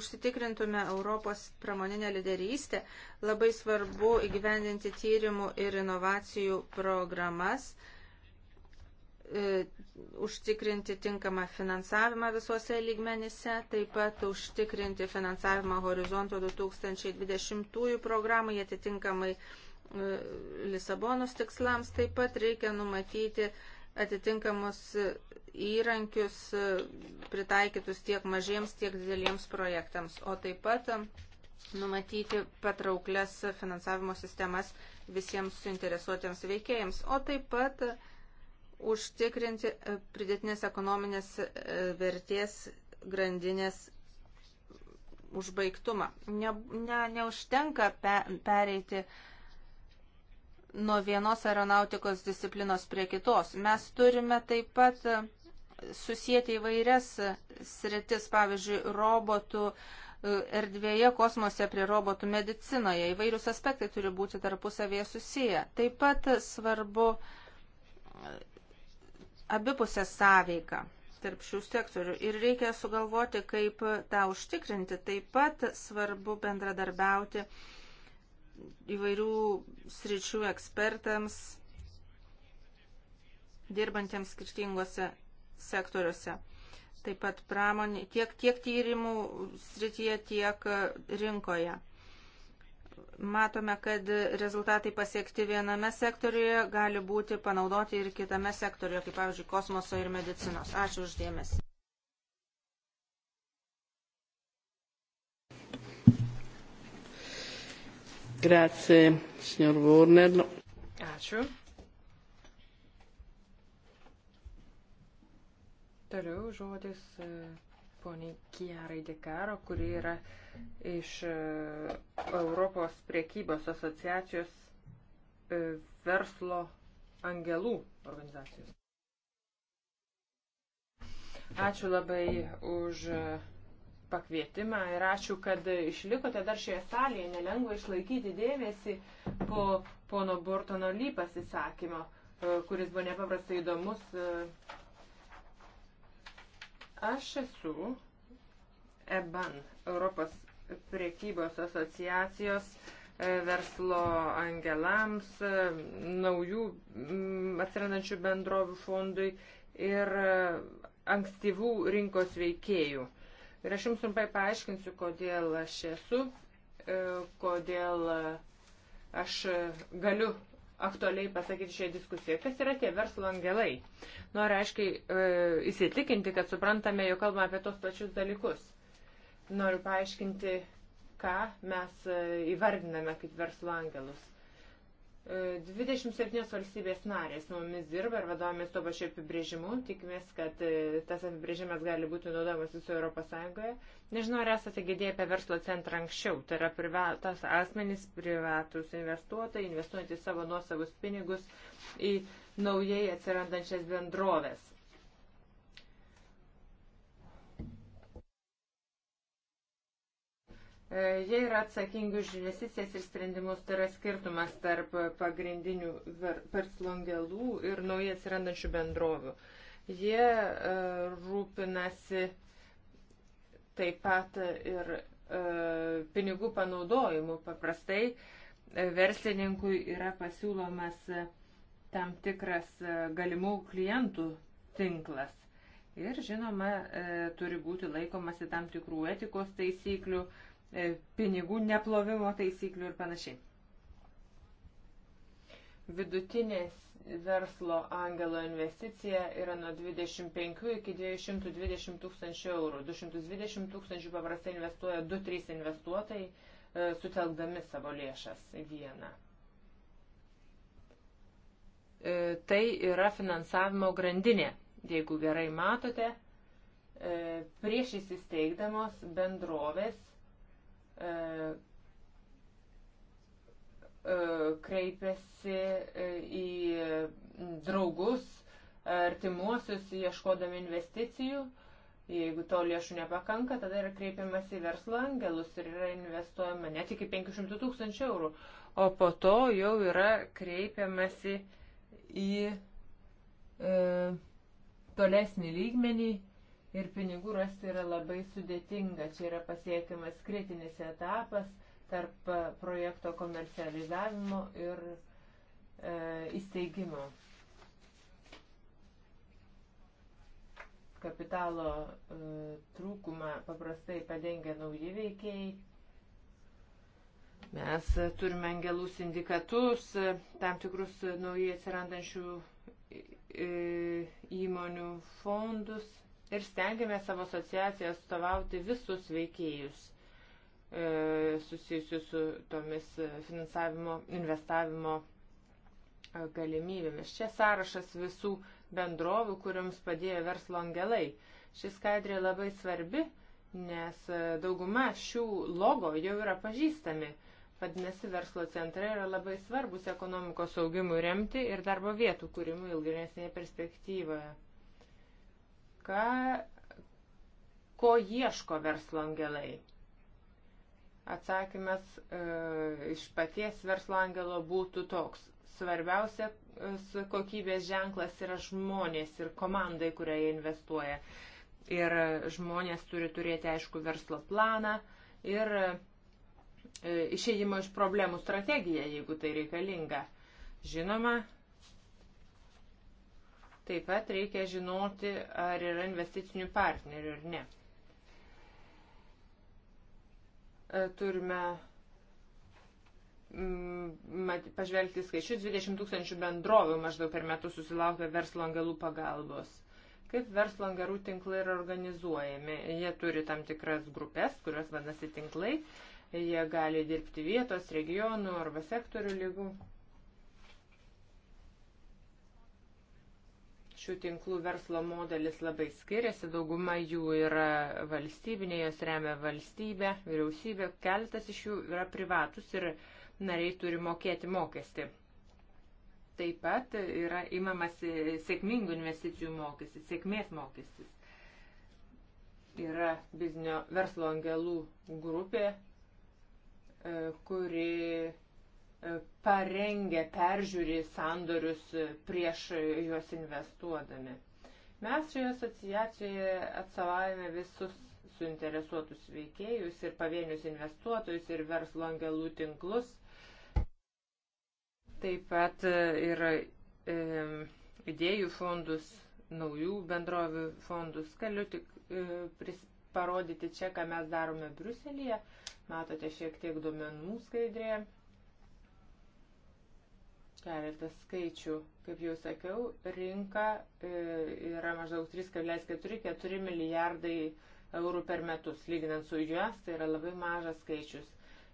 užsitikrintume Europos pramoninę lyderystę, labai svarbu įgyvendinti tyrimų ir inovacijų programas E, užtikrinti tinkamą finansavimą visuose lygmenyse, taip pat užtikrinti finansavimą horizonto 2020 programai, atitinkamai e, Lisabonos tikslams, taip pat reikia numatyti atitinkamus įrankius e, pritaikytus tiek mažiems, tiek dideliems projektams, o taip pat numatyti patrauklias finansavimo sistemas visiems suinteresuotiems veikėjams, o taip pat užtikrinti e, pridėtinės ekonominės e, vertės grandinės užbaigtumą. Ne, ne, neužtenka pe, pereiti nuo vienos aeronautikos disciplinos prie kitos. Mes turime taip pat e, susijęti įvairias sritis, pavyzdžiui, robotų erdvėje, kosmose prie robotų medicinoje. Įvairius aspektai turi būti tarpusavėje susiję. Taip pat svarbu abipusę sąveiką tarp šių sektorių ir reikia sugalvoti, kaip tą užtikrinti. Taip pat svarbu bendradarbiauti įvairių sričių ekspertams, dirbantiems skirtingose sektoriuose. Taip pat pramonė tiek, tiek tyrimų srityje, tiek rinkoje matome, kad rezultatai pasiekti viename sektoriuje gali būti panaudoti ir kitame sektoriuje, kaip pavyzdžiui, kosmoso ir medicinos. Ačiū uždėmesi. Grazie, signor Warner. Ačiū. Toliau žodis. Uh poniai Kiarai Dekaro, kuri yra iš e, Europos priekybos asociacijos e, verslo angelų organizacijos. Ačiū labai už e, pakvietimą ir ačiū, kad išlikote dar šioje salėje. Nelengva išlaikyti dėmesį po pono Bortono Ly pasisakymo, kuris buvo nepaprastai įdomus Aš esu EBAN, Europos priekybos asociacijos e, verslo angelams, e, naujų atsirandančių bendrovių fondui ir e, ankstyvų rinkos veikėjų. Ir aš jums trumpai paaiškinsiu, kodėl aš esu, kodėl aš galiu aktualiai pasakyti šią diskusiją. Kas yra tie verslo angelai? Noriu aiškiai e, įsitikinti, kad suprantame, jau kalbame apie tos pačius dalykus. Noriu paaiškinti, ką mes e, įvardiname kaip verslo angelus. 27 e, valstybės narės su mumis dirba ir vadovomės to pačiu apibrėžimu. Tikimės, kad e, tas apibrėžimas gali būti naudojamas visoje Europos Sąjungoje. Nežinau, ar esate girdėję apie verslo centrą anksčiau. Tai yra privatas asmenys, privatus investuotojai, investuojantys savo nuosavus pinigus į naujai atsirandančias bendrovės. E, jie yra atsakingi už investicijas ir sprendimus, tai yra skirtumas tarp pagrindinių verslo angelų ir naujai atsirandančių bendrovių. Jie e, rūpinasi taip pat ir e, pinigų panaudojimu. Paprastai verslininkui yra pasiūlomas tam tikras galimų klientų tinklas. Ir žinoma, turi būti laikomasi tam tikrų etikos taisyklių E, pinigų neplovimo taisyklių ir panašiai. Vidutinės verslo angelo investicija yra nuo 25 iki 220 tūkstančių eurų. 220 tūkstančių paprastai investuoja 2-3 investuotojai, e, sutelkdami savo lėšas į vieną. E, tai yra finansavimo grandinė. Jeigu gerai matote, prieš įsisteigdamos bendrovės E, e, kreipiasi e, į draugus, artimuosius, ieškodami investicijų. Jeigu to lėšų nepakanka, tada yra kreipiamas į verslo angelus ir yra investuojama net iki 500 tūkstančių eurų. O po to jau yra kreipiamasi į e, tolesnį lygmenį ir pinigų rasti yra labai sudėtinga. Čia yra pasiekiamas kritinis etapas tarp e, projekto komercializavimo ir e, įsteigimo. Kapitalo e, trūkumą paprastai padengia nauji veikėjai. Mes turime angelų sindikatus, e, tam tikrus naujai atsirandančių e, įmonių fondus, ir stengiame savo asociaciją atstovauti visus veikėjus e, susijusius su tomis finansavimo, investavimo e, galimybėmis. Čia sąrašas visų bendrovių, kuriams padėjo verslo angelai. Ši skaidrė labai svarbi, nes e, dauguma šių logo jau yra pažįstami. Vadinasi, verslo centrai yra labai svarbus ekonomikos augimui remti ir darbo vietų kūrimui ilgesnėje perspektyvoje ką, ko ieško verslo angelai. Atsakymas e, iš paties verslo angelo būtų toks. Svarbiausia e, kokybės ženklas yra žmonės ir komandai, kurie investuoja. Ir e, žmonės turi turėti aišku verslo planą ir e, išėjimo iš problemų strategiją, jeigu tai reikalinga. Žinoma, Taip pat reikia žinoti, ar yra investicinių partnerių ar ne. E, turime mm, pažvelgti skaičius, 20 tūkstančių bendrovių maždaug per metus susilaukia verslo angelų pagalbos. Kaip verslo angelų tinklai yra organizuojami? Jie turi tam tikras grupės, kurios vadinasi tinklai, jie gali dirbti vietos, regionų arba sektorių lygų. šių tinklų verslo modelis labai skiriasi, dauguma jų yra valstybinė, jos remia valstybė, vyriausybė, keletas iš jų yra privatus ir nariai turi mokėti mokestį. Taip pat yra imamas sėkmingų investicijų mokestis, sėkmės mokestis. Yra biznio verslo angelų grupė, e, kuri parengę, peržiūri sandorius prieš juos investuodami. Mes šioje asociacijoje atsavavome visus suinteresuotus veikėjus ir pavienius investuotojus ir verslo angelų tinklus. Taip pat e, ir e, idėjų fondus, naujų bendrovių fondus. Galiu tik e, pris, parodyti čia, ką mes darome Bruselėje. Matote šiek tiek duomenų skaidrėje. Keletą skaičių. Kaip jau sakiau, rinka e, yra maždaug 3,4-4 milijardai eurų per metus. Lyginant su juos, tai yra labai mažas skaičius.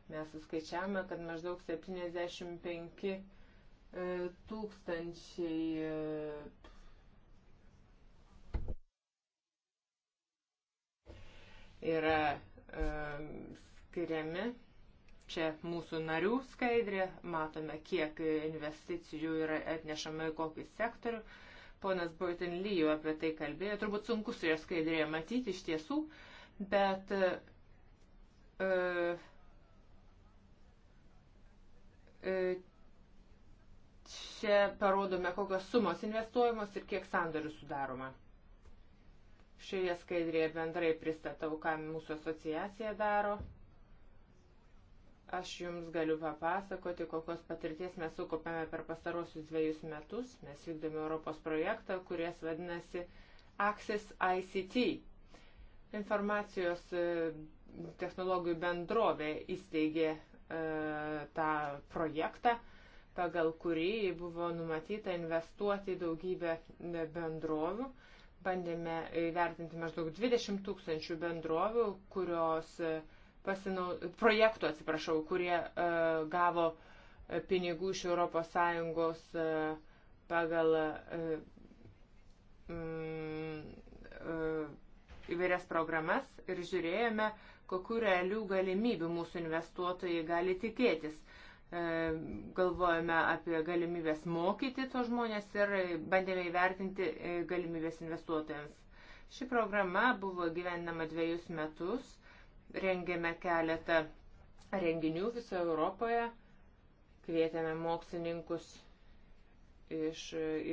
Mes suskaičiavome, kad maždaug 75 e, tūkstančiai. E, yra um, skiriami Čia mūsų narių skaidrė, matome, kiek investicijų yra atnešama į kokį sektorių. Ponas Boitin Lyjo apie tai kalbėjo, turbūt sunku su jo skaidrėje matyti iš tiesų, bet e, e, čia parodome, kokios sumos investuojamos ir kiek sandorių sudaroma. Šioje skaidrėje bendrai pristatau, ką mūsų asociacija daro. Aš jums galiu papasakoti, kokios patirties mes sukopėme per pastarosius dviejus metus. Mes vykdome Europos projektą, kuris vadinasi Access ICT. Informacijos e, technologijų bendrovė įsteigė e, tą projektą, pagal kurį buvo numatyta investuoti daugybę bendrovių bandėme įvertinti maždaug 20 tūkstančių bendrovių, kurios e, pasinau, projektų, atsiprašau, kurie uh, gavo e, pinigų iš ES uh, e, pagal uh, um, įvairias programas ir žiūrėjome, kokiu realių galimybių mūsų investuotojai gali tikėtis. Galvojame apie galimybės mokyti to žmonės ir bandėme įvertinti galimybės investuotojams. Ši programa buvo gyvenama dviejus metus rengėme keletą renginių visoje Europoje, kvietėme mokslininkus iš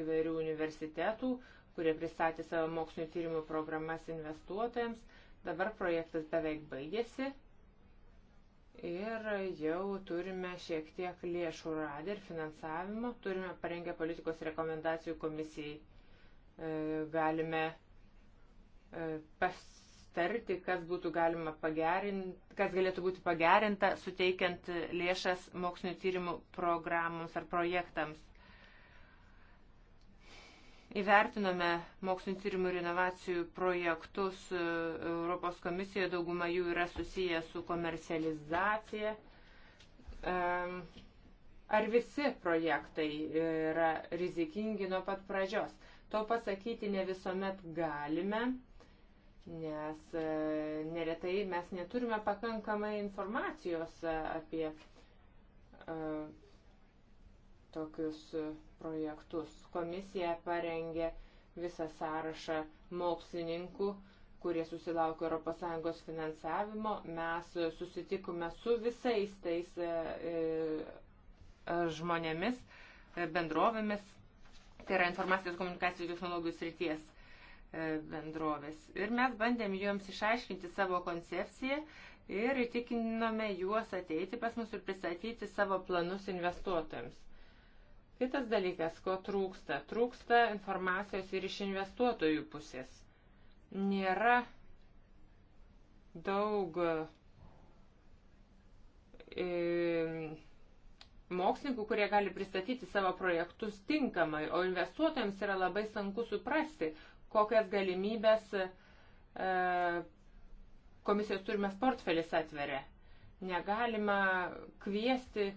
įvairių universitetų, kurie pristatė savo mokslinio tyrimų programas investuotojams. Dabar projektas beveik baigėsi ir jau turime šiek tiek lėšų radę ir finansavimo. Turime parengę politikos rekomendacijų komisijai. E, galime e, pas aptarti, kas, būtų galima kas galėtų būti pagerinta, suteikiant lėšas mokslinio tyrimų programoms ar projektams. Įvertinome mokslinio tyrimų ir inovacijų projektus Europos komisijoje, dauguma jų yra susiję su komercializacija. Ar visi projektai yra rizikingi nuo pat pradžios? To pasakyti ne visuomet galime nes e, neretai mes neturime pakankamai informacijos e, apie e, tokius projektus. Komisija parengė visą sąrašą mokslininkų, kurie susilaukė ES finansavimo. Mes susitikome su visais tais žmonėmis, bendrovėmis, tai yra informacijos komunikacijų technologijų srities E, bendrovės. Ir mes bandėm joms išaiškinti savo koncepciją ir įtikinome juos ateiti pas mus ir pristatyti savo planus investuotojams. Kitas dalykas, ko trūksta, trūksta informacijos ir iš investuotojų pusės. Nėra daug e, mokslininkų, kurie gali pristatyti savo projektus tinkamai, o investuotojams yra labai sunku suprasti, kokias galimybės e, komisijos turimas portfelis atveria. Negalima kviesti e,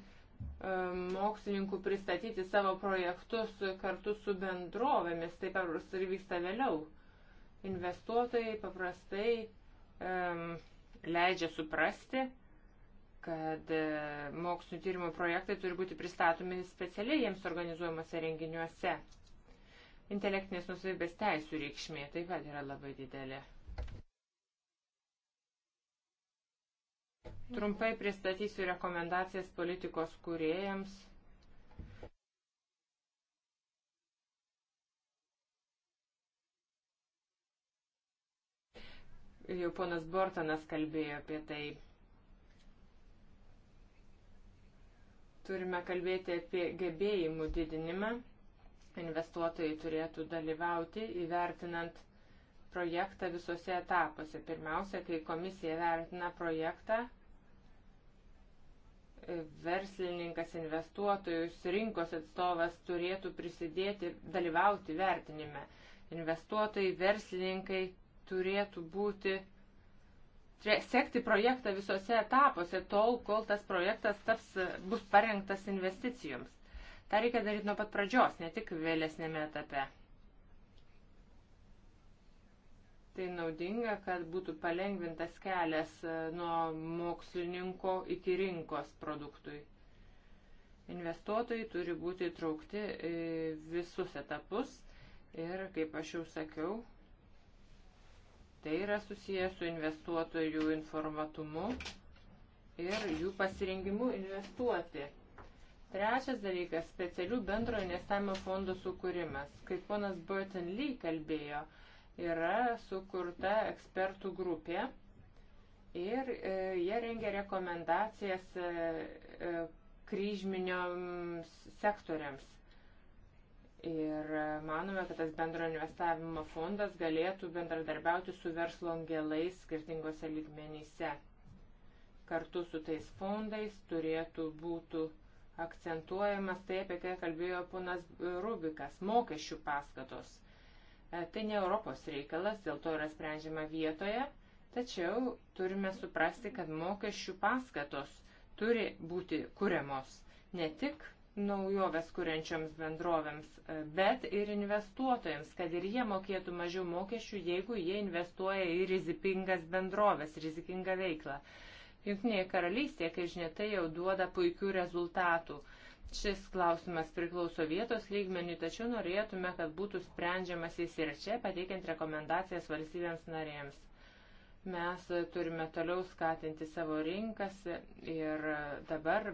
mokslininkų pristatyti savo projektus kartu su bendrovėmis, taip paprastai vyksta vėliau. Investuotojai paprastai um, leidžia suprasti, kad mokslinio tyrimo projektai turi būti pristatomi specialiai jiems organizuojamuose renginiuose. Intelektinės nusavybės teisų reikšmė taip pat yra labai didelė. Trumpai pristatysiu rekomendacijas politikos kuriejams. Jau ponas Bortonas kalbėjo apie tai. Turime kalbėti apie gebėjimų didinimą investuotojai turėtų dalyvauti įvertinant projektą visose etapuose. Pirmiausia, kai komisija vertina projektą, verslininkas, investuotojus, rinkos atstovas turėtų prisidėti ir dalyvauti vertinime. Investuotojai, verslininkai turėtų būti, turė, sekti projektą visose etapuose, tol, kol tas projektas taps, bus parengtas investicijoms. Ta reikia daryti nuo pat pradžios, ne tik vėlesnėme etape. Tai naudinga, kad būtų palengvintas kelias e, nuo mokslininko iki rinkos produktui. Investuotojai turi būti įtraukti visus etapus ir, kaip aš jau sakiau, tai yra susijęs su investuotojų informatumu ir jų pasirinkimu investuoti Trečias dalykas - specialių bendro investavimo fondo sukūrimas. Kaip ponas Burton Lee kalbėjo, yra sukurta ekspertų grupė ir e, jie rengia rekomendacijas e, e, kryžminiams sektoriams. Ir e, manome, kad tas bendro investavimo fondas galėtų bendradarbiauti su verslo angelais skirtingose lygmenyse. Kartu su tais fondais turėtų būti akcentuojamas tai, apie ką kalbėjo ponas Rubikas - mokesčių paskatos. E, tai ne Europos reikalas, dėl to yra sprendžiama vietoje, tačiau turime suprasti, kad mokesčių paskatos turi būti kuriamos ne tik naujoves kuriančioms bendrovėms, e, bet ir investuotojams, kad ir jie mokėtų mažiau mokesčių, jeigu jie investuoja į rizikingas bendrovės, rizikingą veiklą. Junktinėje karalystėje, kai žinia, tai jau duoda puikių rezultatų. Šis klausimas priklauso vietos lygmenių, tačiau norėtume, kad būtų sprendžiamas jis ir čia, pateikiant rekomendacijas valstybėms narėms. Mes turime toliau skatinti savo rinkas ir dabar,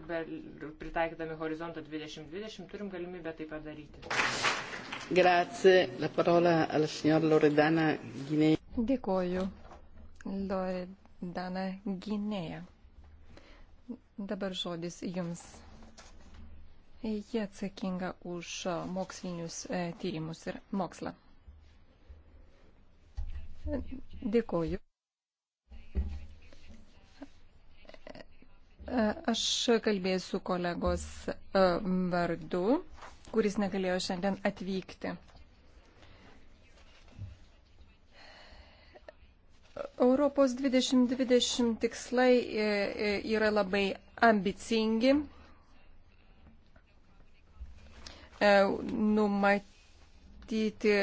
pritaikydami Horizonto 2020, turim galimybę tai padaryti. Grazie. La parola alla signora Loredana Ghinei. Dėkoju. Loredana. Dana Gynėja. Dabar žodis jums. Jie atsakinga už mokslinius e, tyrimus ir mokslą. Dėkoju. E, aš kalbėsiu kolegos e, vardu, kuris negalėjo šiandien atvykti. Europos 2020 tikslai e, e, yra labai ambicingi. E, numatyti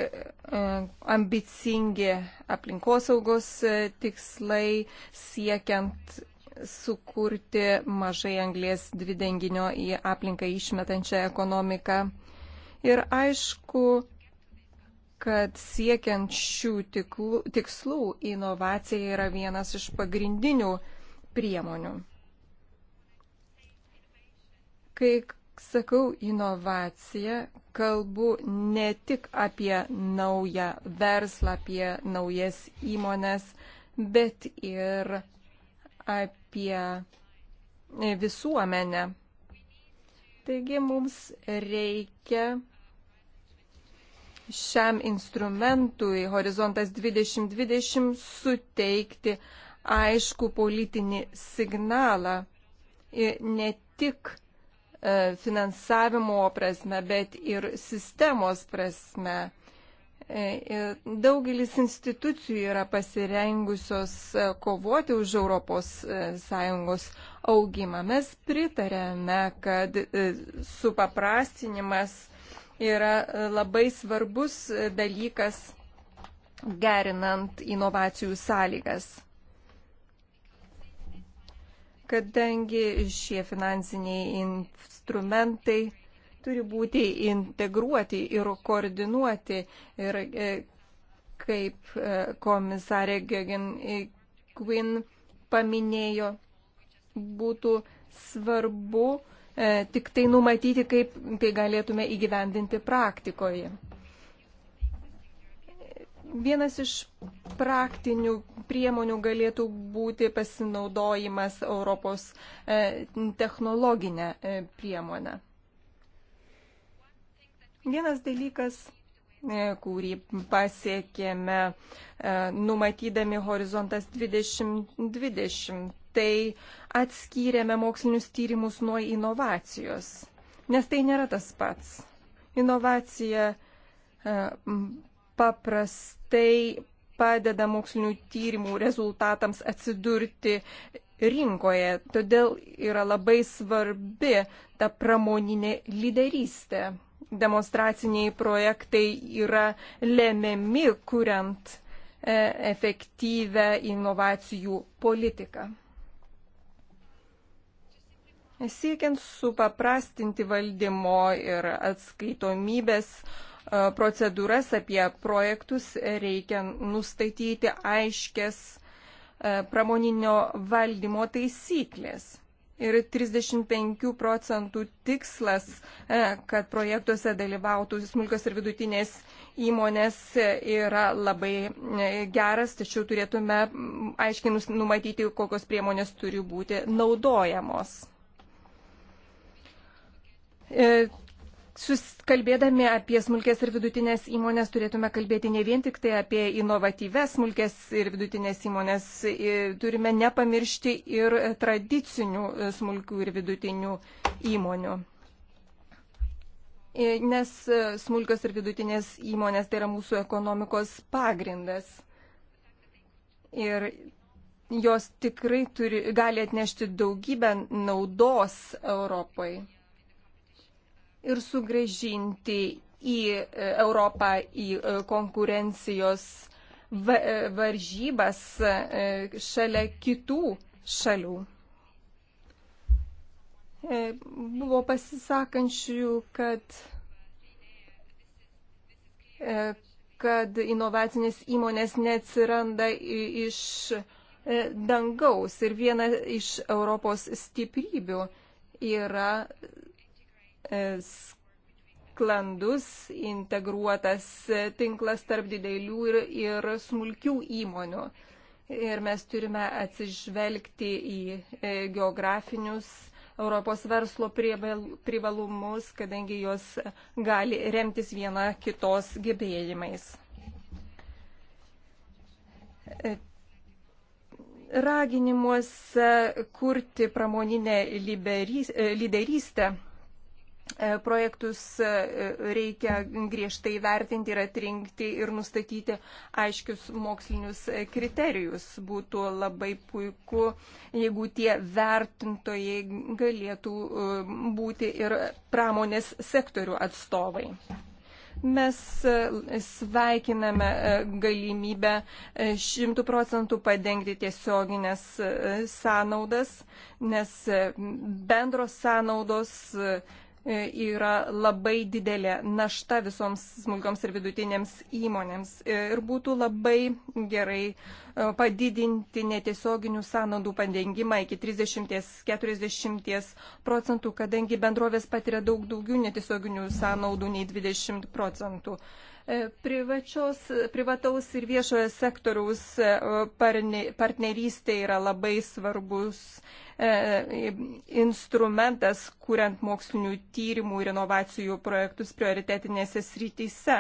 ambicingi aplinkosaugos tikslai siekiant sukurti mažai anglės dvidenginio į aplinką išmetančią ekonomiką. Ir aišku, kad siekiant šių tiklų, tikslų inovacija yra vienas iš pagrindinių priemonių. Kai sakau inovacija, kalbu ne tik apie naują verslą, apie naujas įmonės, bet ir apie visuomenę. Taigi mums reikia šiam instrumentui Horizontas 2020 suteikti aišku politinį signalą ne tik e, finansavimo prasme, bet ir sistemos prasme. E, e, daugelis institucijų yra pasirengusios kovoti už ES augimą. Mes pritarėme, kad supaprastinimas yra e, labai svarbus e, dalykas gerinant inovacijų sąlygas. Kadangi šie finansiniai instrumentai turi būti integruoti ir koordinuoti ir e, kaip komisarė Gegen Quinn paminėjo, būtų svarbu uh, E, tik tai numatyti, kaip tai galėtume įgyvendinti praktikoje. Vienas iš praktinių priemonių galėtų būti pasinaudojimas Europos e, technologinę e, priemonę. Vienas dalykas, kurį pasiekėme numatydami horizontas 2020, tai atskyrėme mokslinius tyrimus nuo inovacijos, nes tai nėra tas pats. Inovacija e, paprastai padeda mokslinių tyrimų rezultatams atsidurti rinkoje, todėl yra labai svarbi ta pramoninė lyderystė. Demonstraciniai projektai yra lemiami, kuriant e, efektyvę inovacijų politiką. Siekiant supaprastinti valdymo ir atskaitomybės e, procedūras apie projektus, reikia nustatyti aiškės e, pramoninio valdymo taisyklės. Ir 35 procentų tikslas, e, kad projektuose dalyvautų smulkios ir vidutinės įmonės yra labai geras, tačiau turėtume aiškiai numatyti, kokios priemonės turi būti naudojamos. E, kalbėdami apie smulkės ir vidutinės įmonės turėtume kalbėti ne vien tik tai apie inovatyves smulkės ir vidutinės įmonės, e, turime nepamiršti ir tradicinių e, smulkių ir vidutinių įmonių. Nes smulkios ir vidutinės įmonės tai yra mūsų ekonomikos pagrindas. Ir jos tikrai turi, gali atnešti daugybę naudos Europai ir sugražinti į e, Europą į e, konkurencijos e, varžybas šalia kitų šalių. Buvo pasisakančių, kad kad inovacinės įmonės neatsiranda iš dangaus ir viena iš Europos stiprybių yra E, sklandus integruotas tinklas tarp didelių ir, ir smulkių įmonių. Ir mes turime atsižvelgti į e, geografinius Europos verslo privalumus, kadangi jos gali remtis viena kitos gebėjimais. E, raginimuose kurti pramoninę lyderystę E, projektus e, reikia griežtai vertinti ir atrinkti ir nustatyti aiškius mokslinius e, kriterijus. Būtų labai puiku, jeigu tie vertintojai galėtų būti ir pramonės sektorių atstovai. Mes sveikiname galimybę šimtų procentų padengti tiesioginės sąnaudas, nes bendros sąnaudos E, yra labai didelė našta visoms smulkioms ir vidutinėms įmonėms. E, ir būtų labai gerai e, padidinti netiesioginių sąnaudų padengimą iki 30-40 procentų, kadangi bendrovės patiria daug daugiau netiesioginių sąnaudų nei 20 procentų. Privačios, privataus ir viešojo sektoriaus partnerystė yra labai svarbus E, instrumentas, kuriant mokslinių tyrimų ir inovacijų projektus prioritetinėse srityse.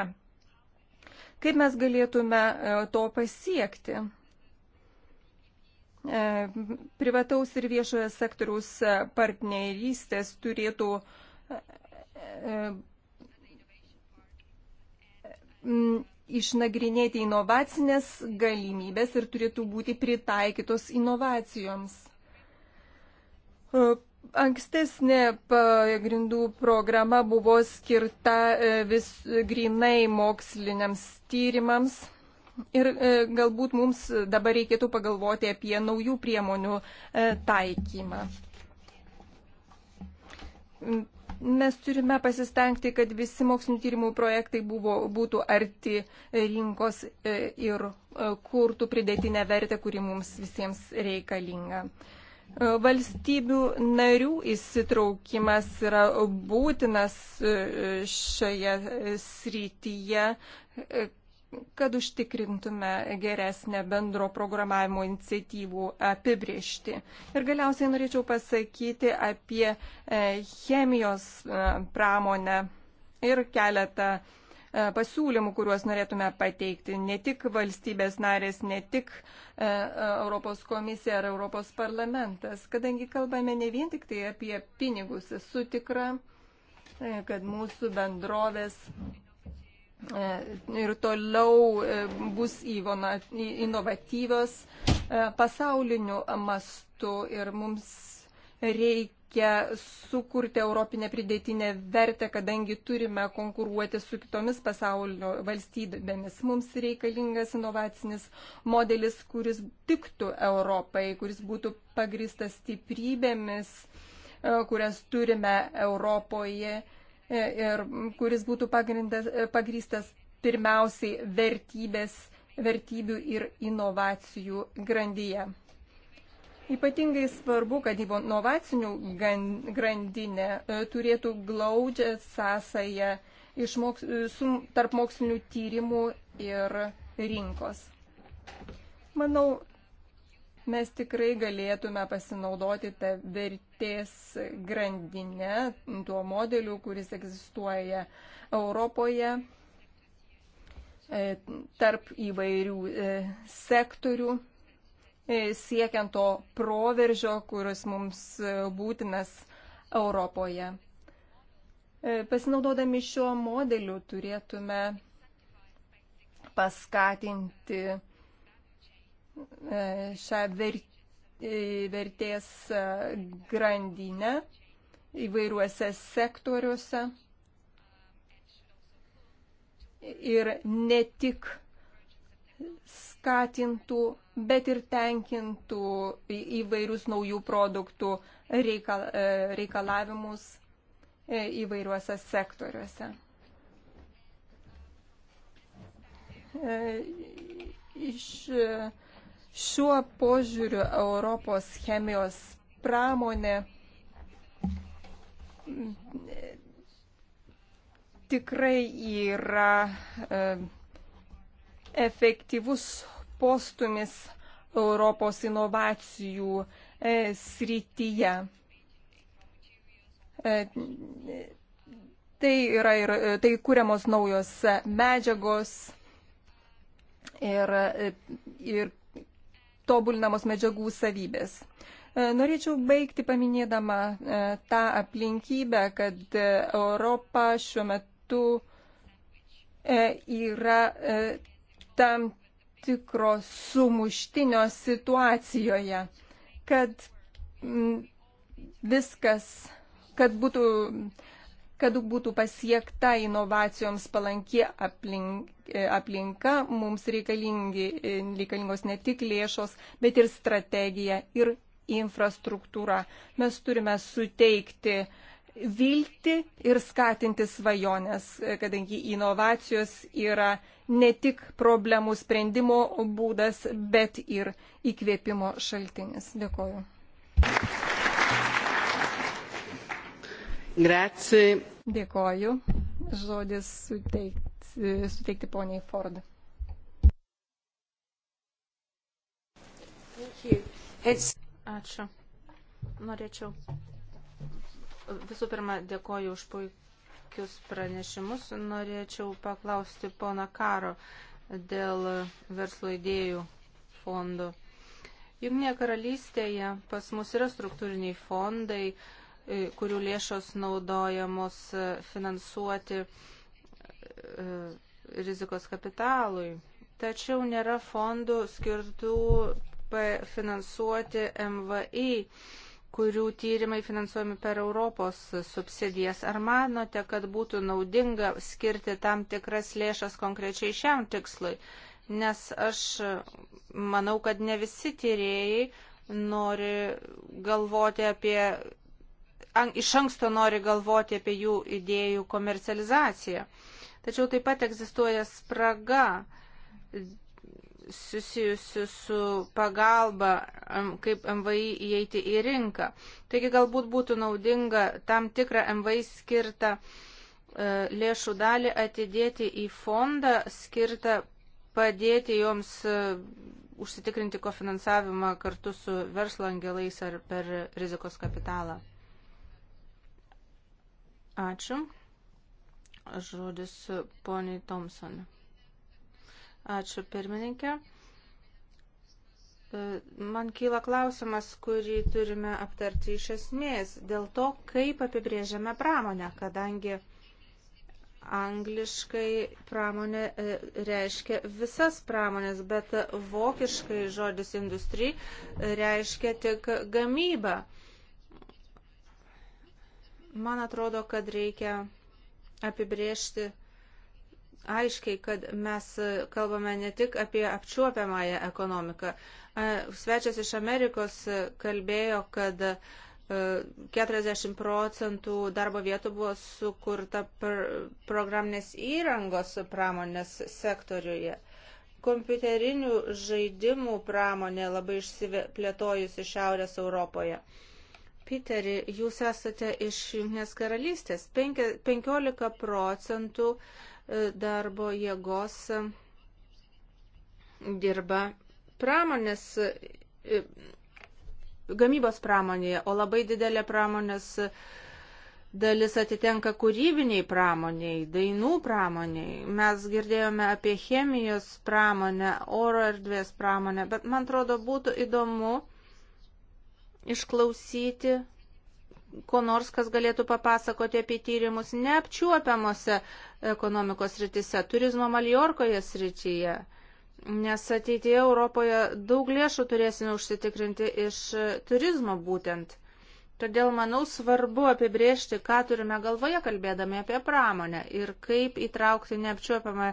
Kaip mes galėtume e, to pasiekti? E, privataus ir viešojo sektoriaus partnerystės turėtų išnagrinėti inovacinės galimybės ir turėtų būti pritaikytos inovacijoms. E, ankstesnė pagrindų programa buvo skirta e, vis grinai moksliniams tyrimams. Ir e, galbūt mums dabar reikėtų pagalvoti apie naujų priemonių taikymą. Mes turime pasistengti, kad visi mokslinio tyrimų projektai buvo, būtų arti rinkos ir kurtų pridėtinę vertę, kuri mums visiems reikalinga. Valstybių narių įsitraukimas yra būtinas e, šioje srityje, e, kad užtikrintume geresnę bendro programavimo iniciatyvų apibriešti. Ir galiausiai norėčiau pasakyti apie e, chemijos pramonę ir keletą E, pasiūlymų, kuriuos norėtume pateikti. Ne tik valstybės narės, ne tik e, e, Europos komisija ar Europos parlamentas, kadangi kalbame ne vien tik tai apie pinigus. Esu tikra, kad mūsų bendrovės ir toliau bus įvona, inovatyvios pasauliniu mastu ir mums reikia reikia sukurti europinę pridėtinę vertę, kadangi turime konkuruoti su kitomis pasaulio valstybėmis. Mums reikalingas inovacinis modelis, kuris tiktų Europai, kuris būtų pagristas stiprybėmis, e, kurias turime Europoje e, ir kuris būtų pagristas pirmiausiai vertybės, vertybių ir inovacijų grandyje. Ypatingai svarbu, kad inovacinių grandinė e, turėtų glaudžią sąsają moks, e, su, tarp mokslinių tyrimų ir rinkos. Manau, mes tikrai galėtume pasinaudoti tą vertės grandinę, tuo modeliu, kuris egzistuoja Europoje e, tarp įvairių sektorių E, siekiant to proveržio, kuris mums e, būtinas Europoje. E, pasinaudodami šiuo modeliu turėtume paskatinti šią vertės grandinę įvairiuose sektoriuose ir ne tik skatintų, bet ir tenkintų įvairius naujų produktų e, reikalavimus e, įvairiuose sektoriuose. E, iš šiuo požiūriu Europos chemijos pramonė tikrai yra efektyvus postumis Europos inovacijų e, srityje. E, tai yra ir e, tai kūriamos naujos medžiagos ir, ir tobulinamos medžiagų savybės. Norėčiau baigti paminėdama tą aplinkybę, kad Europa šiuo metu yra tam tikro sumuštinio situacijoje, kad mm, viskas, kad būtų, kad būtų pasiekta inovacijoms palanki aplink, aplinka, mums reikalingos ne tik lėšos, bet ir strategija ir infrastruktūra. Mes turime suteikti uh, viltį ir skatinti svajonės, kadangi inovacijos yra ne tik problemų sprendimo būdas, bet ir įkvėpimo šaltinis. Dėkoju. Grazie. Dėkoju. Žodis suteikti, suteikti poniai Ford. Ačiū. Norėčiau Visų pirma, dėkoju už puikius pranešimus. Norėčiau paklausti pona Karo dėl verslo idėjų fondo. Jungtinėje karalystėje pas mus yra struktūriniai fondai, e, kurių lėšos naudojamos e, finansuoti e, rizikos kapitalui. Tačiau nėra fondų skirtų finansuoti MVI kurių tyrimai finansuojami per Europos subsidijas. Ar manote, kad būtų naudinga skirti tam tikras lėšas konkrečiai šiam tikslui? Nes aš manau, kad ne visi tyrėjai nori galvoti apie, an, iš anksto nori galvoti apie jų idėjų komercializaciją. Tačiau taip pat egzistuoja spraga susijusių su pagalba, kaip MVI įeiti į rinką. Taigi galbūt būtų naudinga tam tikrą MVI skirtą e, lėšų dalį atidėti į fondą skirtą padėti joms e, užsitikrinti kofinansavimą kartu su verslo angelais ar per rizikos kapitalą. Ačiū. Žodis poniai Thompson. Ačiū pirmininkė. E, man kyla klausimas, kurį turime aptarti iš esmės, dėl to, kaip apibrėžiame pramonę, kadangi angliškai pramonė e, reiškia visas pramonės, bet vokiškai žodis industry e, reiškia tik gamybą. Man atrodo, kad reikia apibrėžti aiškiai, kad mes kalbame ne tik apie apčiuopiamąją ekonomiką. Svečias iš Amerikos kalbėjo, kad 40 e, procentų darbo vietų buvo sukurta pr programinės įrangos pramonės sektoriuje. Kompiuterinių žaidimų pramonė labai išsiplėtojusi Šiaurės Europoje. Piteri, jūs esate iš Junknės karalystės. 15 procentų uh, darbo jėgos dirba pramonės, gamybos pramonėje, o labai didelė pramonės dalis atitenka kūrybiniai pramoniai, dainų pramoniai. Mes girdėjome apie chemijos pramonę, oro erdvės pramonę, bet man atrodo būtų įdomu išklausyti ko nors, kas galėtų papasakoti apie tyrimus neapčiuopiamose ekonomikos rytise, turizmo Maliorkoje srityje. Nes ateityje Europoje daug lėšų turėsime užsitikrinti iš turizmo būtent. Todėl, manau, svarbu apibriežti, ką turime galvoje kalbėdami apie pramonę ir kaip įtraukti neapčiuopiamą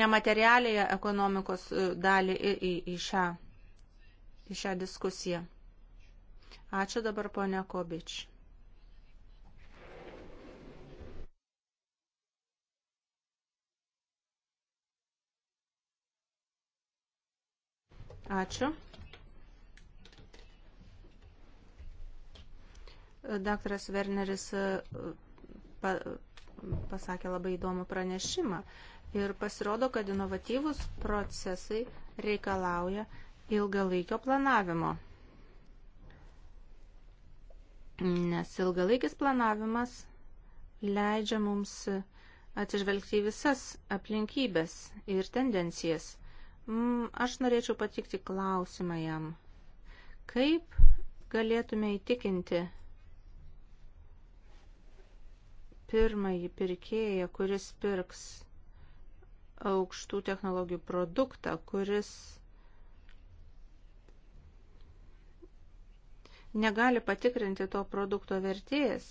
nematerialėje ekonomikos e, dalį į, į, į, šią, į šią diskusiją. Ačiū dabar ponia Kobič. Ačiū. Daktaras Werneris e, pa, pasakė labai įdomų pranešimą ir pasirodo, kad inovatyvus procesai reikalauja ilgalaikio planavimo. Nes ilgalaikis planavimas leidžia mums atsižvelgti į visas aplinkybės ir tendencijas. Mm, aš norėčiau patikti klausimą jam. Kaip galėtume įtikinti pirmąjį pirkėją, kuris pirks aukštų technologijų produktą, kuris negali patikrinti to produkto vertės?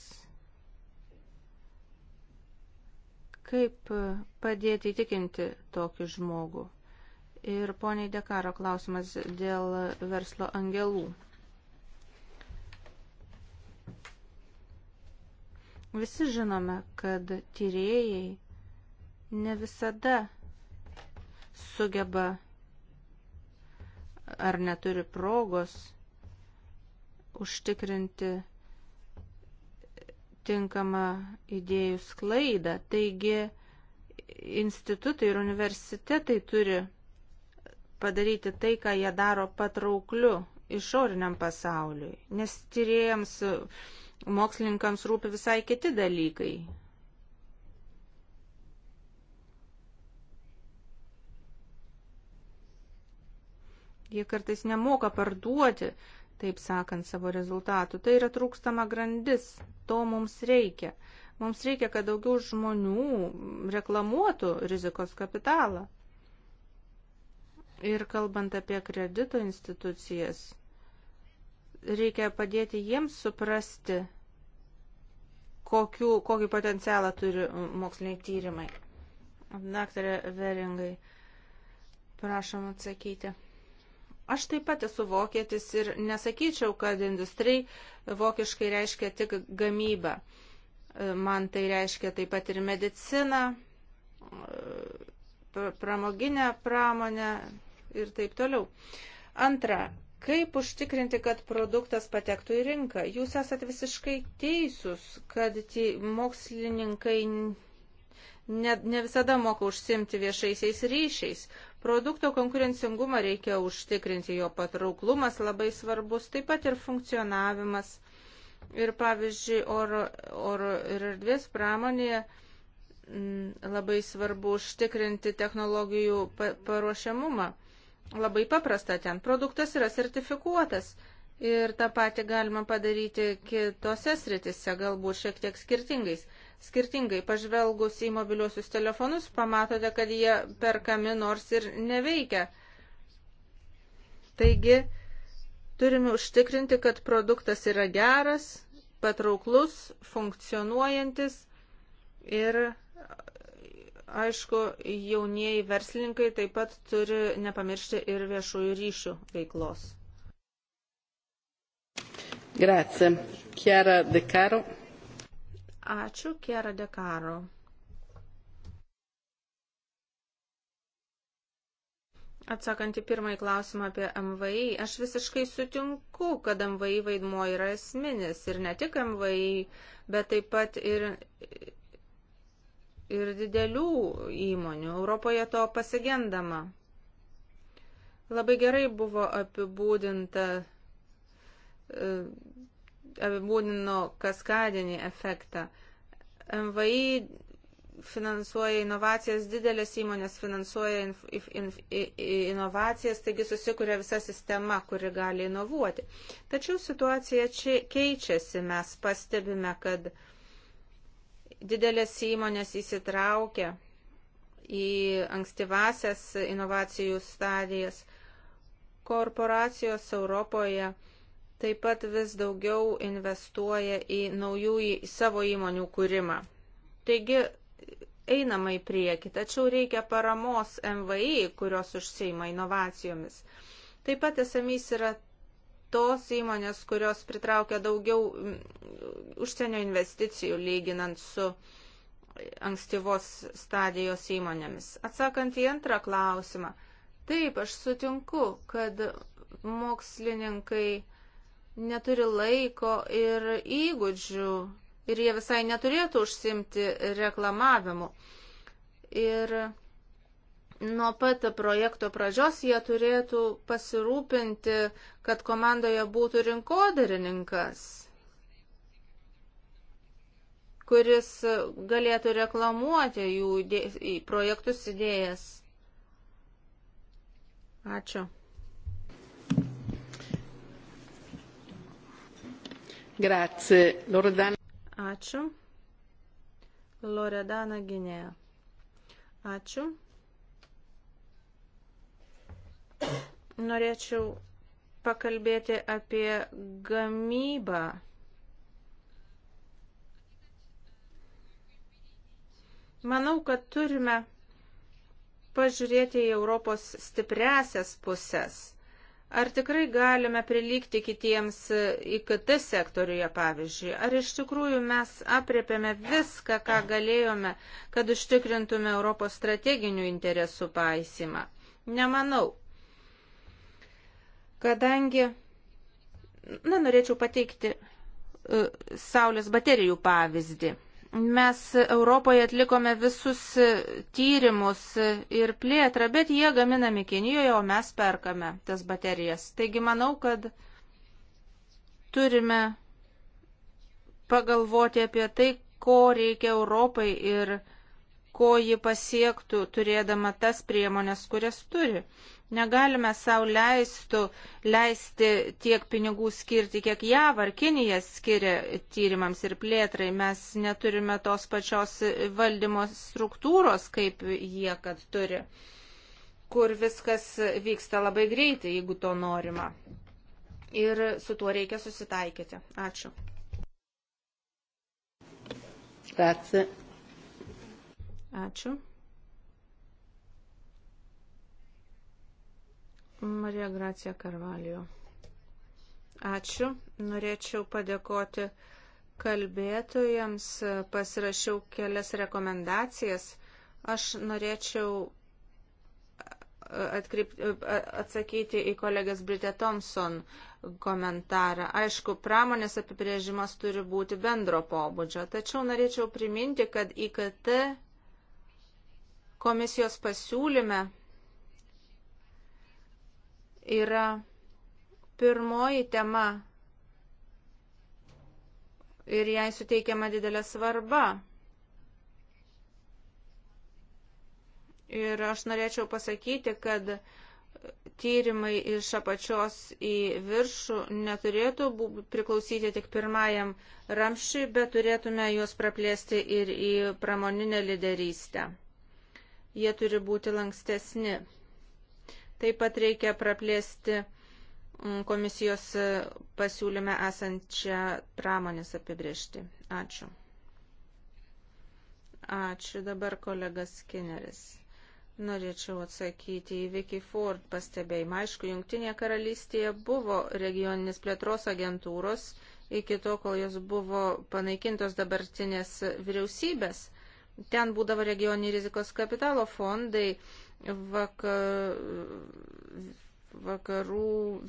Kaip padėti įtikinti tokį žmogų? Ir poniai Dekaro klausimas dėl verslo angelų. Visi žinome, kad tyrėjai ne visada sugeba ar neturi progos užtikrinti tinkamą idėjų sklaidą. Taigi institutai ir universitetai turi padaryti tai, ką jie daro patraukliu išoriniam pasauliui, nes tyrėjams, mokslininkams rūpi visai kiti dalykai. Jie kartais nemoka parduoti, taip sakant, savo rezultatų. Tai yra trūkstama grandis, to mums reikia. Mums reikia, kad daugiau žmonių reklamuotų rizikos kapitalą. Ir kalbant apie kredito institucijas, reikia padėti jiems suprasti, kokiu, kokį potencialą turi moksliniai tyrimai. Daktarė Veringai, prašom atsakyti. Aš taip pat esu vokietis ir nesakyčiau, kad industrijai vokiškai reiškia tik gamybą. Man tai reiškia taip pat ir mediciną, pramoginę pramonę, ir taip toliau. Antra, Kaip užtikrinti, kad produktas patektų į rinką? Jūs esat visiškai teisūs, kad mokslininkai ne, ne visada moka užsimti viešaisiais ryšiais. Produkto konkurencingumą reikia užtikrinti, jo patrauklumas labai svarbus, taip pat ir funkcionavimas. Ir pavyzdžiui, oro, oro ir erdvės pramonėje m, mm, labai svarbu užtikrinti technologijų paruošiamumą. Pa Labai paprasta ten. Produktas yra sertifikuotas. Ir tą patį galima padaryti kitose sritise, galbūt šiek tiek skirtingais. Skirtingai pažvelgus į mobiliuosius telefonus, pamatote, kad jie perkami nors ir neveikia. Taigi, turime užtikrinti, kad produktas yra geras, patrauklus, funkcionuojantis ir Aišku, jaunieji verslininkai taip pat turi nepamiršti ir viešųjų ryšių veiklos. Grazie. Chiara De Caro. Ačiū, Chiara De Caro. Atsakant į pirmąjį klausimą apie MVI, aš visiškai sutinku, kad MVI vaidmuo yra esminis ir ne tik MVI, bet taip pat ir ir didelių įmonių. Europoje to pasigendama. Labai gerai buvo apibūdinta, e, apibūdino kaskadinį efektą. MVI finansuoja inovacijas, didelės įmonės finansuoja in, in, in, inovacijas, taigi susikuria visa sistema, kuri gali inovuoti. Tačiau situacija čia keičiasi, mes pastebime, kad uh, didelės įmonės įsitraukia į ankstyvasias inovacijų stadijas. Korporacijos Europoje taip pat vis daugiau investuoja į naujų į savo įmonių kūrimą. Taigi einama į priekį, tačiau reikia paramos MVI, kurios užseima inovacijomis. Taip pat esamys yra tos įmonės, kurios pritraukia daugiau mm, užsienio investicijų lyginant su ankstyvos stadijos įmonėmis. Atsakant į antrą klausimą, taip, aš sutinku, kad mokslininkai neturi laiko ir įgūdžių ir jie visai neturėtų užsimti reklamavimu. Ir nuo pat projekto pradžios jie turėtų pasirūpinti, kad komandoje būtų rinkodarininkas, kuris galėtų reklamuoti jų projektus idėjas. Ačiū. Grazie. Loredana. Ačiū. Loredana Gynėja. Ačiū. Norėčiau pakalbėti apie gamybą. Manau, kad turime pažiūrėti į Europos stipresias pusės. Ar tikrai galime prilygti kitiems IKT sektoriuje, pavyzdžiui? Ar iš tikrųjų mes apriepėme viską, ką galėjome, kad užtikrintume Europos strateginių interesų paisimą? Nemanau kadangi, na, norėčiau pateikti e, Saulės baterijų pavyzdį. Mes Europoje atlikome visus e, tyrimus e, ir plėtrą, bet jie gaminami Kinijoje, o mes perkame tas baterijas. Taigi manau, kad turime pagalvoti apie tai, ko reikia Europai ir ko ji pasiektų, turėdama tas priemonės, kurias turi. Negalime savo leistų, leisti tiek pinigų skirti, kiek JAV ar Kinija skiria tyrimams ir plėtrai. Mes neturime tos pačios valdymo struktūros, kaip jie, kad turi, kur viskas vyksta labai greitai, jeigu to norima. Ir su tuo reikia susitaikyti. Ačiū. Grazie. Ačiū. Marija Gracija Karvalijo. Ačiū. Norėčiau padėkoti kalbėtojams. Pasirašiau kelias rekomendacijas. Aš norėčiau atkreip, atsakyti į kolegės Britė Thompson komentarą. Aišku, pramonės apibrėžimas turi būti bendro pobūdžio, tačiau norėčiau priminti, kad IKT komisijos pasiūlyme yra pirmoji tema ir jai suteikiama didelė svarba. Ir aš norėčiau pasakyti, kad tyrimai iš apačios į viršų neturėtų priklausyti tik pirmajam ramščiui, bet turėtume juos praplėsti ir į pramoninę lyderystę. Jie turi būti lankstesni. Taip pat reikia praplėsti mm, komisijos e, pasiūlyme esančią pramonės apibriežti. Ačiū. Ačiū dabar kolegas Skinneris. Norėčiau atsakyti į Vicky Ford pastebėjimą. Aišku, Junktinėje karalystėje buvo regioninės plėtros agentūros iki to, kol jos buvo panaikintos dabartinės vyriausybės. Ten būdavo regioniniai rizikos kapitalo fondai vakar, vakarų,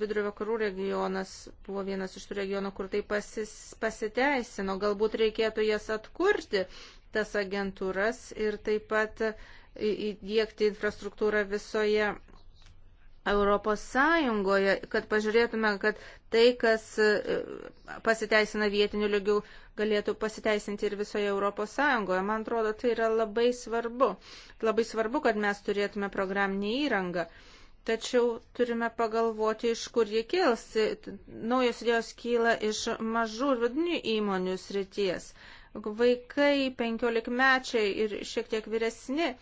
vidurio vakarų regionas buvo vienas iš tų regionų, kur tai pasis, pasiteisino. Galbūt reikėtų jas atkurti, tas agentūras ir taip pat įdėkti infrastruktūrą visoje Europos Sąjungoje, kad pažiūrėtume, kad tai, kas e, pasiteisina vietiniu lygiu, galėtų pasiteisinti ir visoje Europos Sąjungoje. Man atrodo, tai yra labai svarbu. Labai svarbu, kad mes turėtume programinį įrangą. Tačiau turime pagalvoti, iš kur jie kils. Naujos idėjos kyla iš mažų ir vidinių įmonių srities. Vaikai, penkiolikmečiai ir šiek tiek vyresni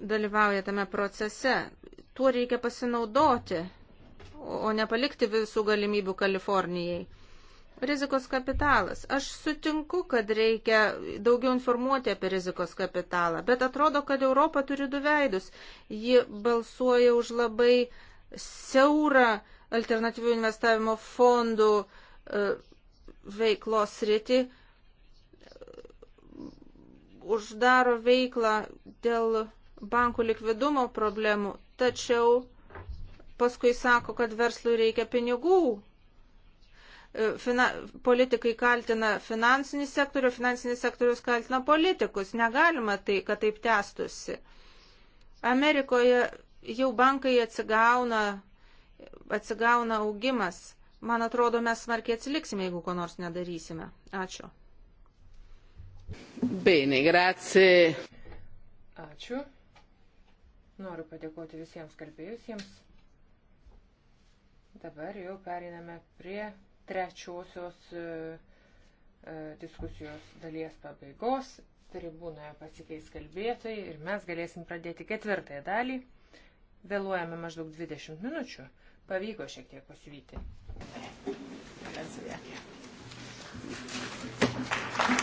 dalyvauja tame procese. Tuo reikia pasinaudoti, o nepalikti visų galimybių Kalifornijai. Rizikos kapitalas. Aš sutinku, kad reikia daugiau informuoti apie rizikos kapitalą, bet atrodo, kad Europa turi du veidus. Ji balsuoja už labai siaurą alternatyvių investavimo fondų e, veiklos sritį, uždaro veiklą dėl bankų likvidumo problemų, tačiau paskui sako, kad verslui reikia pinigų. E, fina, politikai kaltina finansinį sektorių, finansinis sektorius kaltina politikus. Negalima tai, kad taip testusi. Amerikoje jau bankai atsigauna, atsigauna augimas. Man atrodo, mes smarkiai atsiliksime, jeigu ko nors nedarysime. Ačiū. Bene, grazie. Ačiū. Noriu padėkoti visiems kalbėjusiems. Dabar jau periname prie trečiosios e, e, diskusijos dalies pabaigos. Tribūnoje pasikeis kalbėtojai ir mes galėsim pradėti ketvirtąją dalį. Vėluojame maždaug 20 minučių. Pavyko šiek tiek pasivyti. Thank you.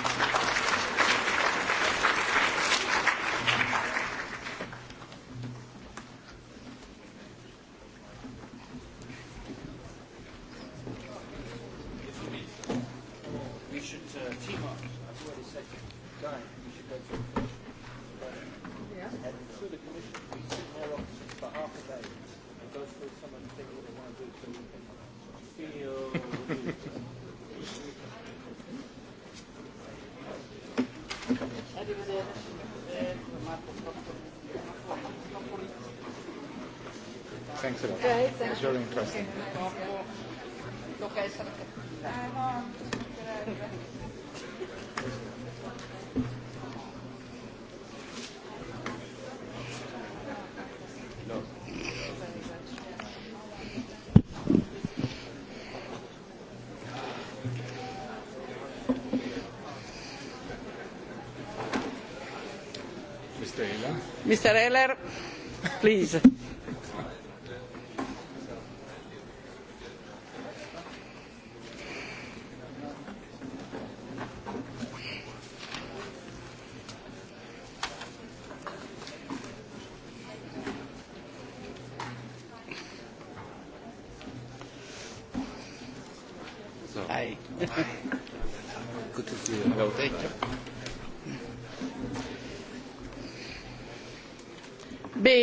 Thanks a lot. Eh, thanks. It was very interesting. No. Mr. Ehler. Mr. Ehler, please.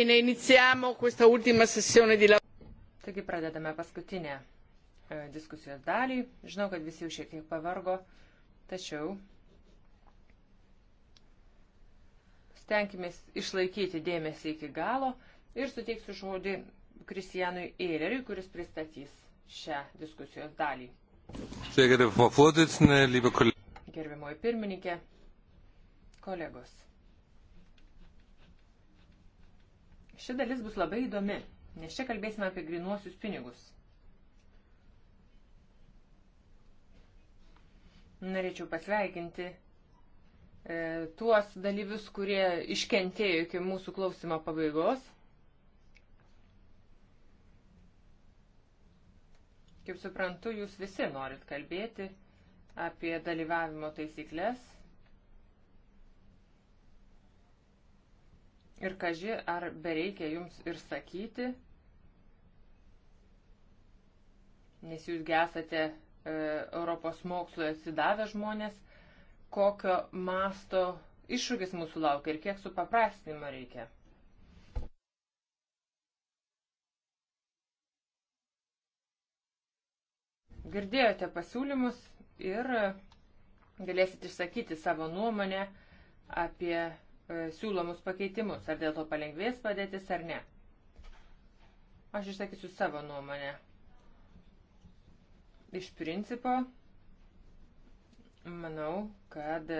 Bene, iniziamo questa ultima sessione di lavoro. Taigi pradedame paskutinę e, diskusijos dalį. Žinau, kad visi jau šiek tiek pavargo, tačiau stenkimės išlaikyti dėmesį iki galo ir suteiksiu žodį Kristijanui Eileriui, kuris pristatys šią diskusijos dalį. Gerbiamoji pirmininkė, kolegos. Ši dalis bus labai įdomi, nes čia kalbėsime apie grinuosius pinigus. Norėčiau pasveikinti e, tuos dalyvius, kurie iškentėjo iki mūsų klausimo pabaigos. Kaip suprantu, jūs visi norit kalbėti apie dalyvavimo taisyklės Ir kaži, ar bereikia jums ir sakyti, nes jūs esate e, Europos mokslo atsidavę žmonės, kokio masto iššūkis mūsų laukia ir kiek supaprastinimo reikia. Girdėjote pasiūlymus ir galėsit išsakyti savo nuomonę apie E, siūlomus pakeitimus, ar dėl to palengvės padėtis ar ne. Aš išsakysiu savo nuomonę. Iš principo, manau, kad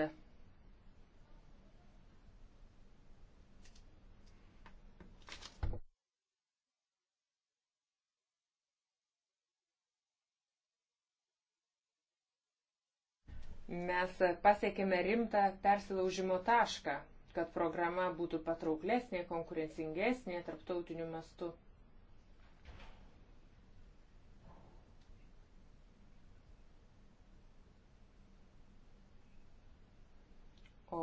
mes pasiekėme rimtą persilaužimo tašką kad programa būtų patrauklesnė, konkurencingesnė tarptautiniu mastu. O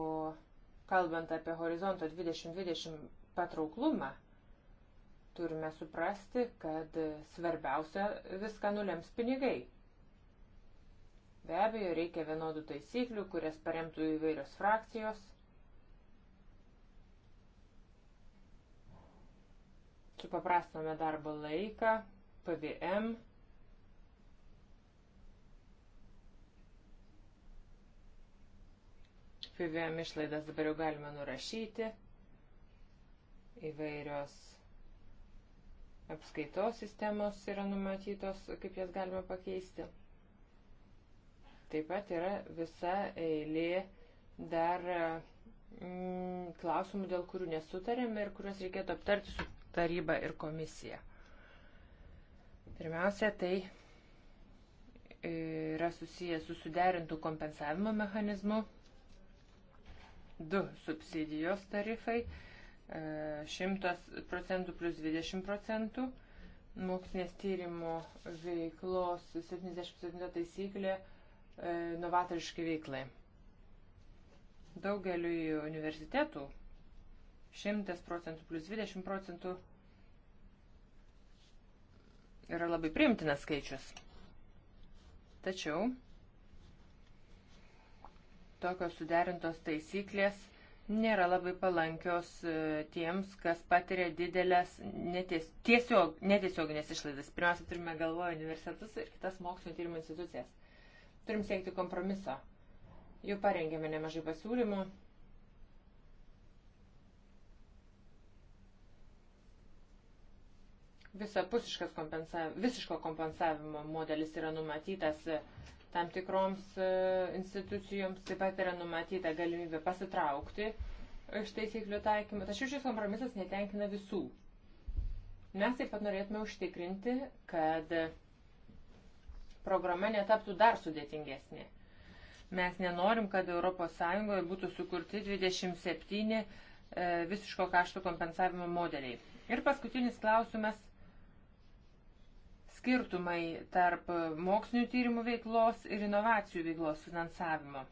kalbant apie horizonto 2020 patrauklumą, turime suprasti, kad svarbiausia viską nulems pinigai. Be abejo, reikia vienodų taisyklių, kurias paremtų įvairios frakcijos. supaprastinome darbo laiką, PVM. PVM išlaidas dabar jau galime nurašyti. Įvairios apskaitos sistemos yra numatytos, kaip jas galima pakeisti. Taip pat yra visa eilė dar mm, klausimų, dėl kurių nesutarėme ir kuriuos reikėtų aptarti su taryba ir komisija. Pirmiausia, tai e, yra susijęs su suderintų kompensavimo mechanizmu. Du subsidijos tarifai 100 e, procentų plus 20 procentų. Mokslinės tyrimo veiklos 77 taisyklė e, novatoriškai veiklai. Daugeliu universitetų 100 procentų plus 20 procentų yra labai primtinas skaičius. Tačiau tokios suderintos taisyklės nėra labai palankios e, tiems, kas patiria didelės neties, tiesiog, netiesioginės išlaidas. Pirmiausia, turime galvoje universitetus ir kitas mokslinio tyrimų institucijas. Turim siekti kompromiso. Jau parengėme nemažai pasiūlymų. visapusiškas kompensav, visiško kompensavimo modelis yra numatytas e, tam tikroms e, institucijoms, taip pat yra numatyta galimybė pasitraukti iš taisyklių taikymo. Tačiau šis kompromisas netenkina visų. Mes taip pat norėtume užtikrinti, kad programa netaptų dar sudėtingesnė. Mes nenorim, kad ES būtų sukurti 27 e, visiško kaštų kompensavimo modeliai. Ir paskutinis klausimas skirtumai tarp mokslinių tyrimų veiklos ir inovacijų veiklos finansavimo.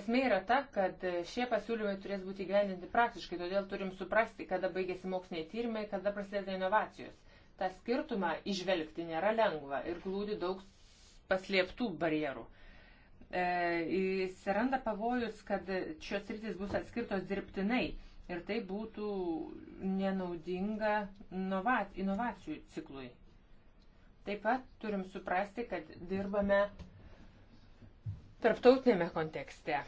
Esmė yra ta, kad šie pasiūlymai turės būti gyvendinti praktiškai, todėl turim suprasti, kada baigėsi moksliniai tyrimai, kada prasideda inovacijos. Ta skirtumą išvelgti nėra lengva ir glūdi daug paslėptų barjerų. E, įsiranda pavojus, kad šios rytis bus atskirtos dirbtinai ir tai būtų nenaudinga inovacijų ciklui. Taip pat turim suprasti, kad dirbame tarptautinėme kontekste.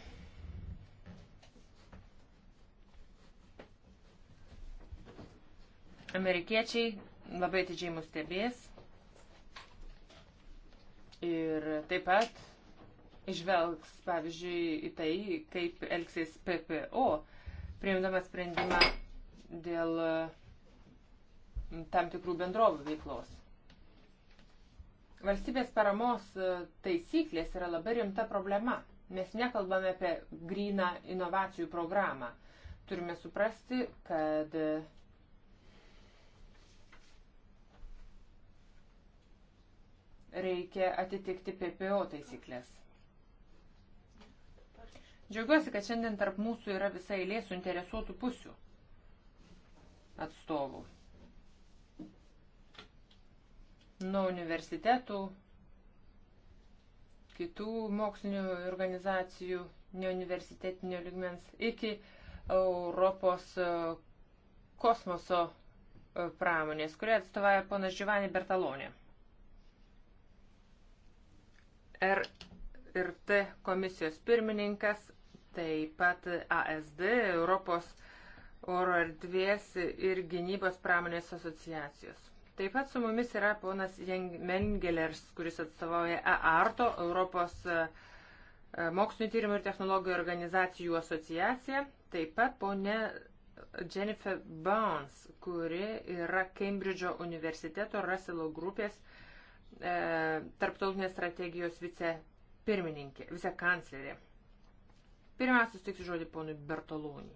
Amerikiečiai labai atidžiai mus stebės ir taip pat išvelgs, pavyzdžiui, į tai, kaip elgsis PPO priimdamas sprendimą dėl e, tam tikrų bendrovų veiklos. Valstybės paramos e, taisyklės yra labai rimta problema. Mes nekalbame apie gryną inovacijų programą. Turime suprasti, kad e, reikia atitikti PPO taisyklės. Džiaugiuosi, kad šiandien tarp mūsų yra visai eilė suinteresuotų pusių atstovų. Nuo universitetų, kitų mokslinių organizacijų, neuniversitetinio ligmens iki Europos e, kosmoso e, pramonės, kurie atstovauja ponas Giovanni Bertalonė. R ir T komisijos pirmininkas Taip pat ASD, Europos oro erdvės ir gynybos pramonės asociacijos. Taip pat su mumis yra ponas Mengelers, kuris atstovauja EARTO, Europos e, mokslinio tyrimų ir technologijų organizacijų asociacija. Taip pat ponė Jennifer Bones, kuri yra Kembridžo universiteto Russelo grupės e, tarptautinės strategijos vicepirmininkė, vicekanclerė. Pirmiausia, sutiksiu žodį ponui Bertolonį.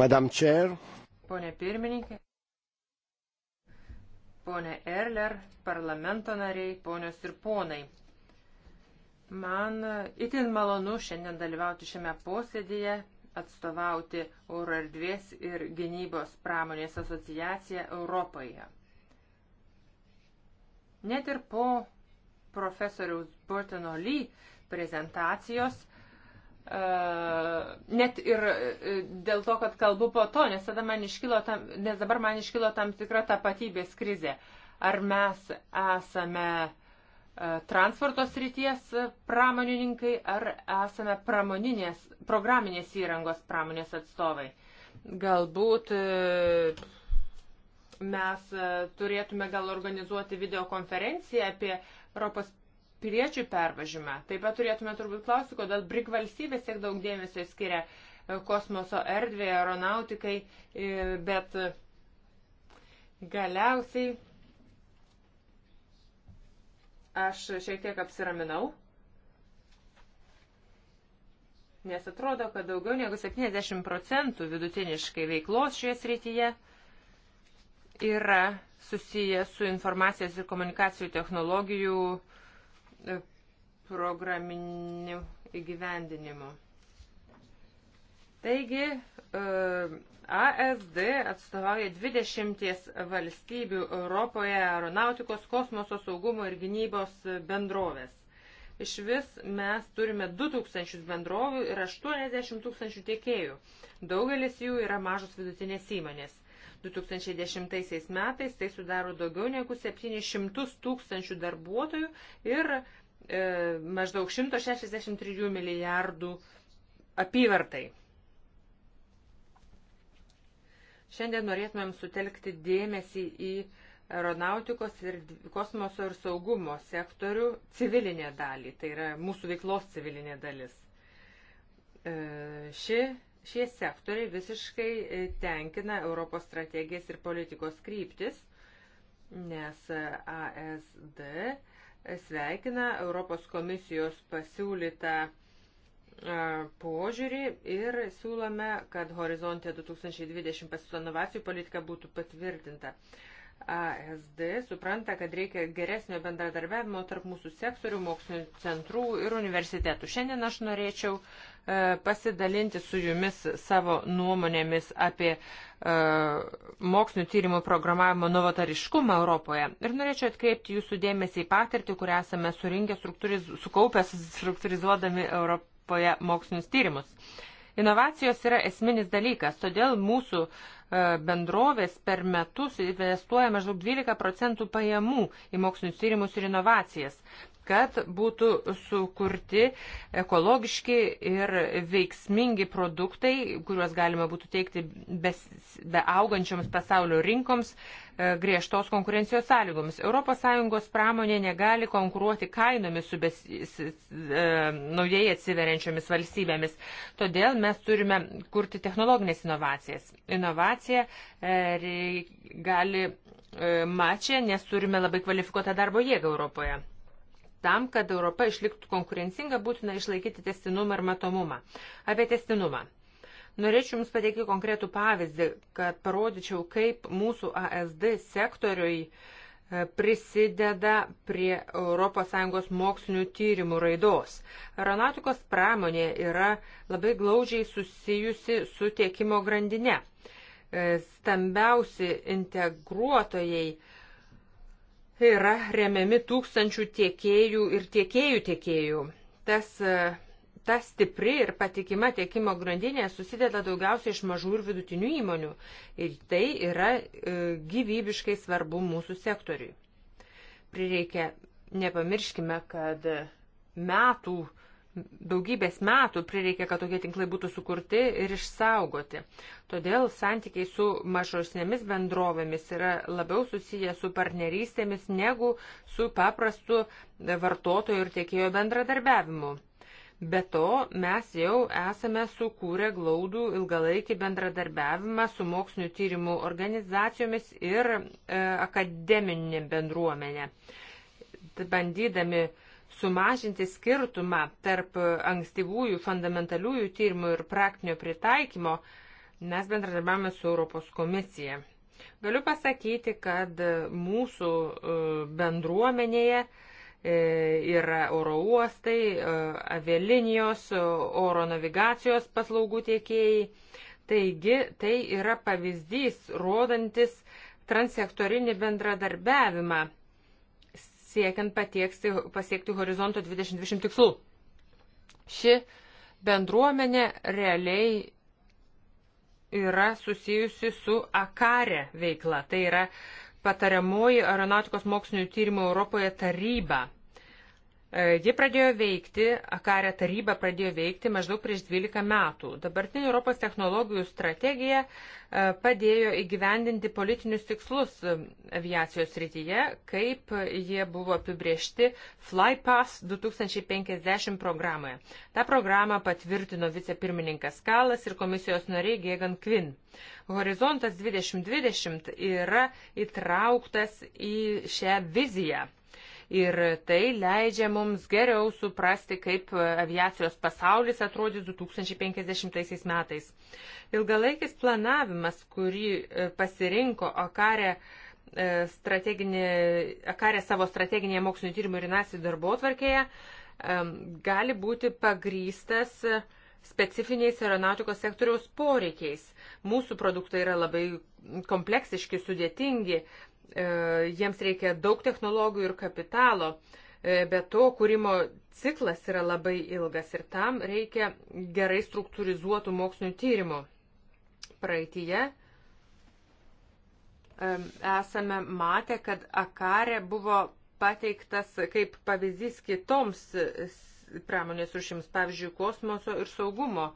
Madam Chair. Pone pirmininkė. Pone Erler, parlamento nariai, ponios ir ponai. Man itin malonu šiandien dalyvauti šiame posėdėje, atstovauti oro erdvės ir gynybos pramonės asociaciją Europoje. Net ir po profesoriaus Burtono Lee prezentacijos. E, net ir e, dėl to, kad kalbu po to, nes, man tam, nes dabar man iškilo tam tikra tapatybės krizė. Ar mes esame e, transporto srities pramonininkai, ar esame programinės įrangos pramonės atstovai. Galbūt mes turėtume gal organizuoti videokonferenciją apie Europos piliečių pervažimą. Taip pat turėtume turbūt klausyti, kodėl BRIC valstybės tiek daug dėmesio skiria e, kosmoso erdvėje, aeronautikai, e, bet e, galiausiai aš šiek tiek apsiraminau, nes atrodo, kad daugiau negu 70 procentų vidutiniškai veiklos šioje srityje yra susiję su informacijos ir komunikacijų technologijų uh, programiniu įgyvendinimu. Taigi, e, ASD atstovauja 20 valstybių Europoje aeronautikos, kosmoso saugumo ir gynybos bendrovės. Iš vis mes turime 2000 bendrovių ir 80 tūkstančių tiekėjų. Daugelis jų yra mažos vidutinės įmonės. 2010 metais tai sudaro daugiau negu 700 tūkstančių darbuotojų ir e, maždaug 163 milijardų apyvartai. Šiandien norėtumėm sutelkti dėmesį į aeronautikos ir kosmoso ir saugumo sektorių civilinę dalį, tai yra mūsų veiklos civilinė dalis. E, ši Šie sektoriai visiškai e, tenkina Europos strategijas ir politikos kryptis, nes e, ASD e, sveikina Europos komisijos pasiūlytą požiūrį ir siūlome, kad horizonte 2020 pasiūlyta inovacijų politika būtų patvirtinta. ASD supranta, kad reikia geresnio bendradarbiavimo tarp mūsų sektorių, mokslinių centrų ir universitetų. Šiandien aš norėčiau e, pasidalinti su jumis savo nuomonėmis apie e, mokslinio tyrimų programavimo novatariškumą Europoje. Ir norėčiau atkreipti jūsų dėmesį į patirtį, kurią esame surinkę, struktūriz, sukaupę, struktūrizuodami Europoje mokslinius tyrimus. Inovacijos yra esminis dalykas, todėl mūsų E, bendrovės per metus investuoja maždaug 12 procentų pajamų į mokslinius tyrimus ir inovacijas kad būtų sukurti ekologiški ir veiksmingi produktai, kuriuos galima būtų teikti be, be augančioms pasaulio rinkoms e, griežtos konkurencijos sąlygomis. ES pramonė negali konkuruoti kainomis su bes, s, e, naujai atsiveriančiomis valstybėmis. Todėl mes turime kurti technologinės inovacijas. Inovacija e, gali e, mačia, nes turime labai kvalifikuotą darbo jėgą Europoje. Tam, kad Europa išliktų konkurencinga, būtina išlaikyti testinumą ir matomumą. Apie testinumą. Norėčiau Jums pateikti konkretų pavyzdį, kad parodyčiau, kaip mūsų ASD sektoriui e, prisideda prie ES mokslinių tyrimų raidos. Aeronautikos pramonė yra labai glaudžiai susijusi su tiekimo grandinė. E, stambiausi integruotojai Tai yra remiami tūkstančių tiekėjų ir tiekėjų tiekėjų. Tas, ta stipri ir patikima tiekimo grandinė susideda daugiausiai iš mažų ir vidutinių įmonių ir tai yra e, gyvybiškai svarbu mūsų sektoriui. Prireikia, nepamirškime, kad metų daugybės metų prireikė, kad tokie tinklai būtų sukurti ir išsaugoti. Todėl santykiai su mažosnėmis bendrovėmis yra labiau susiję su partnerystėmis negu su paprastu vartotojo ir tiekėjo bendradarbiavimu. Be to, mes jau esame sukūrę glaudų ilgalaikį bendradarbiavimą su mokslinio tyrimų organizacijomis ir e, akademinė bendruomenė. Bandydami e, sumažinti skirtumą tarp ankstyvųjų fundamentaliųjų tyrimų ir praktinio pritaikymo, mes bendradarbiavame su Europos komisija. Galiu pasakyti, kad mūsų e, bendruomenėje e, yra oro uostai, e, avialinijos, oro navigacijos paslaugų tiekėjai. Taigi tai yra pavyzdys rodantis transsektorinį bendradarbiavimą siekiant patieksti, pasiekti horizonto 2020 tikslų. Ši bendruomenė realiai yra susijusi su akare veikla. Tai yra patariamoji aeronautikos mokslinių tyrimų Europoje taryba. E, ji pradėjo veikti, akarė taryba pradėjo veikti maždaug prieš 12 metų. Dabartinė Europos technologijų strategija e, padėjo įgyvendinti politinius tikslus e, aviacijos rytyje, kaip jie buvo apibriešti FlyPass 2050 programoje. Ta programa patvirtino vicepirmininkas Kalas ir komisijos nariai Gėgan Kvin. Horizontas 2020 yra įtrauktas į šią viziją ir tai leidžia mums geriau suprasti, kaip aviacijos pasaulis atrodys 2050 metais. Ilgalaikis planavimas, kurį e, pasirinko Akarė, e, strateginė, akarė savo strateginėje mokslinio tyrimų ir nacijų darbo atvarkėje, gali būti pagrystas e, specifiniais aeronautikos sektoriaus poreikiais. Mūsų produktai yra labai kompleksiški, sudėtingi, E, jiems reikia daug technologijų ir kapitalo. E, be to, kūrimo ciklas yra labai ilgas ir tam reikia gerai struktūrizuotų mokslinių tyrimų. Praeitie e, esame matę, kad akarė buvo pateiktas kaip pavyzdys kitoms pramonės rušims, pavyzdžiui, kosmoso ir saugumo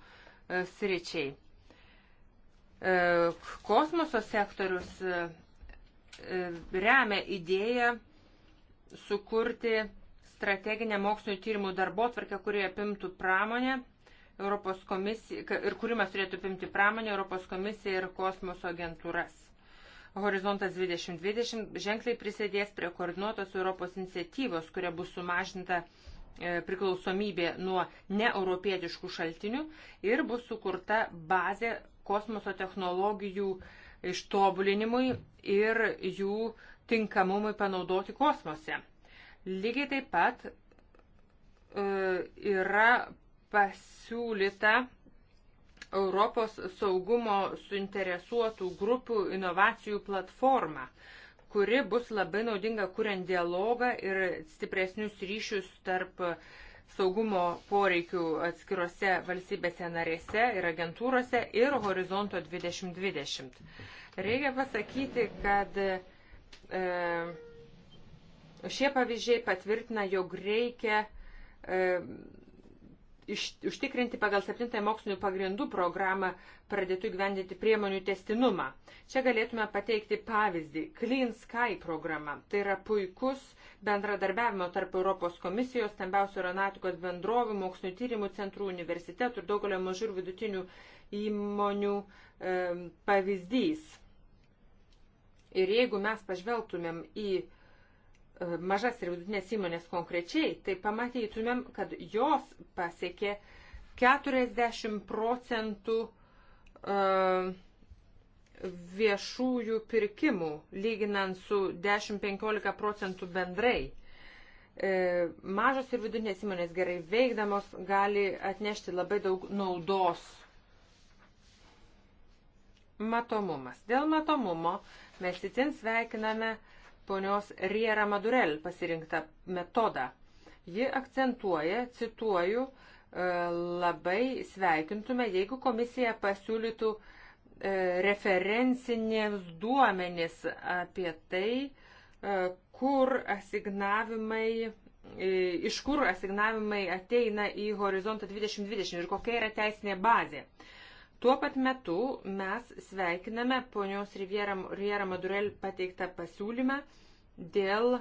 sričiai. Kosmoso sektorius E, remia idėją sukurti strateginę mokslinio tyrimų darbo tvarkę, kurie apimtų pramonę Europos komisija, ir kūrimas turėtų apimti pramonę, Europos komisiją ir kosmoso agentūras. Horizontas 2020 ženkliai prisidės prie koordinuotos Europos iniciatyvos, kuria bus sumažinta e, priklausomybė nuo neeuropietiškų šaltinių ir bus sukurta bazė kosmoso technologijų uh, ištobulinimui ir jų tinkamumui panaudoti kosmose. Lygiai taip pat e, yra pasiūlyta Europos saugumo suinteresuotų grupių inovacijų platforma, kuri bus labai naudinga kuriant dialogą ir stipresnius ryšius tarp uh, saugumo poreikių atskirose valstybėse narėse ir agentūrose ir horizonto 2020. Reikia pasakyti, kad e, šie pavyzdžiai patvirtina, jog reikia e, iš, užtikrinti pagal 7 mokslinių pagrindų programą pradėtų gyvendinti priemonių testinumą. Čia galėtume pateikti pavyzdį. Clean Sky programa. Tai yra puikus bendradarbiavimo tarp Europos komisijos, stambiausių aeronautikos bendrovių, mokslinio tyrimų centrų, universitetų ir daugelio mažų ir vidutinių įmonių e, pavyzdys. Ir jeigu mes pažvelgtumėm į e, mažas ir vidutinės įmonės konkrečiai, tai pamatytumėm, kad jos pasiekė 40 procentų uh, viešųjų pirkimų, lyginant su 10-15 procentų bendrai. E, mažos ir vidutinės įmonės gerai veikdamos gali atnešti labai daug naudos. Matomumas. Dėl matomumo mes itin sveikiname ponios Riera Madurel pasirinktą metodą. Ji akcentuoja, cituoju, e, labai sveikintume, jeigu komisija pasiūlytų uh, E, referencinės duomenys apie tai, e, kur asignavimai, e, iš kur asignavimai ateina į horizontą 2020 ir kokia yra teisinė bazė. Tuo pat metu mes sveikiname ponios Riviera Madurel pateiktą pasiūlymą dėl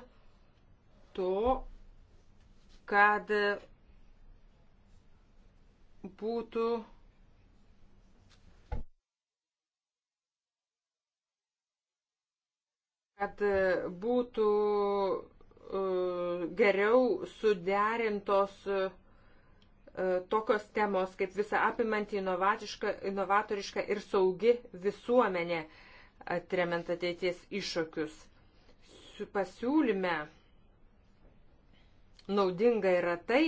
to, kad būtų kad e, būtų e, geriau suderintos e, tokios temos kaip visa apimanti inovatoriška ir saugi visuomenė atremiant ateities iššūkius. Su pasiūlyme naudinga yra tai,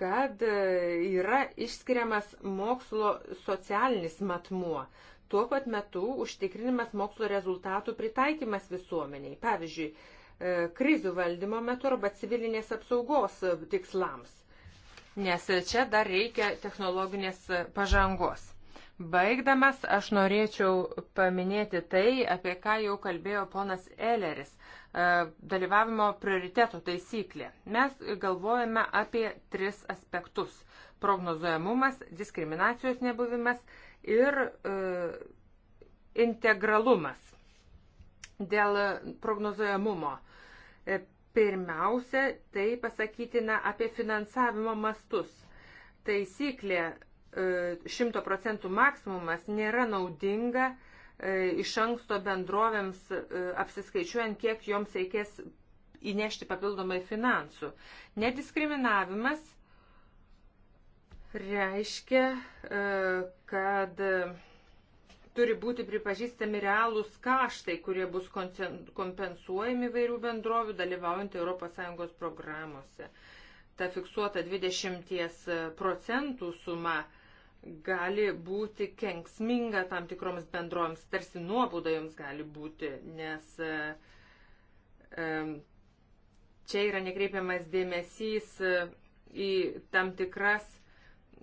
kad yra išskiriamas mokslo socialinis matmuo tuo pat metu užtikrinimas mokslo rezultatų pritaikymas visuomeniai, pavyzdžiui, e, krizių valdymo metu arba civilinės apsaugos e, tikslams, nes čia dar reikia technologinės e, pažangos. Baigdamas, aš norėčiau paminėti tai, apie ką jau kalbėjo ponas Elleris - dalyvavimo prioriteto taisyklė. Mes galvojame apie tris aspektus - prognozuojamumas, diskriminacijos nebuvimas ir e, integralumas. Dėl prognozuojamumo. E, pirmiausia, tai pasakytina apie finansavimo mastus. Taisyklė 100 e, procentų maksimumas nėra naudinga iš anksto bendrovėms apsiskaičiuojant, kiek joms reikės įnešti papildomai finansų. Nediskriminavimas reiškia, e, kad turi būti pripažįstami realūs kaštai, kurie bus kompensuojami vairių bendrovių dalyvaujant ES programuose. Ta fiksuota 20 procentų suma gali būti kenksminga tam tikroms bendrovėms, tarsi nuobuda joms gali būti, nes e, e, čia yra nekreipiamas dėmesys į tam tikras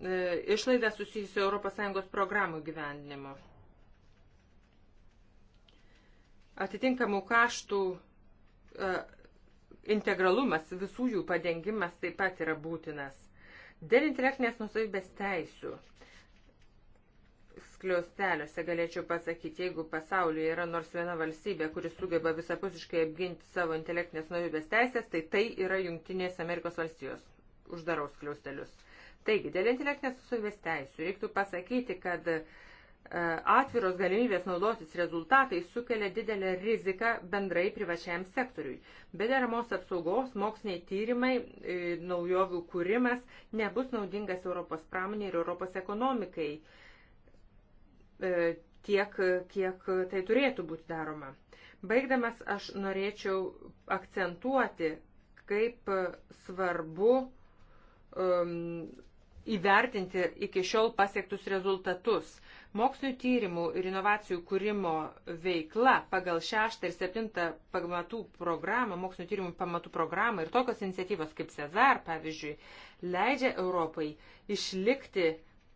E, išlaidą susijusiu ES programų gyvendinimu. Atitinkamų kaštų e, integralumas, visų jų padengimas taip pat yra būtinas. Dėl intelektinės nusavybės teisių skliausteliuose galėčiau pasakyti, jeigu pasaulyje yra nors viena valstybė, kuri sugeba visapusiškai apginti savo intelektinės nusavybės teisės, tai tai yra Junktinės Amerikos valstijos. Uždarau skliaustelius. Taigi, dėl intelektinės susuvės teisų reiktų pasakyti, kad e, atviros galimybės naudotis rezultatai sukelia didelę riziką bendrai privačiam sektoriui. Be deramos apsaugos moksliniai tyrimai, e, naujovių kūrimas nebus naudingas Europos pramoniai ir Europos ekonomikai e, tiek, kiek tai turėtų būti daroma. Baigdamas aš norėčiau akcentuoti, kaip svarbu um, įvertinti iki šiol pasiektus rezultatus. Mokslinių tyrimų ir inovacijų kūrimo veikla pagal 6 ir 7 pamatų programą, mokslinių tyrimų pamatų programą ir tokios iniciatyvos kaip Cezar, pavyzdžiui, leidžia Europai išlikti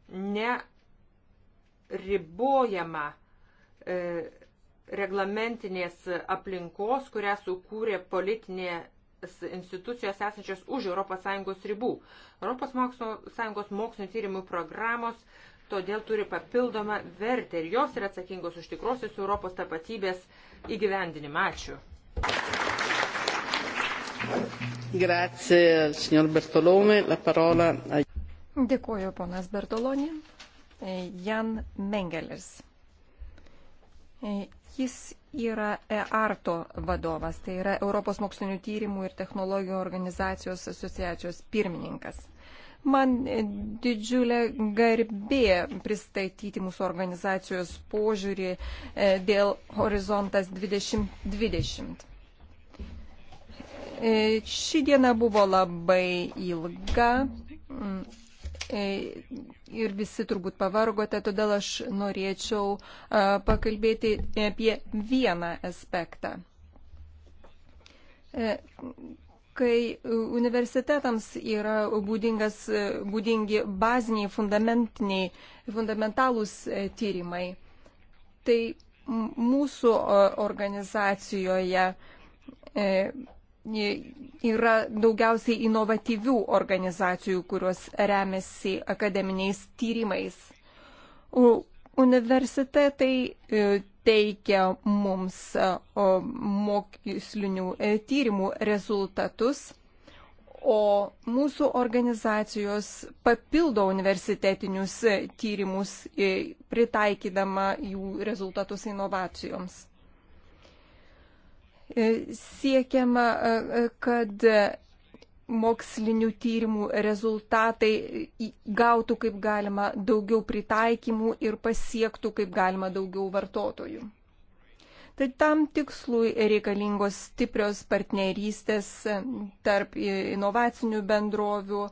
neribojama e, reglamentinės aplinkos, kurią sukūrė politinė institucijos esančios už ES ribų. ES mokslinio tyrimų programos todėl turi papildomą vertę ir jos yra atsakingos už tikrosios Europos tapatybės įgyvendinimą. Ačiū. Grazie, signor Bertolone. La parola. Dėkuoju, ponas Bertoloni. Jan Mengelis. Jis yra EARTO vadovas, tai yra Europos mokslinių tyrimų ir technologijų organizacijos asociacijos pirmininkas. Man didžiulė garbė pristatyti mūsų organizacijos požiūrį e, dėl Horizontas 2020. E, ši diena buvo labai ilga mm. E, ir visi turbūt pavargote, todėl aš norėčiau e, pakalbėti apie vieną aspektą. E, kai universitetams yra būdingas, būdingi baziniai, fundamentiniai, fundamentalūs tyrimai, tai mūsų organizacijoje yra daugiausiai inovatyvių organizacijų, kurios remiasi akademiniais tyrimais. Universitetai e, teikia mums e, mokslinių e, tyrimų rezultatus, o mūsų organizacijos papildo universitetinius tyrimus, pritaikydama jų rezultatus inovacijoms. E, siekiama, e, e, kad mokslinių tyrimų rezultatai gautų kaip galima daugiau pritaikymų ir pasiektų kaip galima daugiau vartotojų. Tai tam tikslui reikalingos stiprios partnerystės tarp inovacinių bendrovių,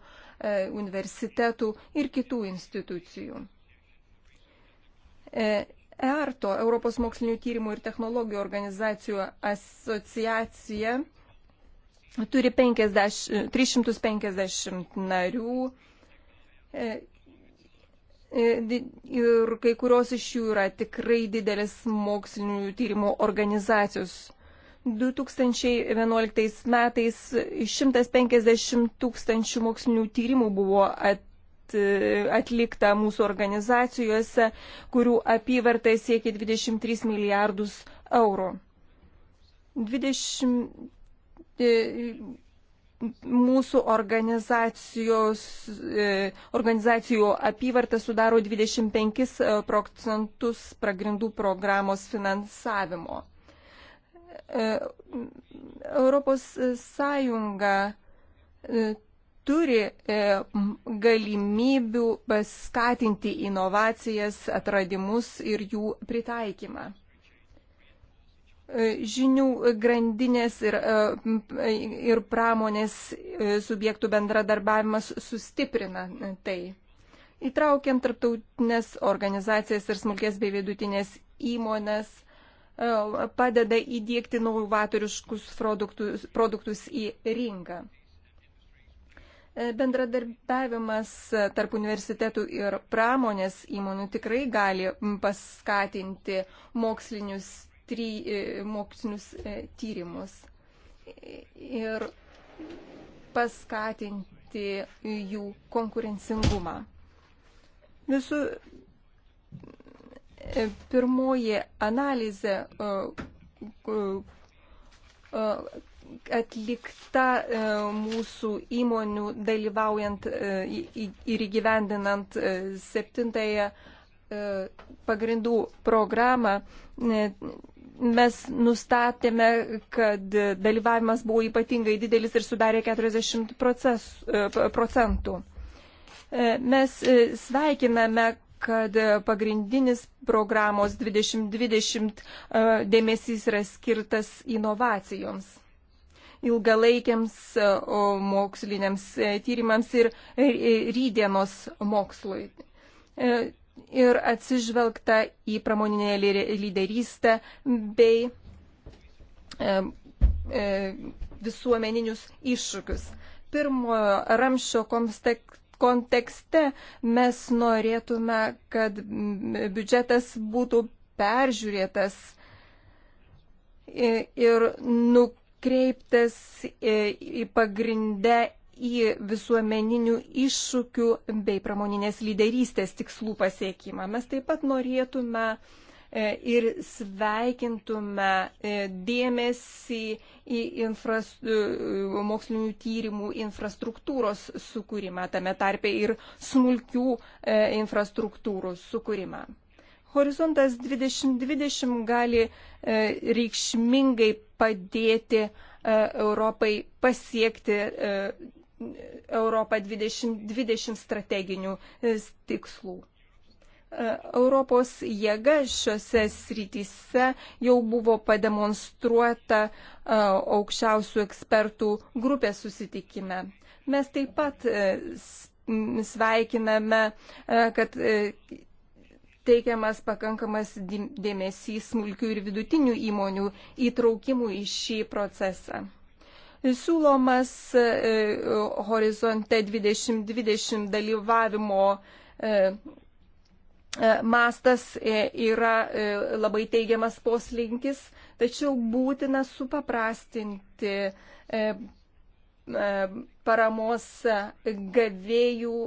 universitetų ir kitų institucijų ERTO, Europos mokslinių tyrimų ir technologijų organizacijų asociacija, turi 50, 350 narių e, e, ir kai kurios iš jų yra tikrai didelis mokslinių tyrimų organizacijos. 2011 metais 150 tūkstančių mokslinių tyrimų buvo atlikta E, atlikta mūsų organizacijose, kurių apyvartai siekia 23 milijardus eurų. 20 e, mūsų e, organizacijų apyvarta sudaro 25 procentus pagrindų programos finansavimo. Europos Sąjunga turi e, galimybių paskatinti inovacijas, atradimus ir jų pritaikymą. E, žinių grandinės ir, e, ir pramonės subjektų bendradarbiavimas sustiprina tai. Įtraukiant tarptautinės organizacijas ir smulkės bei vidutinės įmonės, padeda įdėkti novatoriškus produktus, produktus į rinką. Bendradarbiavimas tarp universitetų ir pramonės įmonių tikrai gali paskatinti mokslinius, try, e, mokslinius e, tyrimus ir paskatinti jų konkurencingumą. Visų e, pirmoji analizė atlikta e, mūsų įmonių dalyvaujant e, ir įgyvendinant e, septintąją pagrindų programą. Mes nustatėme, kad dalyvavimas buvo ypatingai didelis ir sudarė 40 proces, procentų. Mes sveikiname, kad pagrindinis programos 2020 dėmesys yra skirtas inovacijoms ilgalaikiams e, moksliniams e, tyrimams ir e, rydienos mokslui. Ir atsižvelgta į pramoninę lyderystę bei visuomeninius iššūkius. Pirmojo ramšio kontekste mes norėtume, kad biudžetas būtų peržiūrėtas ir nuk kreiptas e, į pagrindę į visuomeninių iššūkių bei pramoninės lyderystės tikslų pasiekimą. Mes taip pat norėtume e, ir sveikintume e, dėmesį į infras, mokslinių tyrimų infrastruktūros sukūrimą, tame tarpe ir smulkių infrastruktūrų sukūrimą. Horizontas 2020 gali e, reikšmingai padėti e, Europai pasiekti e, Europą 2020 strateginių tikslų. Europos jėga šiuose srityse jau buvo pademonstruota aukščiausių ekspertų grupės susitikime. Mes taip pat sveikiname, kad teikiamas pakankamas dėmesys smulkių ir vidutinių įmonių įtraukimų į šį procesą. Siūlomas e, horizonte 2020 dalyvavimo e, e, mastas yra labai teigiamas poslinkis, tačiau būtina supaprastinti paramos gavėjų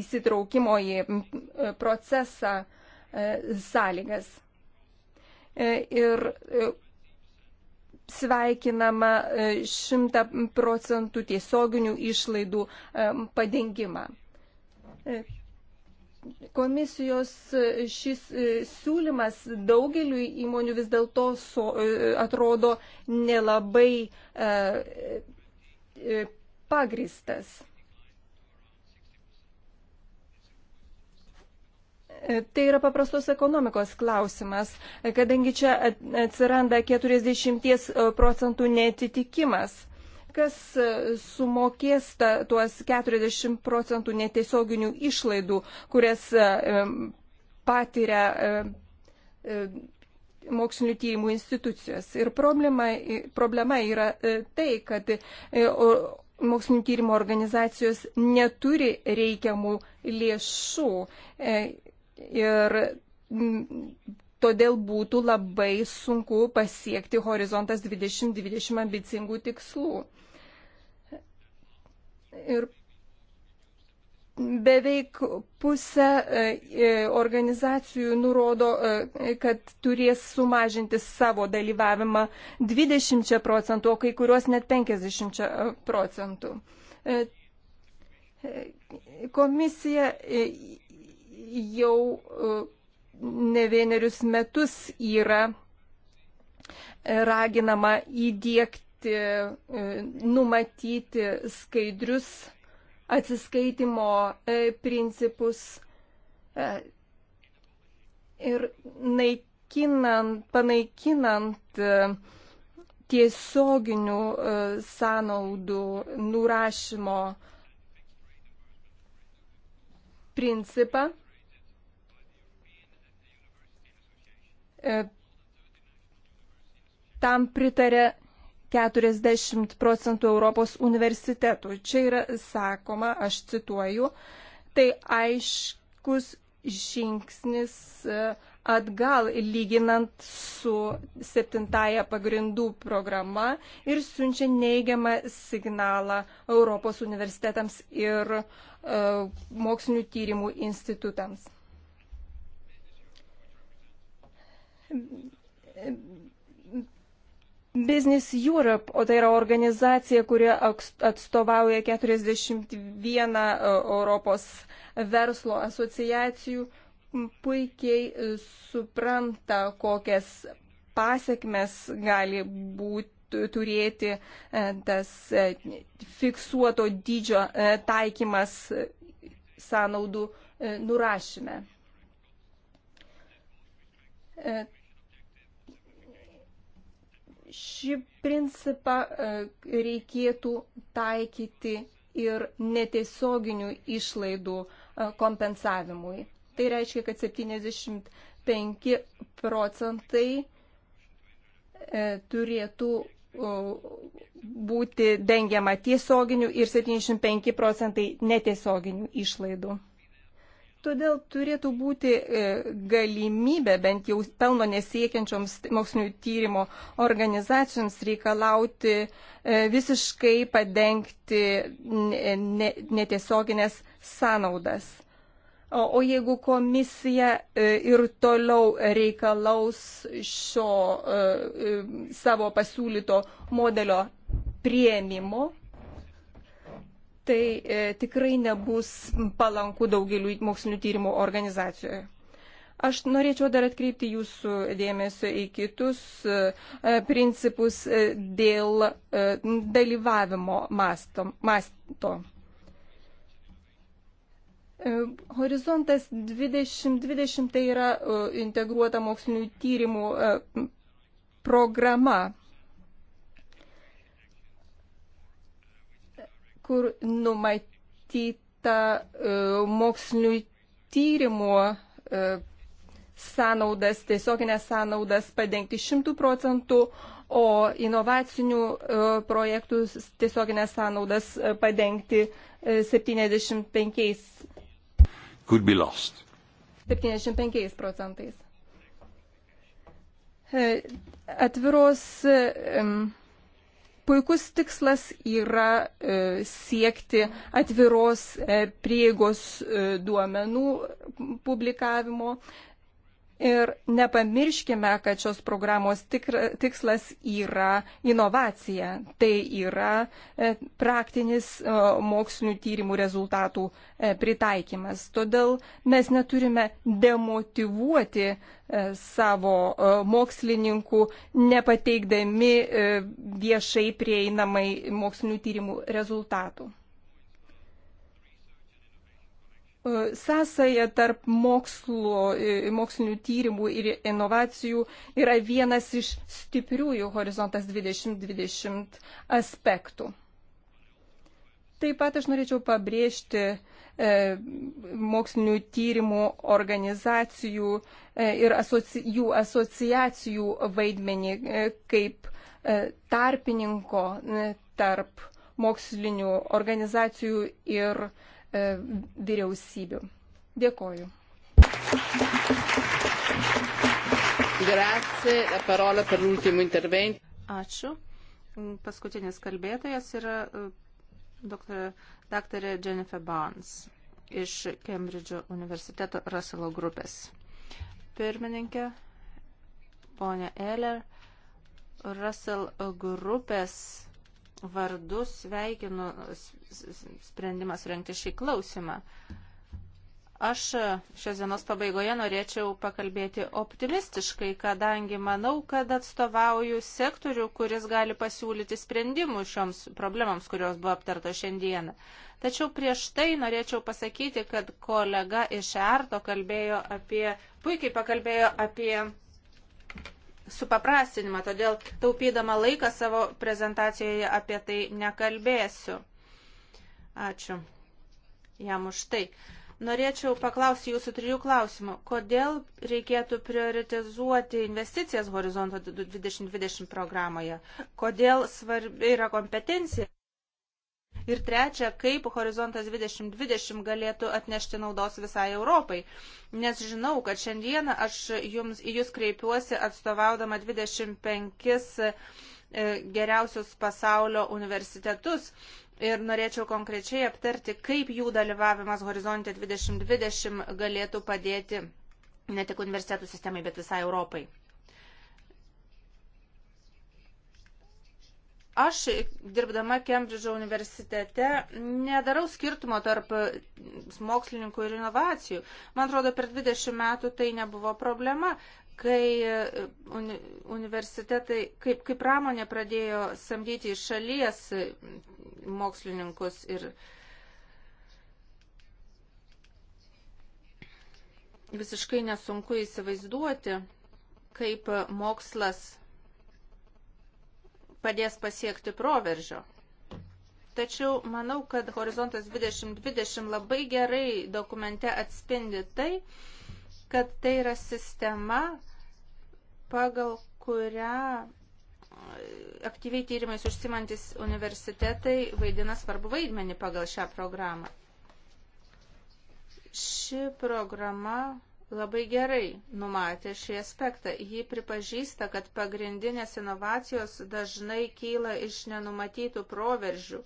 įsitraukimo į e, procesą e, sąlygas. E, ir sveikinama 100 procentų tiesioginių išlaidų padengimą. Komisijos šis siūlymas daugeliu įmonių vis dėlto so, atrodo nelabai pagristas. Tai yra paprastos ekonomikos klausimas, kadangi čia atsiranda 40 procentų netitikimas. Kas sumokės ta, tuos 40 procentų netiesioginių išlaidų, kurias e, patiria e, e, mokslinių tyrimų institucijos. Ir problema, problema yra tai, kad mokslinių tyrimo organizacijos neturi reikiamų lėšų Ir mm, todėl būtų labai sunku pasiekti horizontas 2020 ambicingų tikslų. Ir beveik pusė e, organizacijų nurodo, e, kad turės sumažinti savo dalyvavimą 20 procentų, o kai kurios net 50 e, procentų. Komisija jau e, ne vienerius metus yra e, raginama įdėkti, e, numatyti skaidrius atsiskaitimo principus ir naikinant, panaikinant tiesioginių sąnaudų nurašymo principą E, tam pritarė 40 procentų Europos universitetų. Čia yra sakoma, aš cituoju, tai aiškus žingsnis e, atgal lyginant su septintaja pagrindų programa ir siunčia neigiamą signalą Europos universitetams ir uh, mokslinių tyrimų institutams. Business Europe, o tai yra organizacija, kuri atstovauja 41 e, Europos verslo asociacijų, puikiai e, supranta, kokias pasiekmes gali būti turėti e, tas fiksuoto dydžio taikymas sąnaudų nurašyme Šį principą e, reikėtų taikyti ir netiesioginių išlaidų e, kompensavimui. Tai reiškia, kad 75 procentai e, turėtų būti dengiama tiesioginių ir 75 procentai netiesioginių išlaidų. Todėl turėtų būti e, galimybė bent jau pelno nesiekiančioms mokslinio tyrimo organizacijoms reikalauti e, visiškai padengti netiesioginės sąnaudas. O, o jeigu komisija e, ir toliau reikalaus šio savo pasiūlyto modelio prieimimo, tai e, tikrai nebus palanku daugeliu mokslinių tyrimų organizacijoje. Aš norėčiau dar atkreipti jūsų dėmesio į kitus e, principus e, dėl e, dalyvavimo masto. masto. E, horizontas 2020 tai yra e, integruota mokslinių tyrimų e, programa kur numatyta e, mokslinių tyrimų e, sąnaudas, tiesioginės sąnaudas padengti 100 procentų, o inovacinių e, projektų tiesioginės sąnaudas padengti 75, 75 procentais. Atviros Puikus tikslas yra e, siekti atviros e, prieigos e, duomenų publikavimo, Ir nepamirškime, kad šios programos tikra, tikslas yra inovacija. Tai yra e, praktinis e, mokslinių tyrimų rezultatų e, pritaikymas. Todėl mes neturime demotivuoti savo mokslininkų, nepateikdami viešai prieinamai mokslinių tyrimų rezultatų. E, sąsaja tarp mokslo, e, mokslinių tyrimų ir inovacijų yra vienas iš stipriųjų horizontas 2020 aspektų. Taip pat aš norėčiau pabrėžti e, mokslinių tyrimų organizacijų e, ir asoci, jų asociacijų vaidmenį e, kaip e, tarpininko e, tarp mokslinių organizacijų ir e, E, vyriausybių. Dėkoju. Grazie, la parola per l'ultimo intervento. Ačiū. Paskutinis kalbėtojas yra e, dr. Jennifer Barnes iš Kembridžo universiteto Russelo grupės. Pirmininkė, ponė Eller, Russell grupės vardu sveikinu sprendimą surenkti šį klausimą. Aš šios dienos pabaigoje norėčiau pakalbėti optimistiškai, kadangi manau, kad atstovauju sektorių, kuris gali pasiūlyti sprendimų šioms problemams, kurios buvo aptarto šiandieną. Tačiau prieš tai norėčiau pasakyti, kad kolega iš Erto kalbėjo apie, puikiai pakalbėjo apie supaprastinimą, todėl taupydama laiką savo prezentacijoje apie tai nekalbėsiu. Ačiū jam už tai. Norėčiau paklausti jūsų trijų klausimų. Kodėl reikėtų prioritizuoti investicijas Horizonto 2020 programoje? Kodėl svarbi yra kompetencija? Ir trečia, kaip Horizontas 2020 galėtų atnešti naudos visai Europai. Nes žinau, kad šiandieną aš jums, jūs kreipiuosi atstovaudama 25 e, geriausius pasaulio universitetus. Ir norėčiau konkrečiai aptarti, kaip jų dalyvavimas Horizonte 2020 galėtų padėti ne tik universitetų sistemai, bet visai Europai. Aš, dirbdama Kembridžo universitete, nedarau skirtumo tarp mokslininkų ir inovacijų. Man atrodo, per 20 metų tai nebuvo problema, kai e, uni universitetai, kaip, kaip pramonė pradėjo samdyti iš šalies mokslininkus ir visiškai nesunku įsivaizduoti, kaip mokslas padės pasiekti proveržio. Tačiau manau, kad Horizontas 2020 labai gerai dokumente atspindi tai, kad tai yra sistema, pagal kurią e, aktyviai tyrimais užsimantis universitetai vaidina svarbu vaidmenį pagal šią programą. Ši programa labai gerai numatė šį aspektą. Ji pripažįsta, kad pagrindinės inovacijos dažnai kyla iš nenumatytų proveržių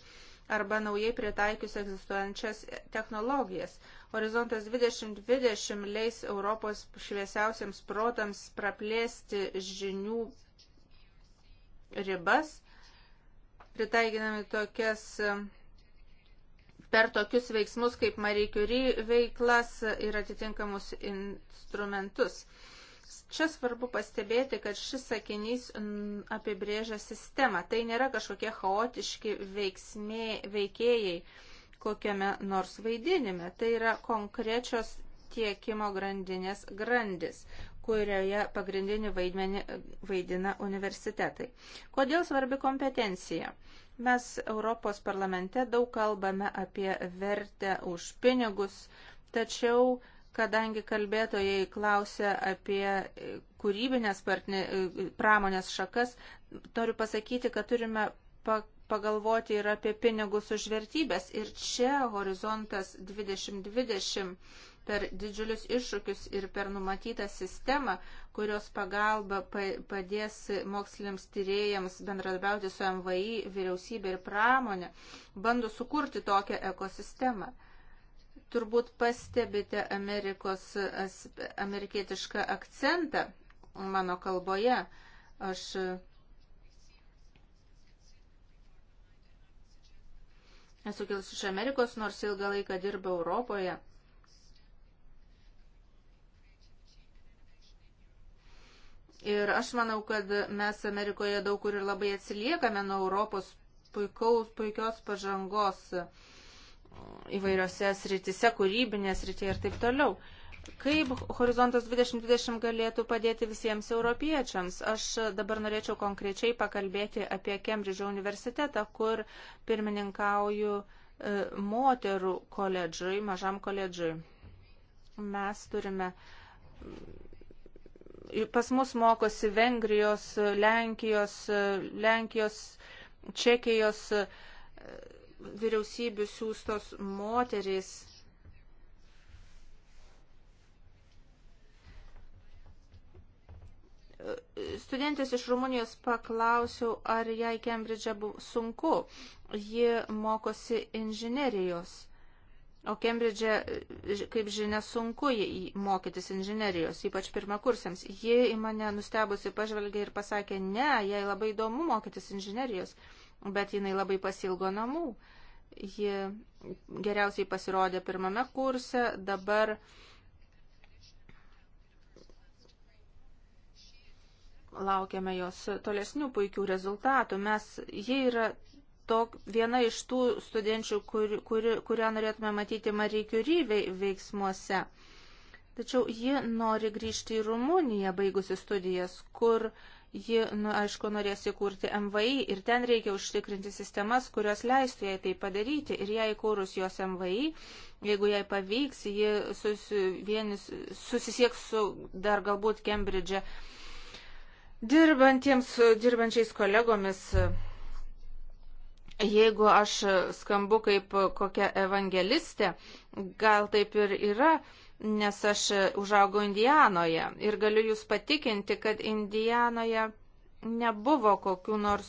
arba naujai pritaikius egzistuojančias technologijas. Horizontas 2020 leis Europos šviesiausiams protams praplėsti žinių ribas, pritaikinami tokias per tokius veiksmus kaip Marie Curie veiklas ir atitinkamus instrumentus. Čia svarbu pastebėti, kad šis sakinys apibrėžia sistemą. Tai nėra kažkokie chaotiški veiksmė, veikėjai kokiame nors vaidinime. Tai yra konkrečios tiekimo grandinės grandis, kurioje pagrindinį vaidmenį vaidina universitetai. Kodėl svarbi kompetencija? Mes Europos parlamente daug kalbame apie vertę už pinigus, tačiau kadangi kalbėtojai klausia apie kūrybinės partne, pramonės šakas, noriu pasakyti, kad turime pagalvoti ir apie pinigus už vertybės. Ir čia horizontas 2020 per didžiulius iššūkius ir per numatytą sistemą, kurios pagalba padės moksliniams tyrėjams bendradarbiauti su MVI, vyriausybė ir pramonė, bando sukurti tokią ekosistemą turbūt pastebite Amerikos, amerikietišką akcentą mano kalboje. Aš esu kilus iš Amerikos, nors ilgą laiką dirbau Europoje. Ir aš manau, kad mes Amerikoje daug kur ir labai atsiliekame nuo Europos puikaus, puikios pažangos įvairiose sritise, kūrybinės srityje ir taip toliau. Kaip Horizontas 2020 galėtų padėti visiems europiečiams? Aš dabar norėčiau konkrečiai pakalbėti apie Kembridžo universitetą, kur pirmininkauju e, moterų koledžui, mažam koledžui. Mes turime pas mus mokosi Vengrijos, Lenkijos, Lenkijos, Čekijos e, vyriausybių siūstos moterys. Studentės iš Rumunijos paklausiau, ar jai Kembridže buvo sunku. Ji mokosi inžinerijos. O Kembridžė, kaip žinia, sunku mokytis inžinerijos, ypač pirmakursiams. Ji į mane nustebusi pažvelgė ir pasakė, ne, jai labai įdomu mokytis inžinerijos, bet jinai labai pasilgo namų. Ji geriausiai pasirodė pirmame kurse, dabar laukiame jos tolesnių puikių rezultatų. Mes, ji yra to, viena iš tų studenčių, kur, kur, kurią norėtume matyti Marie Curie veiksmuose. Tačiau ji nori grįžti į Rumuniją, baigusi studijas, kur ji, nu, aišku, norės įkurti MVI ir ten reikia užtikrinti sistemas, kurios leistų jai tai padaryti. Ir jai įkūrus jos MVI, jeigu jai pavyks, ji susivienis, susisieks su dar galbūt Kembridže dirbantiems, dirbančiais kolegomis jeigu aš skambu kaip kokia evangelistė, gal taip ir yra, nes aš užaugau Indijanoje ir galiu jūs patikinti, kad Indijanoje nebuvo kokių nors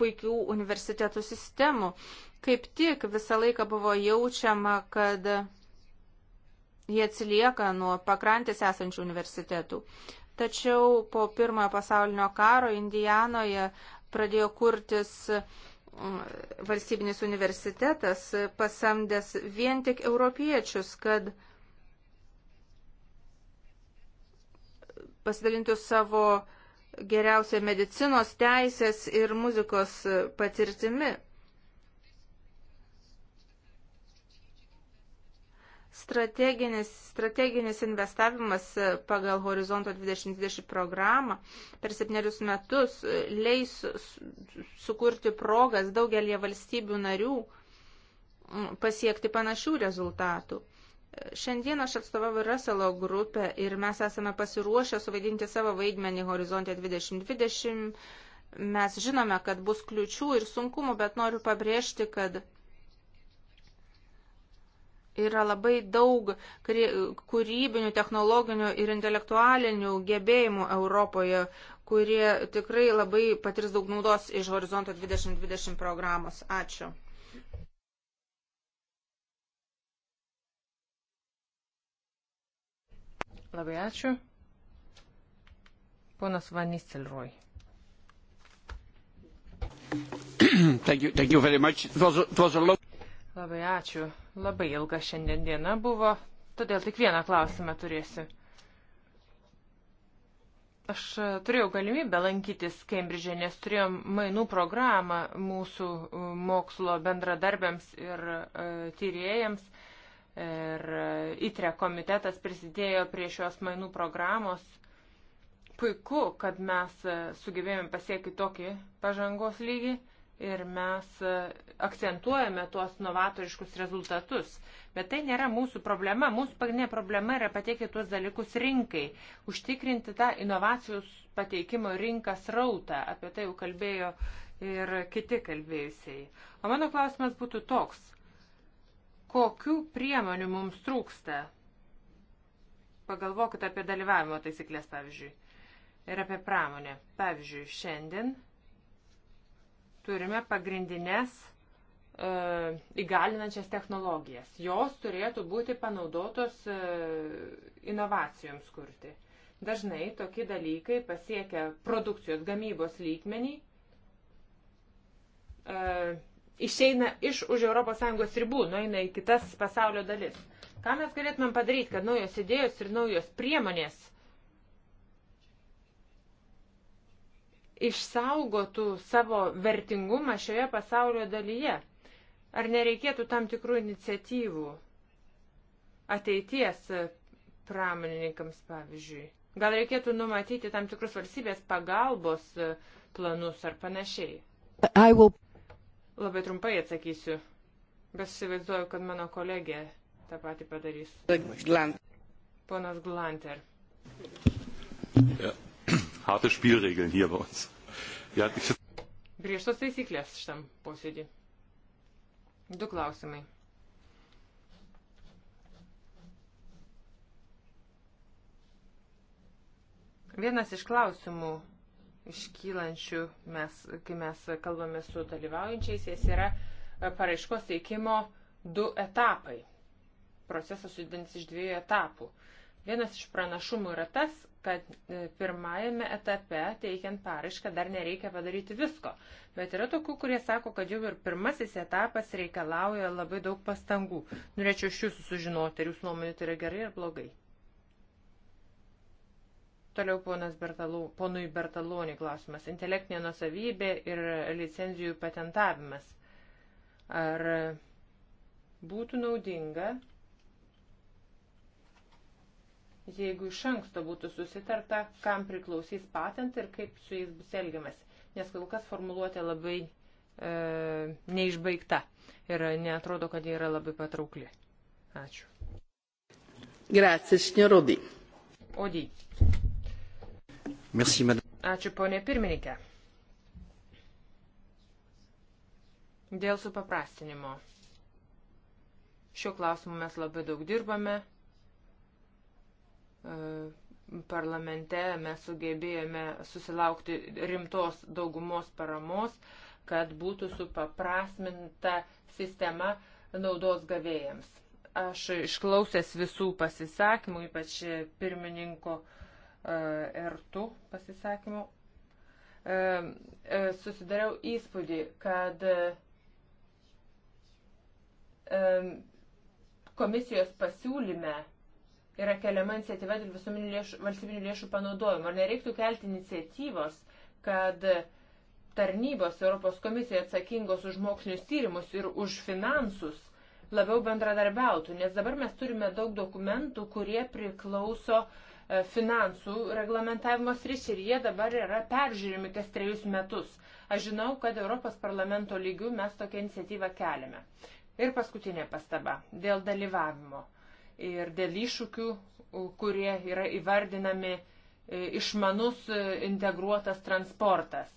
puikių universitetų sistemų. Kaip tik visą laiką buvo jaučiama, kad jie atsilieka nuo pakrantės esančių universitetų. Tačiau po pirmojo pasaulinio karo Indijanoje pradėjo kurtis uh, valstybinis universitetas pasamdęs vien tik europiečius, kad pasidalintų savo geriausią medicinos teisės ir muzikos patirtimi. strateginis, strateginis investavimas e, pagal Horizonto 2020 programą per septynerius metus e, leis sukurti progas daugelie valstybių narių pasiekti panašių rezultatų. E, šiandien aš atstovauju Raselo grupę ir mes esame pasiruošę suvaidinti savo vaidmenį Horizontė 2020. Mes žinome, kad bus kliučių ir sunkumų, bet noriu pabrėžti, kad yra labai daug kūrybinių, technologinių ir intelektualinių gebėjimų Europoje, kurie tikrai labai patirs daug naudos iš Horizonto 2020 programos. Ačiū. Labai ačiū. Ponas Vanistelroj. Thank you, thank you very much. It was, it was a long... Labai ačiū. Labai ilga šiandien diena buvo, todėl tik vieną klausimą turėsiu. Aš e, turėjau galimybę lankytis Kembridžė, nes turėjom mainų programą mūsų e, mokslo bendradarbiams ir e, tyrėjams. Ir ITRE e komitetas prisidėjo prie šios mainų programos. Puiku, kad mes sugebėjome pasiekti tokį pažangos lygį ir mes e, akcentuojame tuos novatoriškus rezultatus. Bet tai nėra mūsų problema. Mūsų pagrindinė problema yra pateikti tuos dalykus rinkai, užtikrinti tą inovacijos pateikimo rinkas rautą. Apie tai jau kalbėjo ir kiti kalbėjusiai. O mano klausimas būtų toks. Kokių priemonių mums trūksta? Pagalvokite apie dalyvavimo taisyklės, pavyzdžiui, ir apie pramonę. Pavyzdžiui, šiandien turime pagrindinės e, įgalinančias technologijas. Jos turėtų būti panaudotos e, inovacijoms kurti. Dažnai tokie dalykai pasiekia produkcijos gamybos lygmenį, e, išeina iš už ES ribų, nueina į kitas pasaulio dalis. Ką mes galėtumėm padaryti, kad naujos idėjos ir naujos priemonės e, išsaugotų savo vertingumą šioje pasaulio dalyje? Ar nereikėtų tam tikrų iniciatyvų ateities pramonininkams, pavyzdžiui? Gal reikėtų numatyti tam tikrus valstybės pagalbos planus ar panašiai? Will... Labai trumpai atsakysiu, bet įsivaizduoju, kad mano kolegė tą patį padarys. Glant. Ponas Glanter. Yeah harte Spielregeln hier bei uns. Ja, ich... Griežtos taisyklės šitam posėdį. Du klausimai. Vienas iš klausimų iškylančių, mes, kai mes kalbame su dalyvaujančiais, yra paraiškos teikimo du etapai. Procesas sudėdins iš dviejų etapų. Vienas iš pranašumų yra tas, kad e, pirmajame etape, teikiant paraišką, dar nereikia padaryti visko. Bet yra tokių, kurie sako, kad jau ir pirmasis etapas reikalauja labai daug pastangų. Norėčiau iš jūsų sužinoti, ar jūsų nuomonė tai yra gerai ar blogai. Toliau Bertalu, ponui Bertalonį klausimas. Intelektinė nusavybė ir licenzijų patentavimas. Ar būtų naudinga jeigu iš anksto būtų susitarta, kam priklausys patentai ir kaip su jais bus elgiamas. Nes kol kas formuluotė labai e, neišbaigta ir netrodo, kad jie yra labai patraukli. Ačiū. Grazie, signor Odi. Odi. Merci, madame. Ačiū, ponė pirmininkė. Dėl supaprastinimo. Šiuo klausimu mes labai daug dirbame parlamente mes sugebėjome susilaukti rimtos daugumos paramos, kad būtų supaprasminta sistema naudos gavėjams. Aš išklausęs visų pasisakymų, ypač pirmininko e, Ertų pasisakymų, e, e, susidariau įspūdį, kad komisijos pasiūlyme yra keliama iniciatyva dėl visuomenių lėšų, valstybinių lėšų panaudojimo. Ar nereiktų kelti iniciatyvos, kad tarnybos Europos komisija atsakingos už mokslinius tyrimus ir už finansus labiau bendradarbiautų, nes dabar mes turime daug dokumentų, kurie priklauso e, finansų reglamentavimo sričiai ir jie dabar yra peržiūrimi kas trejus metus. Aš žinau, kad Europos parlamento lygių mes tokią iniciatyvą keliame. Ir paskutinė pastaba dėl dalyvavimo ir dėl iššūkių, kurie yra įvardinami e, išmanus e, integruotas transportas.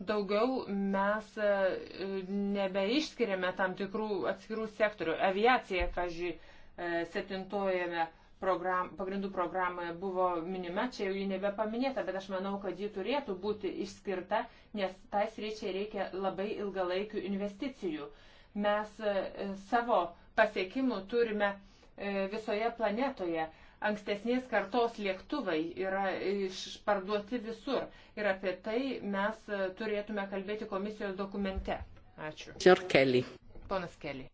Daugiau mes e, nebeišskiriame tam tikrų atskirų sektorių. Aviacija, kažkaip, septintojame program, pagrindų programoje buvo minima, čia jau ji nebepaminėta, bet aš manau, kad ji turėtų būti išskirta, nes tais reičiai reikia labai ilgalaikių investicijų. Mes savo pasiekimų turime uh, E, visoje planetoje. Ankstesnės kartos lėktuvai yra išparduoti visur ir apie tai mes e, turėtume kalbėti komisijos dokumente. Ačiū. Ir Kelly. Ponas Kelly.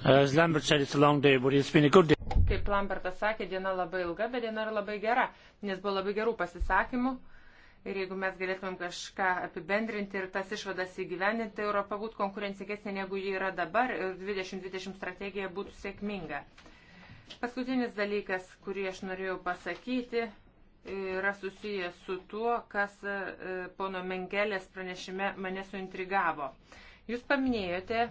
Uh, Kaip Lambertas sakė, diena labai ilga, bet diena yra labai gera, nes buvo labai gerų pasisakymų. Ir jeigu mes galėtumėm kažką apibendrinti ir tas išvadas įgyveninti, tai Europa būtų konkurencingesnė negu ji yra dabar ir 2020 strategija būtų sėkminga. Paskutinis dalykas, kurį aš norėjau pasakyti, yra susijęs su tuo, kas e, pono Mengelės pranešime mane suintrigavo. Jūs paminėjote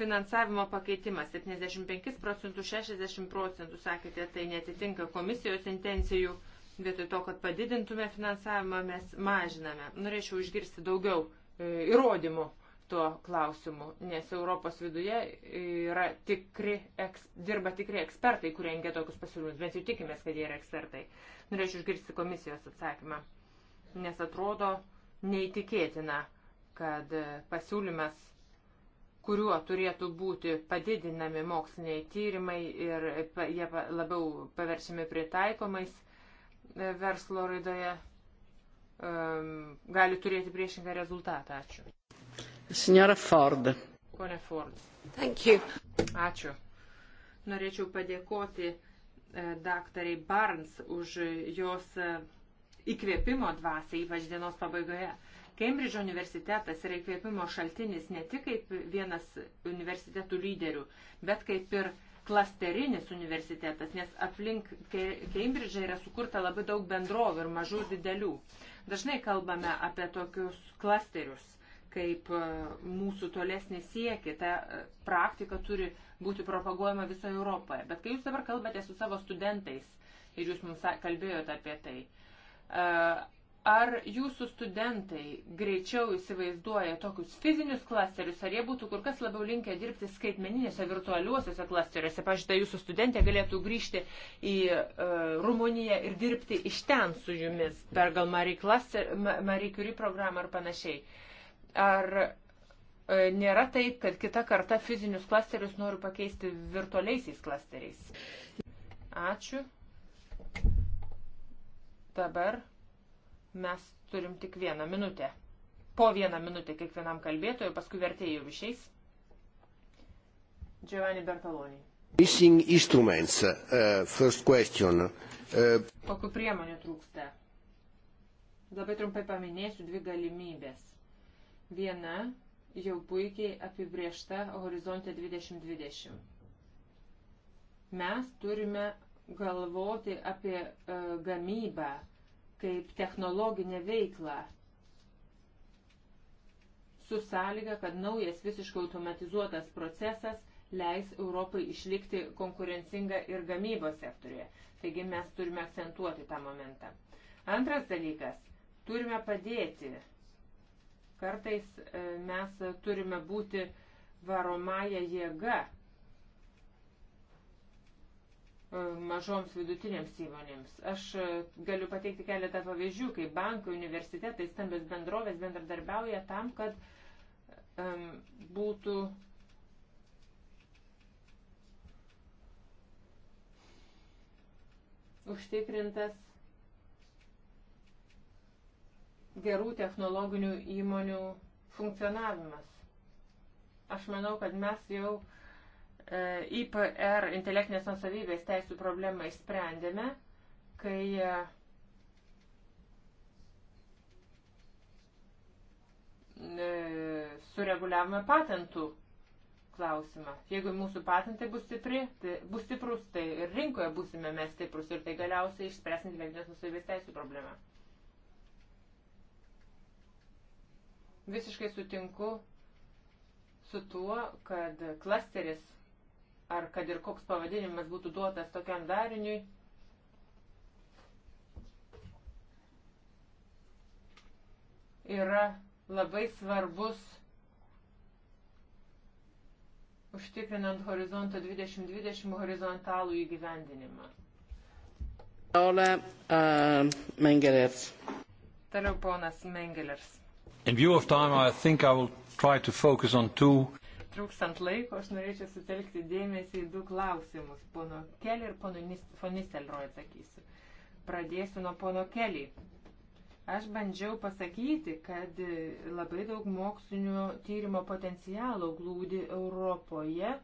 finansavimo pakeitimą 75 procentų, 60 procentų, sakėte, tai netitinka komisijos intencijų. Vietoj to, kad padidintume finansavimą, mes mažiname. Norėčiau išgirsti daugiau e, įrodymų tuo klausimu, nes Europos viduje yra tikri, eks, dirba tikri ekspertai, kurie rengia tokius pasiūlymus. Mes jau tikimės, kad jie yra ekspertai. Norėčiau išgirsti komisijos atsakymą, nes atrodo neįtikėtina, kad e, pasiūlymas, kuriuo turėtų būti padidinami moksliniai tyrimai ir jie labiau paverčiami pritaikomais, verslo raidoje um, gali turėti priešingą rezultatą. Ačiū. Signora Ford. Pone Ford. Thank you. Ačiū. Norėčiau padėkoti e, daktarai Barnes už jos e, įkvėpimo dvasę, ypač dienos pabaigoje. Kembridžo universitetas yra įkvėpimo šaltinis ne tik kaip vienas universitetų lyderių, bet kaip ir uh, klasterinis universitetas, nes aplink Cambridge yra sukurta labai daug bendrovų ir mažų ir didelių. Dažnai kalbame apie tokius klasterius, kaip e, mūsų tolesnį siekį. Ta e, praktika turi būti propaguojama visoje Europoje. Bet kai jūs dabar kalbate su savo studentais ir jūs mums kalbėjote apie tai, e, Ar jūsų studentai greičiau įsivaizduoja tokius fizinius klasterius, ar jie būtų kur kas labiau linkę dirbti skaitmeninėse virtualiuosiuose klasteriuose? Pažiūrėjau, jūsų studentė galėtų grįžti į uh, Rumuniją ir dirbti iš ten su jumis per gal Marie, Cluster, Marie Curie programą ar panašiai. Ar uh, nėra taip, kad kita karta fizinius klasterius noriu pakeisti virtualiaisiais klasteriais? Ačiū. Dabar Mes turim tik vieną minutę. Po vieną minutę kiekvienam kalbėtojui, paskui vertėjai jau išeis. Giovanni Bertaloni. Missing instruments, uh, first question. Uh, Kokiu priemonių trūksta? Labai trumpai paminėsiu dvi galimybės. Viena jau puikiai apibriešta horizonte 2020. Mes turime galvoti apie uh, gamybą, kaip technologinę veiklą su sąlyga, kad naujas visiškai automatizuotas procesas leis Europai išlikti konkurencinga ir gamybos sektorėje. Taigi mes turime akcentuoti tą momentą. Antras dalykas - turime padėti. Kartais e, mes turime būti varomąją jėgą E, mažoms vidutinėms įmonėms. Aš e, galiu pateikti keletą pavyzdžių, kai bankai, universitetai, stambios bendrovės bendradarbiauja tam, kad um, būtų užtikrintas gerų technologinių įmonių funkcionavimas. Aš manau, kad mes jau uh, E, IPR intelektinės nusavybės teisų problemą išsprendėme, kai e, sureguliavome patentų klausimą. Jeigu mūsų patentai bus, stipri, tai bus stiprus, tai ir rinkoje busime mes stiprus ir tai galiausiai išspręsim intelektinės nusavybės teisų problemą. Visiškai sutinku su tuo, kad klasteris ar kad ir koks pavadinimas būtų duotas tokiam dariniui, yra labai svarbus užtikrinant horizonto 2020 horizontalų įgyvendinimą. Ola uh, Mengelers. Toliau ponas Mengelers. In view of time, I think I will try to focus on two trūkstant laiko, aš norėčiau sutelkti dėmesį į du klausimus. Pono Kelį ir pono Fonistelroj atsakysiu. Pradėsiu nuo pono Kelį. Aš bandžiau pasakyti, kad e, labai daug mokslinio tyrimo potencialo glūdi Europoje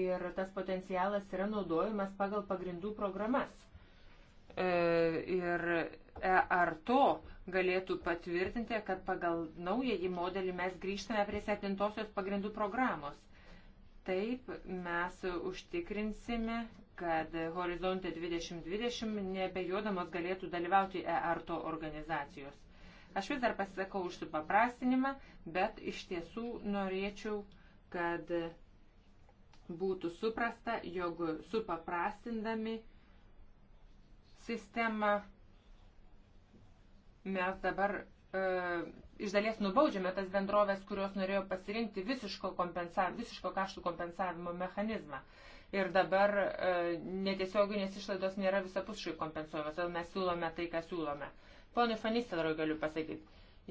ir tas potencialas yra naudojamas pagal pagrindų programas. E, ir E, ar to galėtų patvirtinti, kad pagal naująjį modelį mes grįžtame prie septintosios pagrindų programos. Taip mes užtikrinsime, kad Horizonte 2020 nebejodamas galėtų dalyvauti EARTO organizacijos. Aš vis dar pasisakau už supaprastinimą, bet iš tiesų norėčiau, kad būtų suprasta, jog supaprastindami sistemą mes dabar e, iš dalies nubaudžiame tas bendrovės, kurios norėjo pasirinkti visiško, kompensa, visiško kaštų kompensavimo mechanizmą. Ir dabar e, netiesioginės išlaidos nėra visapuškai kompensuojamos, todėl mes siūlome tai, ką siūlome. Ponui Fanistelroj galiu pasakyti,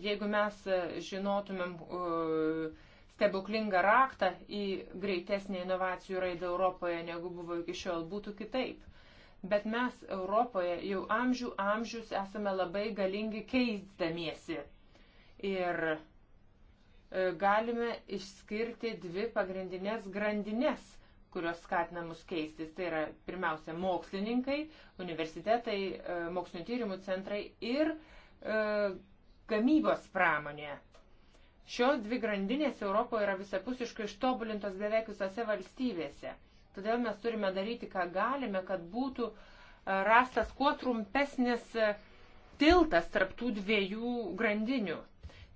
jeigu mes e, žinotumėm e, stebuklingą raktą į greitesnį inovacijų raidą Europoje, negu buvo iki šiol, būtų kitaip bet mes Europoje jau amžių amžius esame labai galingi keisdamiesi. Ir e, galime išskirti dvi pagrindinės grandinės, kurios skatina mus keistis. Tai yra pirmiausia mokslininkai, universitetai, e, mokslinio tyrimų centrai ir e, gamybos pramonė. Šios dvi grandinės Europoje yra visapusiškai ištobulintos beveik visose valstybėse. Todėl mes turime daryti, ką galime, kad būtų e, rastas kuo trumpesnis e, tiltas tarptų dviejų grandinių.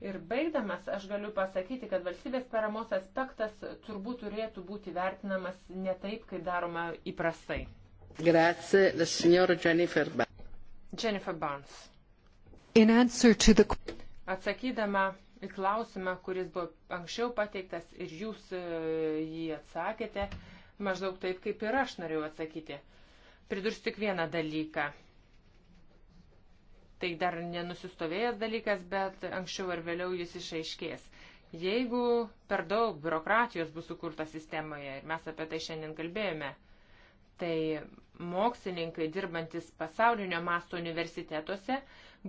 Ir baigdamas aš galiu pasakyti, kad valstybės paramos aspektas turbūt turėtų būti vertinamas ne taip, kaip daroma įprastai. Grazie, la signora Jennifer Barnes. Jennifer Barnes. In answer to the... Atsakydama į klausimą, kuris buvo anksčiau pateiktas ir jūs e, jį atsakėte, uh, Maždaug taip, kaip ir aš norėjau atsakyti. Pridursiu tik vieną dalyką. Tai dar nenusistovėjęs dalykas, bet anksčiau ar vėliau jis išaiškės. Jeigu per daug biurokratijos bus sukurta sistemoje, ir mes apie tai šiandien kalbėjome, tai mokslininkai dirbantis pasaulinio masto universitetuose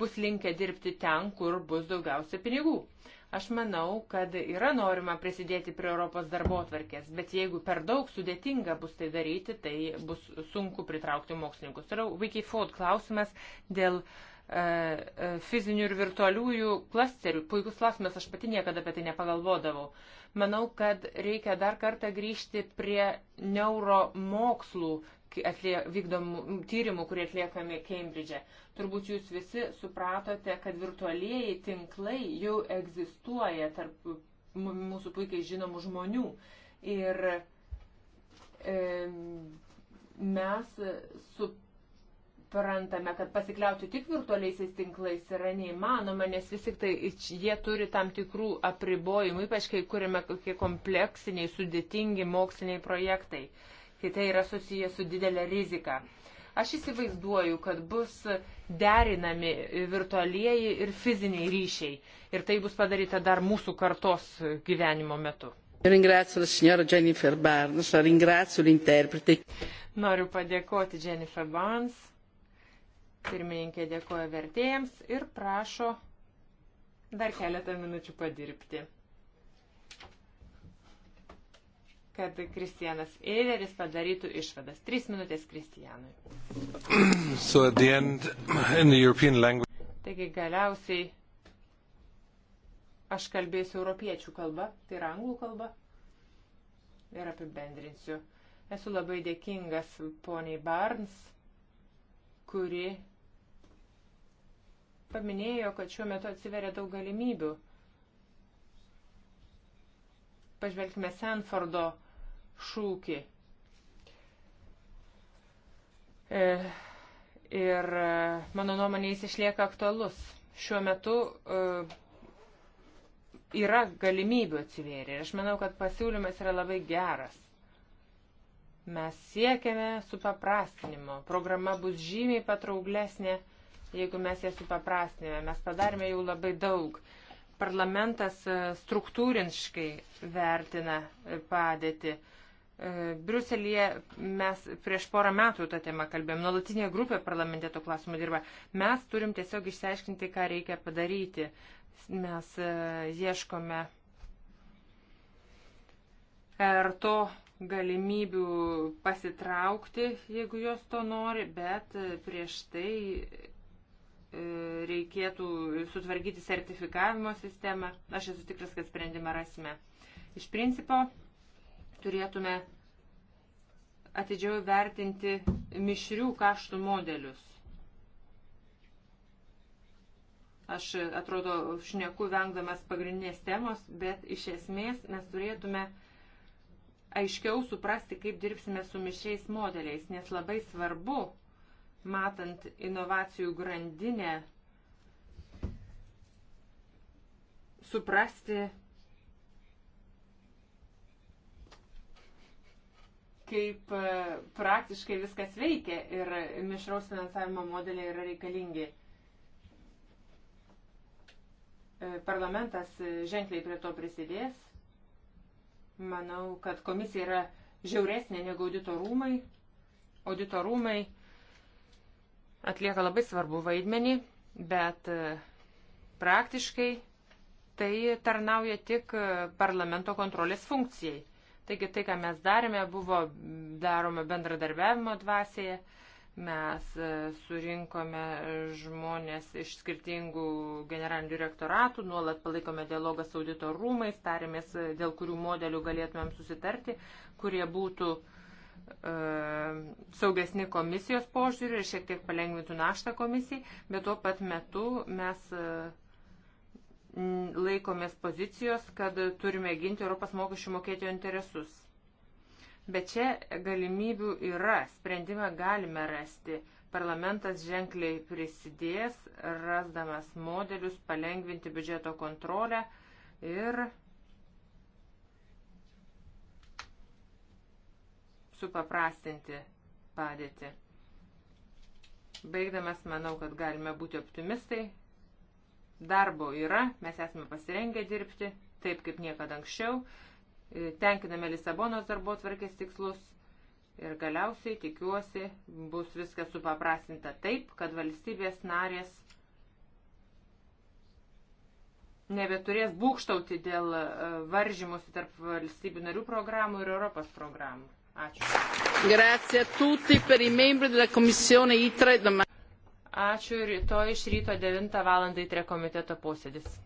bus linkę dirbti ten, kur bus daugiausia pinigų. Aš manau, kad yra norima prisidėti prie Europos darbo atvarkės, bet jeigu per daug sudėtinga bus tai daryti, tai bus sunku pritraukti mokslininkus. Toliau, Wiki Ford klausimas dėl e, e, fizinių ir virtualiųjų klasterių. Puikus klausimas, aš pati niekada apie tai nepagalvodavau. Manau, kad reikia dar kartą grįžti prie neuromokslų atlie, vykdomų tyrimų, kurie atliekami Kembridže. E. Turbūt jūs visi supratote, kad virtualieji tinklai jau egzistuoja tarp mūsų puikiai žinomų žmonių. Ir e, mes suprantame, kad pasikliauti tik virtualiaisiais tinklais yra neįmanoma, nes vis tik tai jie turi tam tikrų apribojimų, ypač kai kuriame kokie kompleksiniai, sudėtingi moksliniai projektai, kai tai yra susiję su didelė rizika. E, Aš įsivaizduoju, kad bus derinami virtualieji ir fiziniai ryšiai. Ir tai bus padaryta dar mūsų kartos gyvenimo metu. Ringrazio la signora Jennifer Barnes, ringrazio l'interprete. Noriu padėkoti Jennifer Barnes. Pirmininkė dėkoja vertėjams ir prašo dar keletą minučių padirbti. kad Kristijanas Eileris padarytų išvadas. Trys minutės Kristijanui. So end, language... Taigi galiausiai aš kalbėsiu europiečių kalba, tai yra anglų kalba ir apibendrinsiu. Esu labai dėkingas poniai Barnes, kuri paminėjo, kad šiuo metu atsiveria daug galimybių. Pažvelkime Sanfordo šūkį. E, ir e, mano nuomonė jis išlieka aktualus. Šiuo metu e, yra galimybių atsivėrė ir aš manau, kad pasiūlymas yra labai geras. Mes siekiame supaprastinimo. Programa bus žymiai patrauklesnė, jeigu mes ją supaprastinime. Mes padarėme jau labai daug. Parlamentas struktūrinškai vertina padėtį. E, Briuselėje mes prieš porą metų tą temą kalbėjom, nuolatinė grupė parlamente to klausimu dirba. Mes turim tiesiog išsiaiškinti, ką reikia padaryti. Mes e, ieškome ar to galimybių pasitraukti, jeigu jos to nori, bet e, prieš tai reikėtų sutvarkyti sertifikavimo sistemą. Aš esu tikras, kad sprendimą rasime. Iš principo, turėtume atidžiau vertinti mišrių kaštų modelius. Aš atrodo šneku vengdamas pagrindinės temos, bet iš esmės mes turėtume aiškiau suprasti, kaip dirbsime su mišriais modeliais, nes labai svarbu, matant inovacijų grandinę, suprasti, kaip e, praktiškai viskas veikia ir mišraus finansavimo modeliai yra reikalingi. E, parlamentas ženkliai prie to prisidės. Manau, kad komisija yra žiauresnė negu audito rūmai. Audito rūmai atlieka labai svarbu vaidmenį, bet e, praktiškai tai tarnauja tik parlamento kontrolės funkcijai Taigi tai, ką mes darėme, buvo daroma bendradarbiavimo dvasėje. Mes e, surinkome žmonės iš skirtingų generalinių direktoratų, nuolat palaikome dialogą su audito rūmais, tarėmės, e, dėl kurių modelių galėtumėm susitarti, kurie būtų e, saugesni komisijos požiūrį ir šiek tiek palengvintų naštą komisijai, bet tuo pat metu mes laikomės pozicijos, kad turime ginti Europos mokesčių mokėtojų interesus. Bet čia galimybių yra, sprendimą galime rasti. Parlamentas ženkliai prisidės, rasdamas modelius palengvinti biudžeto kontrolę ir supaprastinti padėtį. Baigdamas, manau, kad galime būti optimistai Darbo yra, mes esame pasirengę dirbti taip kaip niekada anksčiau, e, tenkiname Lisabonos darbo tvarkės tikslus ir galiausiai tikiuosi bus viskas supaprastinta taip, kad valstybės narės nebeturės būkštauti dėl e, varžymusi tarp valstybių narių programų ir Europos programų. Ačiū. Grazie a tutti per i membri della Commissione ITRE. Ačiū ir rytoj iš ryto 9 val. įtre komiteto posėdis.